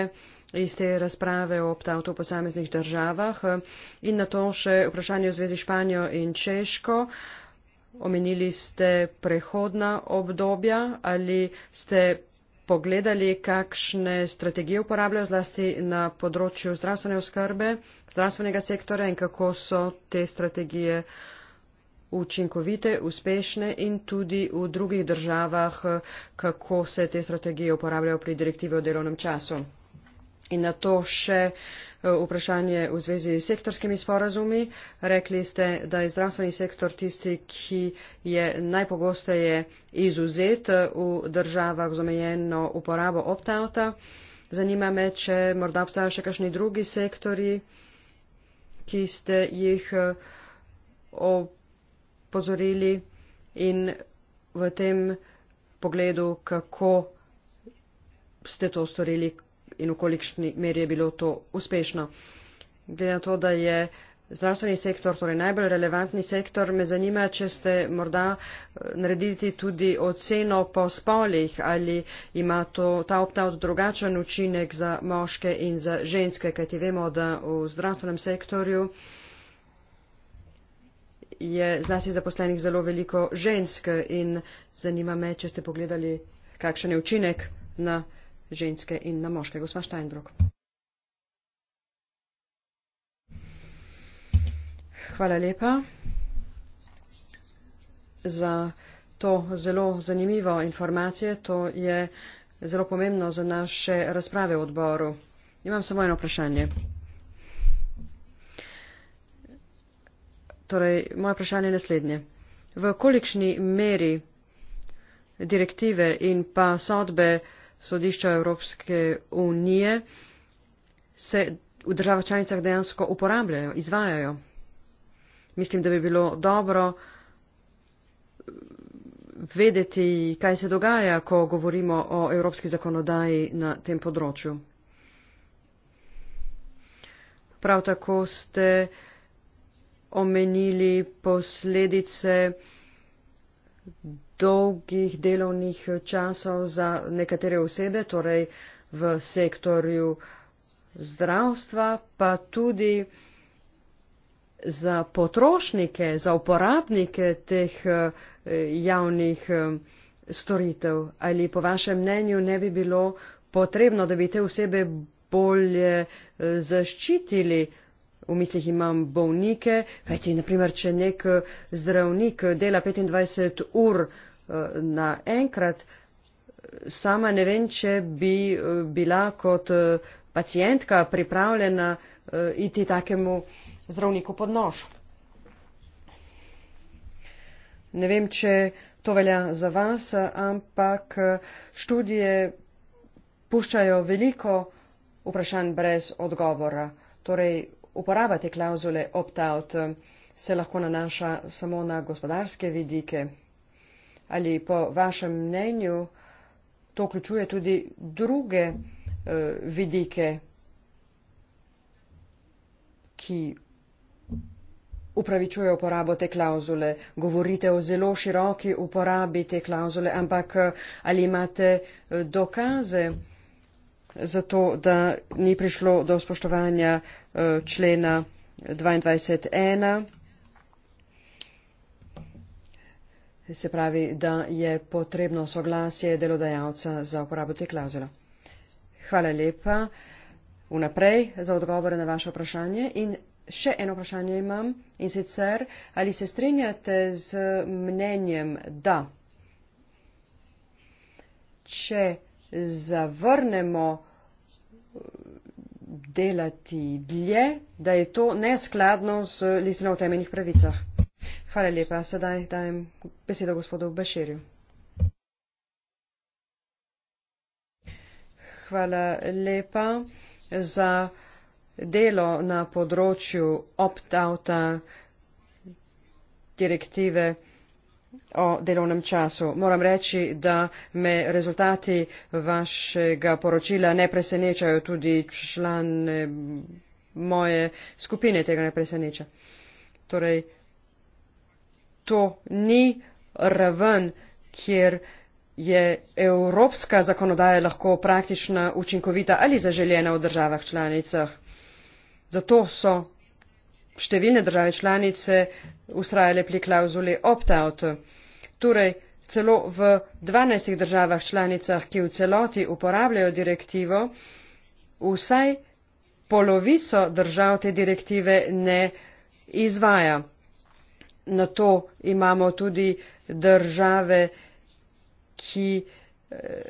iz te razprave o obtavtu v posameznih državah in na to še vprašanje v zvezi s Španijo in Češko. Omenili ste prehodna obdobja ali ste pogledali, kakšne strategije uporabljajo zlasti na področju zdravstvene oskrbe, zdravstvenega sektora in kako so te strategije učinkovite, uspešne in tudi v drugih državah, kako se te strategije uporabljajo pri direktivi o delovnem času. In na to še vprašanje v zvezi s sektorskimi sporazumi. Rekli ste, da je zdravstveni sektor tisti, ki je najpogosteje izuzet v državah z omejeno uporabo opt-outa. Zanima me, če morda obstajajo še kakšni drugi sektori, ki ste jih eh, opozorili in v tem pogledu, kako ste to storili, in v kolikšni meri je bilo to uspešno. Glede na to, da je zdravstveni sektor torej najbolj relevantni sektor, me zanima, če ste morda eh, naredili tudi oceno po spolih ali ima to, ta optaut drugačen učinek za moške in za ženske, kajti vemo, da v zdravstvenem sektorju je zlasti zaposlenih zelo veliko žensk in zanima me, če ste pogledali, kakšen je učinek na ženske in na moške. Gospa Steinbrück. Hvala lepa za to zelo zanimivo informacijo. To je zelo pomembno za naše razprave v odboru. Imam samo eno vprašanje. Torej, moje vprašanje je naslednje. V kolikšni meri direktive in pa sodbe sodišča Evropske unije se v državah članicah dejansko uporabljajo, izvajajo. Mislim, da bi bilo dobro vedeti, kaj se dogaja, ko govorimo o evropski zakonodaji na tem področju. Prav tako ste omenili posledice dolgih delovnih časov za nekatere osebe, torej v sektorju zdravstva, pa tudi za potrošnike, za uporabnike teh eh, javnih eh, storitev. Ali po vašem mnenju ne bi bilo potrebno, da bi te osebe bolje eh, zaščitili v mislih imam bolnike, kajti naprimer, če nek eh, zdravnik eh, dela 25 ur eh, naenkrat, sama ne vem, če bi bila kot pacijentka pripravljena iti takemu zdravniku pod nož. Ne vem, če to velja za vas, ampak študije puščajo veliko vprašanj brez odgovora. Torej, uporaba te klauzule opt-out eh, se lahko nanaša samo na gospodarske vidike? Ali po vašem mnenju to vključuje tudi druge uh, vidike, ki upravičujejo uporabo te klauzule? Govorite o zelo široki uporabi te klauzule, ampak eh, ali imate dokaze? zato, da ni prišlo do spoštovanja eh, člena 22.1. Se pravi, da je potrebno soglasje delodajalca za uporabo te klauzule. Hvala lepa vnaprej za odgovore na vaše vprašanje. In še eno vprašanje imam in sicer, ali se strinjate z mnenjem, da če zavrnemo delati dlje, da je to neskladno z listino o temeljnih pravicah. Hvala lepa. Sedaj dajem besedo gospodu Beširju. Hvala lepa za delo na področju opt-outa direktive 2001-2001 o delovnem času. Moram reči, da me rezultati vašega poročila ne presenečajo, tudi član moje skupine tega ne preseneča. Torej, to ni raven, kjer je evropska zakonodaja lahko praktična, učinkovita ali zaželjena v državah članicah. Zato so številne države članice ustrajale pri klauzuli opt-out. Torej, celo v 12 državah članicah, ki v celoti uporabljajo direktivo, vsaj polovico držav te direktive ne izvaja. Na to imamo tudi države, ki, eh,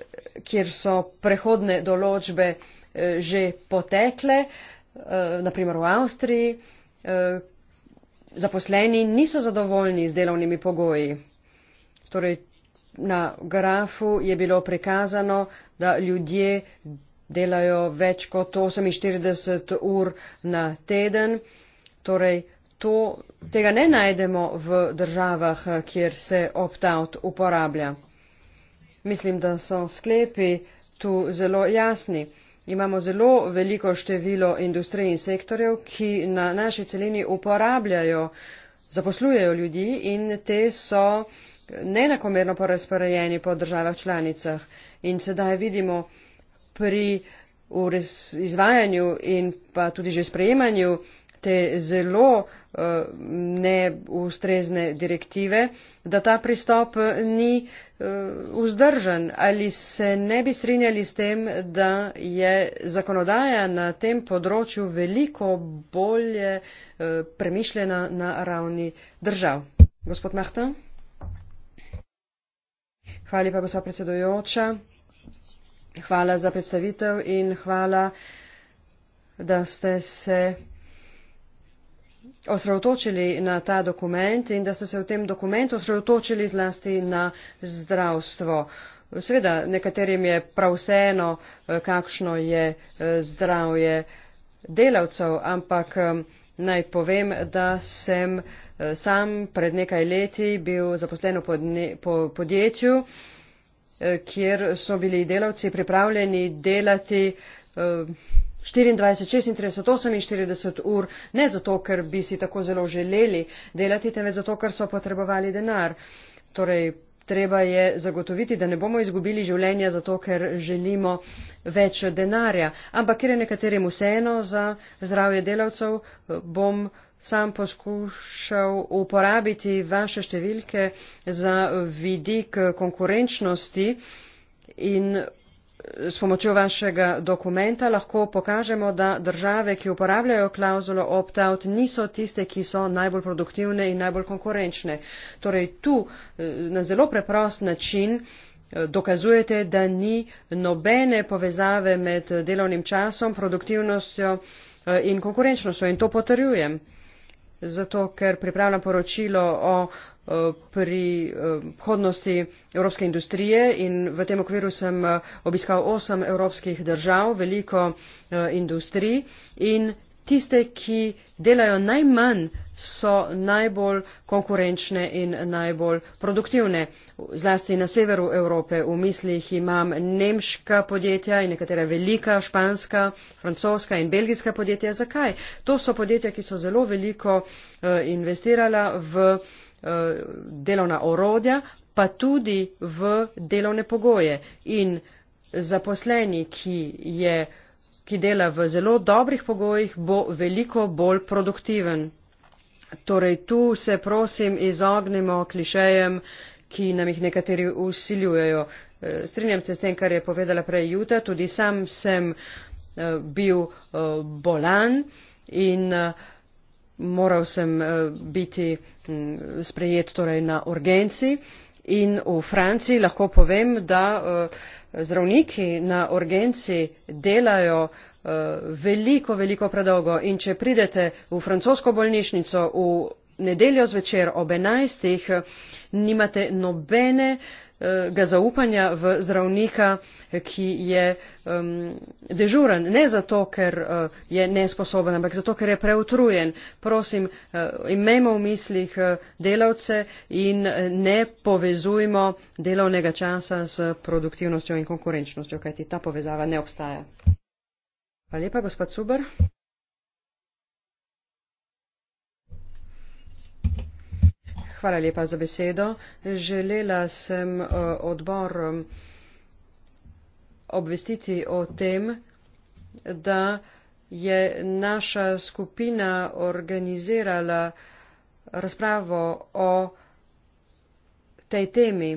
kjer so prehodne določbe eh, že potekle, eh, naprimer v Avstriji. Eh, zaposleni niso zadovoljni z delovnimi pogoji. Torej, na grafu je bilo prikazano, da ljudje delajo več kot 48 ur na teden. Torej, to, tega ne najdemo v državah, kjer se opt-out uporablja. Mislim, da so sklepi tu zelo jasni imamo zelo veliko število industrij in sektorjev, ki na naši celini uporabljajo, zaposlujejo ljudi in te so neenakomerno porazporejeni po državah članicah. In sedaj vidimo pri res, izvajanju in pa tudi že sprejemanju te zelo eh, neustrezne direktive, da ta pristop eh, ni eh, vzdržen. Ali se ne bi strinjali s tem, da je zakonodaja na tem področju veliko bolje premišljena na ravni držav? Gospod Mahta? Hvala pa, gospod predsedujoča. Hvala za predstavitev in hvala, da ste se osredotočili na ta dokument in da ste se v tem dokumentu osredotočili zlasti na zdravstvo. Seveda, nekaterim je prav vseeno, eh, kakšno je eh, zdravje delavcev, ampak eh, naj povem, da sem sam pred nekaj leti bil zaposlen v podjetju, kjer so bili delavci pripravljeni delati 24, 36, 48 ur, ne zato, ker bi si tako zelo želeli delati, temveč zato, ker so potrebovali denar. Torej, treba je zagotoviti, da ne bomo izgubili življenja zato, ker želimo več denarja. Ampak ker je nekaterim vseeno za zdravje delavcev, bom sam poskušal uporabiti vaše številke za vidik konkurenčnosti in s pomočjo vašega dokumenta lahko pokažemo, da države, ki uporabljajo klauzulo opt-out, niso tiste, ki so najbolj produktivne in najbolj konkurenčne. Torej tu eh, na zelo preprost način eh, dokazujete, da ni nobene povezave med delovnim časom, produktivnostjo eh, in konkurenčnostjo. In to potrjujem, zato ker pripravljam poročilo o pri eh, vhodnosti evropske industrije in v tem okviru sem eh, obiskal osem evropskih držav, veliko eh, industrij in tiste, ki delajo najmanj, so najbolj konkurenčne in najbolj produktivne. Zlasti na severu Evrope v mislih imam nemška podjetja in nekatera velika španska, francoska in belgijska podjetja. Zakaj? To so podjetja, ki so zelo veliko investirala v Eh, delovna orodja, pa tudi v delovne pogoje. In zaposleni, ki, je, ki dela v zelo dobrih pogojih, bo veliko bolj produktiven. Torej, tu se prosim izognemo klišejem, ki nam jih nekateri usiljujejo. Eh, strinjam se s tem, kar je povedala prej Juta, tudi sam sem eh, bil bolan in moral sem eh, biti sprejet torej na urgenci in v Franciji lahko povem, da eh, zdravniki na urgenci delajo eh, veliko, veliko predolgo in če pridete v francosko bolnišnico v nedeljo zvečer ob 11. nimate nobene uh, ga zaupanja v zdravnika, ki je um, dežuren. Ne zato, ker uh, je nesposoben, ampak zato, ker je preutrujen. Prosim, uh, imejmo v mislih uh, delavce in uh, ne povezujmo delovnega časa z produktivnostjo in konkurenčnostjo, kajti ta povezava ne obstaja. Hvala lepa, gospod Cuber. Hvala lepa za besedo. Želela sem eh, odbor eh, obvestiti o tem, da je naša skupina organizirala razpravo o tej temi.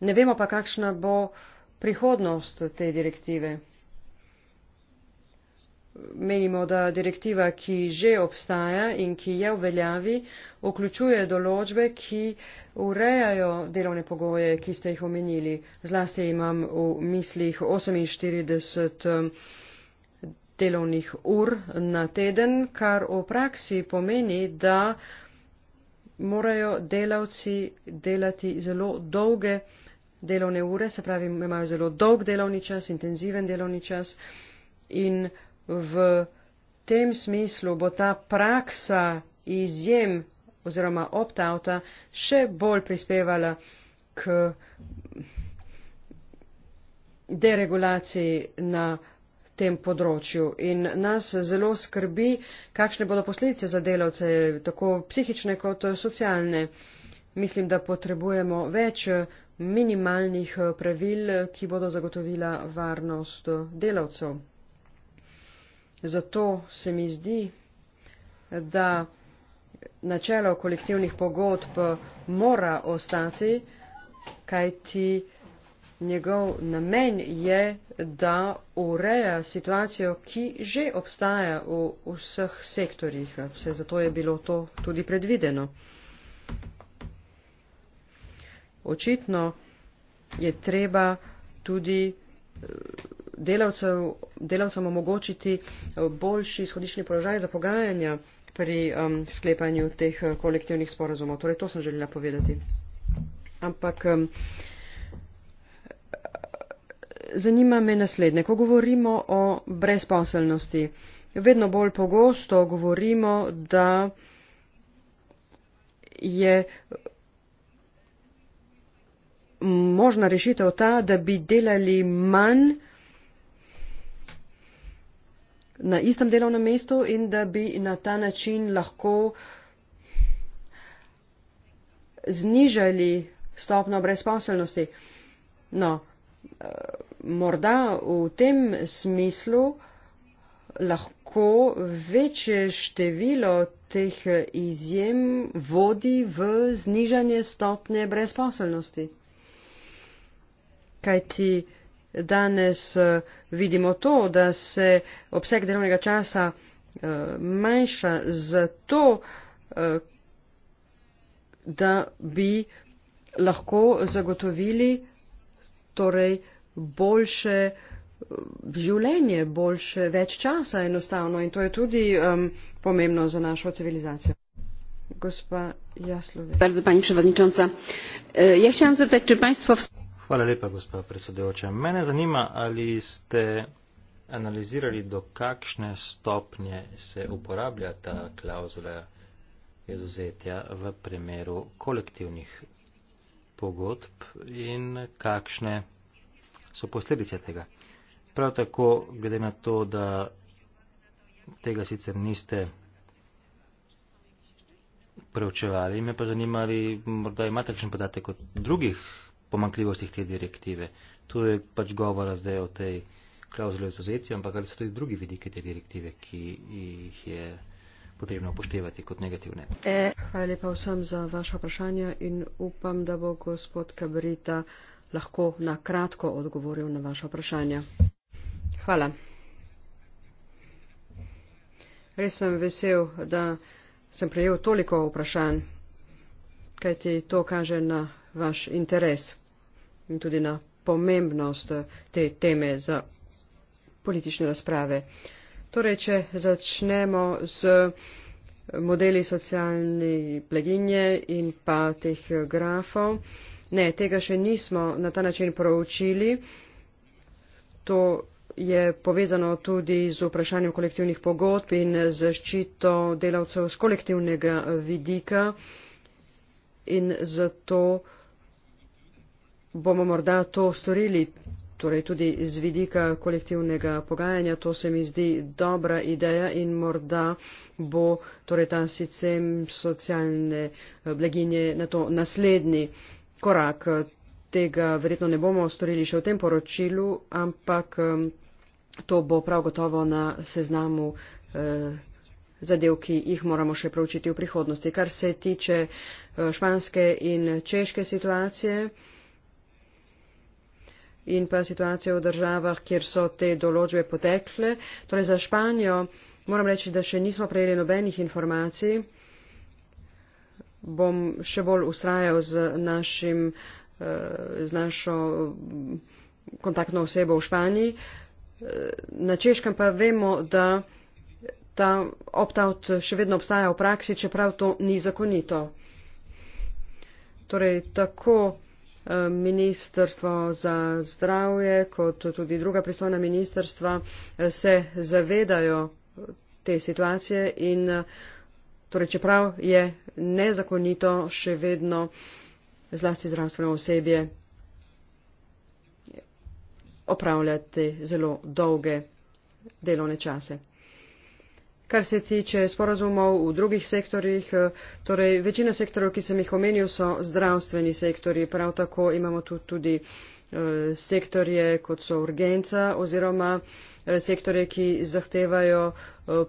Ne vemo pa, kakšna bo prihodnost te direktive. Menimo, da direktiva, ki že obstaja in ki je v veljavi, vključuje določbe, ki urejajo delovne pogoje, ki ste jih omenili. Zlasti imam v mislih 48 um, delovnih ur na teden, kar v praksi pomeni, da morajo delavci delati zelo dolge delovne ure, se pravi, imajo zelo dolg delovni čas, intenziven delovni čas. In v tem smislu bo ta praksa izjem oziroma opt-outa še bolj prispevala k deregulaciji na tem področju. In nas zelo skrbi, kakšne bodo posledice za delavce, tako psihične kot socialne. Mislim, da potrebujemo več minimalnih pravil, ki bodo zagotovila varnost delavcev. Zato se mi zdi, da načelo kolektivnih pogodb mora ostati, kajti njegov namen je, da ureja situacijo, ki že obstaja v vseh sektorjih. Vse zato je bilo to tudi predvideno. Očitno je treba tudi delavcev, delavcem omogočiti eh, boljši izhodišni položaj za pogajanja pri um, sklepanju teh eh, kolektivnih sporazumov. Torej, to sem želela povedati. Ampak um, zanima me naslednje. Ko govorimo o brezposelnosti, vedno bolj pogosto govorimo, da je eh, možna rešitev ta, da bi delali manj na istem delovnem mestu in da bi na ta način lahko znižali stopno brezposelnosti. No, eh, morda v tem smislu lahko večje število teh izjem vodi v znižanje stopnje brezposelnosti. Kaj ti uh, danes eh, vidimo to, da se obseg delovnega časa eh, manjša zato, eh, da bi lahko zagotovili torej boljše življenje, boljše, več časa enostavno in to je tudi um, pomembno za našo civilizacijo. Gospa Jaslove. Bardzo pani przewodnicząca. E, ja chciałam zapytać, czy państwo Hvala lepa, gospod predsedujoča. Mene zanima, ali ste analizirali, do kakšne stopnje se uporablja ta klauzula izuzetja v primeru kolektivnih pogodb in kakšne so posledice tega. Prav tako, glede na to, da tega sicer niste preučevali, me pa zanima, ali morda imate kakšen podatek od drugih pomankljivostih te direktive. Tu je pač govora zdaj o tej klauzuli izuzetja, ampak ali so tudi drugi vidiki te direktive, ki jih je potrebno upoštevati kot negativne. E. Hvala lepa vsem za vaše vprašanje in upam, da bo gospod Kabrita lahko na kratko odgovoril na vaše vprašanje. Hvala. Res sem vesel, da sem prejel toliko vprašanj, kajti to kaže na vaš interes in tudi na pomembnost te teme za politične razprave. Torej, če začnemo z modeli socialne pleginje in pa teh grafov. Ne, tega še nismo na ta način proučili. To je povezano tudi z vprašanjem kolektivnih pogodb in zaščito delavcev z kolektivnega vidika in zato bomo morda to storili, torej tudi z vidika kolektivnega pogajanja. To se mi zdi dobra ideja in morda bo torej ta sistem socialne eh, blaginje na to naslednji korak. Tega verjetno ne bomo storili še v tem poročilu, ampak to bo prav gotovo na seznamu eh, zadev, ki jih moramo še preučiti v prihodnosti. Kar se tiče eh, španske in češke situacije, in pa situacijo v državah, kjer so te določbe potekle. Torej za Španijo moram reči, da še nismo prejeli nobenih informacij. Bom še bolj ustrajal z, našim, eh, z našo mm, kontaktno osebo v Španiji. Eh, na Češkem pa vemo, da ta opt-out še vedno obstaja v praksi, čeprav to ni zakonito. Torej, tako Ministrstvo za zdravje kot tudi druga pristojna ministrstva eh, se zavedajo te situacije in eh, torej, čeprav je nezakonito še vedno zlasti zdravstveno osebje opravljati zelo dolge delovne čase. Kar se tiče sporazumov v drugih sektorjih, eh, torej večina sektorov, ki sem jih omenil, so zdravstveni sektori. Prav tako imamo tu tudi eh, sektorje, kot so urgenca oziroma eh, sektorje, ki zahtevajo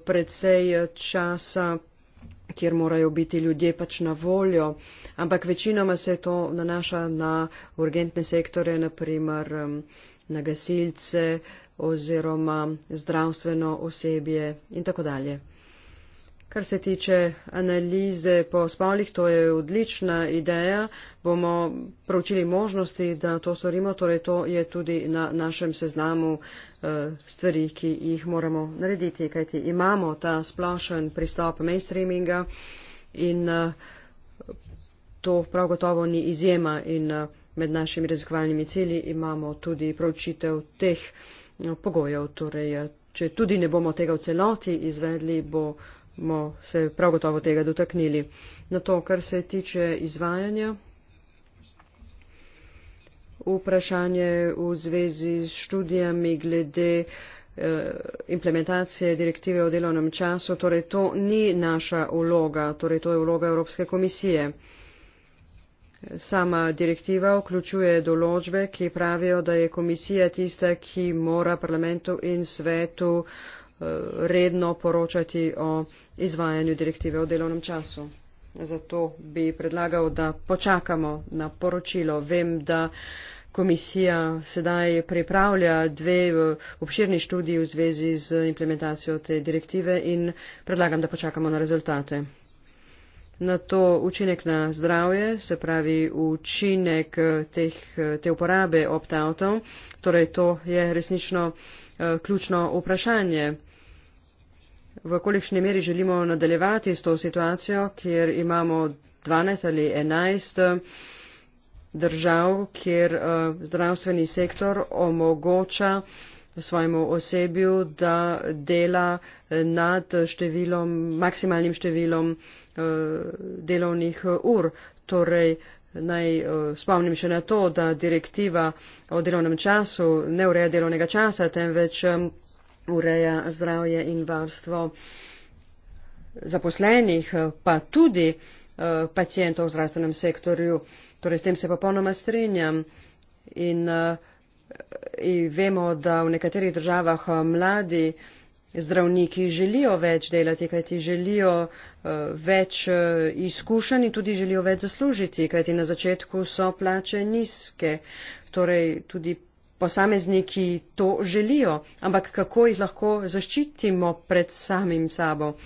predvsej časa kjer morajo biti ljudje pač na voljo, ampak večinoma se to nanaša na urgentne sektore, naprimer na gasilce, oziroma zdravstveno osebje in tako dalje. Kar se tiče analize po spavlih, to je odlična ideja. Bomo pravčili možnosti, da to storimo, torej to je tudi na našem seznamu eh, stvari, ki jih moramo narediti, kajti imamo ta splošen pristop mainstreaminga in eh, to prav gotovo ni izjema in eh, med našimi raziskovalnimi cilji imamo tudi pravčitev teh pogojev. Torej, ja, če tudi ne bomo tega v celoti izvedli, bomo se prav gotovo tega dotaknili. Na to, kar se tiče izvajanja, vprašanje v zvezi s študijami glede eh, implementacije direktive o delovnem času, torej to ni naša vloga, torej to je vloga Evropske komisije. Sama direktiva vključuje določbe, ki pravijo, da je komisija tista, ki mora parlamentu in svetu eh, redno poročati o izvajanju direktive v delovnem času. Zato bi predlagal, da počakamo na poročilo. Vem, da komisija sedaj pripravlja dve eh, obširni študiji v zvezi z implementacijo te direktive in predlagam, da počakamo na rezultate na to učinek na zdravje, se pravi učinek eh, teh, eh, te uporabe opt-outov. Torej, to je resnično uh, ključno vprašanje. V kolikšni meri želimo nadaljevati s to situacijo, kjer imamo 12 ali 11 držav, kjer uh, zdravstveni sektor omogoča uh, svojemu osebju, da dela eh, nad številom, maksimalnim številom eh, delovnih eh, ur. Torej, naj spomnim še na to, da direktiva o delovnem času ne ureja delovnega časa, temveč ureja zdravje in varstvo zaposlenih, pa tudi pacijentov v zdravstvenem sektorju. Torej, s tem se popolnoma strinjam. In uh, in vemo, da v nekaterih državah eh, mladi zdravniki želijo več delati, kajti želijo eh, več eh, izkušenj in tudi želijo več zaslužiti, kajti na začetku so plače nizke. Torej tudi posamezniki to želijo, ampak kako jih lahko zaščitimo pred samim sabo? Uh,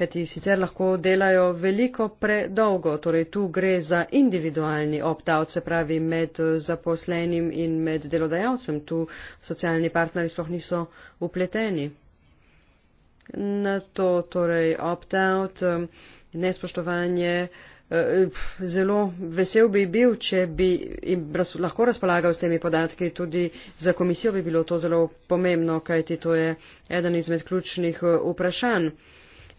kajti sicer lahko delajo veliko predolgo, torej tu gre za individualni opt-out, se pravi med eh, zaposlenim in med delodajalcem, tu socialni partnerji sploh niso upleteni. Na to torej opt-out, eh, nespoštovanje. Eh, zelo vesel bi bil, če bi lahko razpolagal s temi podatki. Tudi za komisijo bi bilo to zelo pomembno, kajti to je eden izmed ključnih vprašanj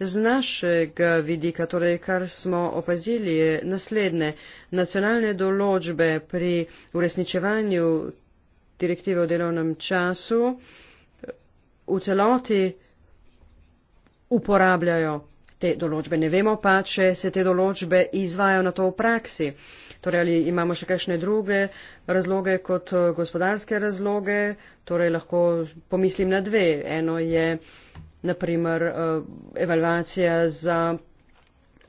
z našega vidika, torej kar smo opazili, je naslednje. Nacionalne določbe pri uresničevanju direktive o delovnem času v celoti uporabljajo te določbe. Ne vemo pa, če se te določbe izvajo na to v praksi. Torej, ali imamo še kakšne druge razloge kot eh, gospodarske razloge, torej lahko pomislim na dve. Eno je naprimer eh, evalvacija za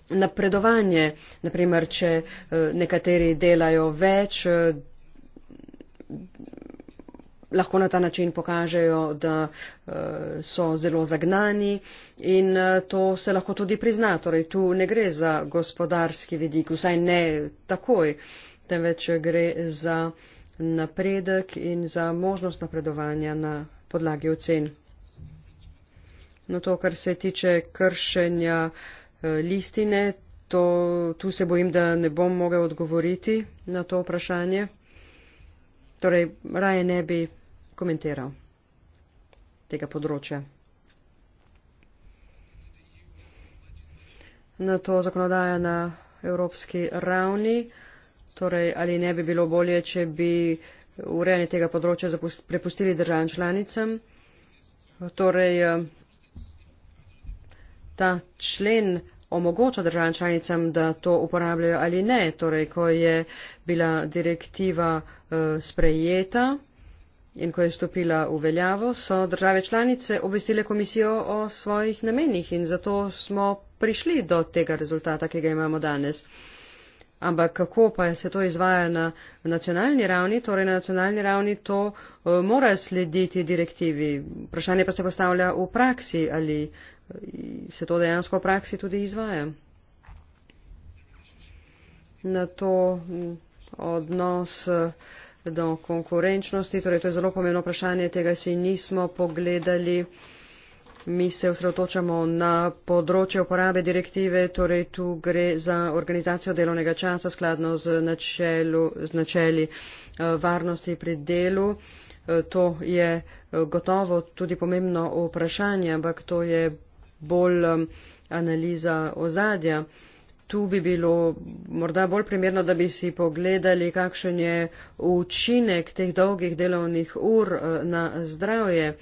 napredovanje, naprimer, če eh, nekateri delajo več, eh, lahko na ta način pokažejo, da so zelo zagnani in to se lahko tudi prizna. Torej, tu ne gre za gospodarski vidik, vsaj ne takoj, temveč gre za napredek in za možnost napredovanja na podlagi ocen No to, kar se tiče kršenja eh, listine, to, tu se bojim, da ne bom mogel odgovoriti na to vprašanje. Torej, raje ne bi komentiral tega področja. Na to zakonodaja na evropski ravni, torej ali ne bi bilo bolje, če bi urejanje tega področja prepustili državam članicam. Torej, eh, ta člen omogoča državam članicam, da to uporabljajo ali ne. Torej, ko je bila direktiva uh, sprejeta in ko je stopila v veljavo, so države članice obvestile komisijo o svojih namenih in zato smo prišli do tega rezultata, ki ga imamo danes. Ampak kako pa se to izvaja na nacionalni ravni? Torej, na nacionalni ravni to uh, mora slediti direktivi. Vprašanje pa se postavlja v praksi ali. Uh, Eh, se to dejansko v praksi tudi izvaja. Na to mm, odnos eh, do konkurenčnosti, torej to je zelo pomembno vprašanje, tega si nismo pogledali. Mi se osredotočamo na področje uporabe direktive, torej tu gre za organizacijo delovnega časa skladno z, načelu, z načeli eh, varnosti pri delu. To je gotovo tudi pomembno vprašanje, ampak to je bolj um, analiza ozadja. Tu bi bilo morda bolj primerno, da bi si pogledali, kakšen je učinek teh dolgih delovnih ur uh, na zdravje.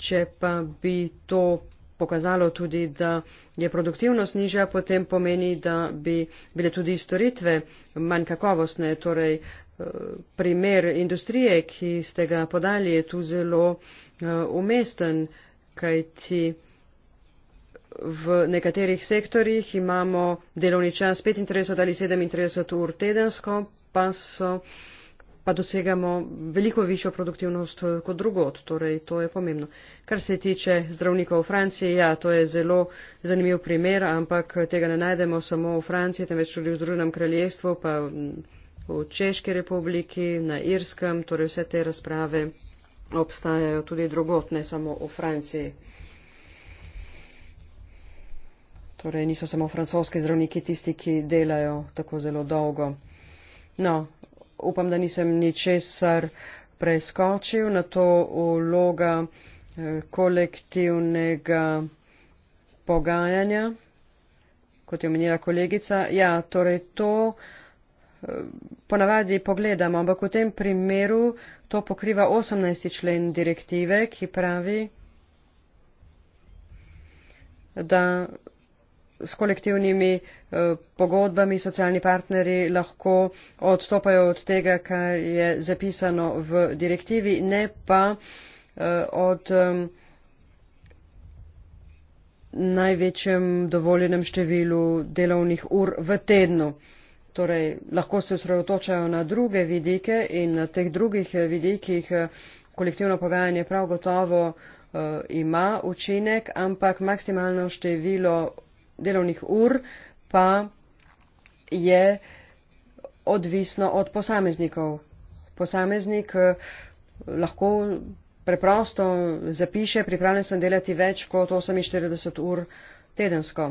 Če pa bi to pokazalo tudi, da je produktivnost nižja, potem pomeni, da bi bile tudi storitve manj kakovostne. Torej, uh, primer industrije, ki ste ga podali, je tu zelo uh, umesten, kajti v nekaterih sektorjih imamo delovni čas 35 ali 37 ur tedensko, pa, so, pa dosegamo veliko višjo produktivnost kot drugot. Torej, to je pomembno. Kar se tiče zdravnikov v Franciji, ja, to je zelo zanimiv primer, ampak tega ne najdemo samo v Franciji, temveč tudi v Združenem kraljestvu, pa v Češki republiki, na Irskem, torej vse te razprave obstajajo tudi drugot, ne samo v Franciji. Torej, niso samo francoski zdravniki tisti, ki delajo tako zelo dolgo. No, upam, da nisem ničesar preskočil na to vloga eh, kolektivnega pogajanja, kot je omenila kolegica. Ja, torej to eh, ponavadi pogledamo, ampak v tem primeru to pokriva 18. člen direktive, ki pravi, da s kolektivnimi eh, pogodbami socialni partneri lahko odstopajo od tega, kar je zapisano v direktivi, ne pa eh, od eh, največjem dovoljenem številu delovnih ur v tednu. Torej, lahko se osredotočajo na druge vidike in na teh drugih vidikih kolektivno pogajanje prav gotovo uh, ima učinek, ampak maksimalno število delovnih ur pa je odvisno od posameznikov. Posameznik eh, lahko preprosto zapiše, pripravljen sem delati več kot 48 ur tedensko.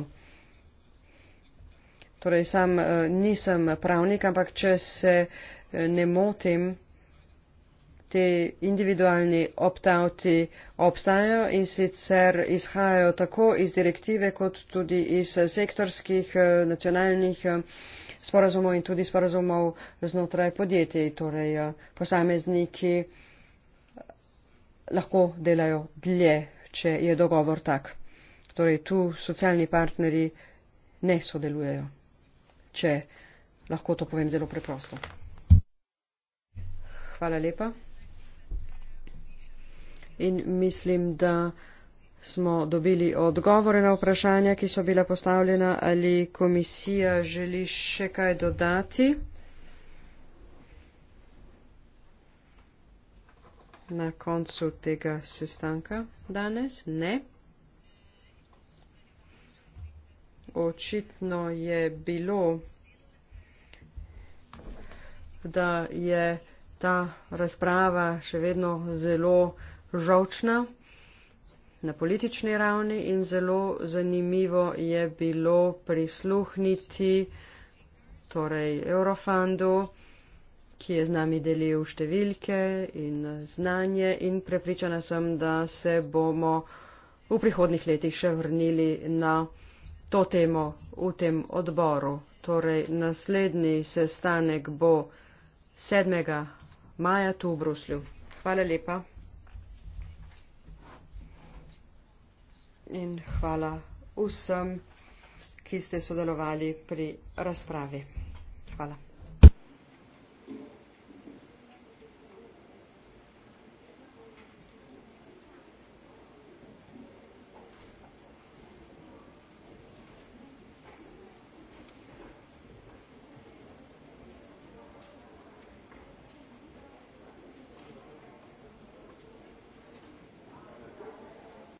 Torej, sam eh, nisem pravnik, ampak če se eh, ne motim, ti individualni opt-outi obstajajo in sicer izhajajo tako iz direktive kot tudi iz sektorskih eh, nacionalnih eh, sporazumov in tudi sporazumov znotraj podjetij. Torej, eh, posamezniki lahko delajo dlje, če je dogovor tak. Torej, tu socialni partneri ne sodelujejo, če lahko to povem zelo preprosto. Hvala lepa in mislim, da smo dobili odgovore na vprašanja, ki so bila postavljena. Ali komisija želi še kaj dodati? Na koncu tega sestanka danes ne. Očitno je bilo, da je ta razprava še vedno zelo žočna na politični ravni in zelo zanimivo je bilo prisluhniti torej Eurofandu, ki je z nami delil številke in znanje in prepričana sem, da se bomo v prihodnih letih še vrnili na to temo v tem odboru. Torej, naslednji sestanek bo 7. maja tu v Bruslju. Hvala lepa. in hvala vsem, ki ste sodelovali pri razpravi. Hvala.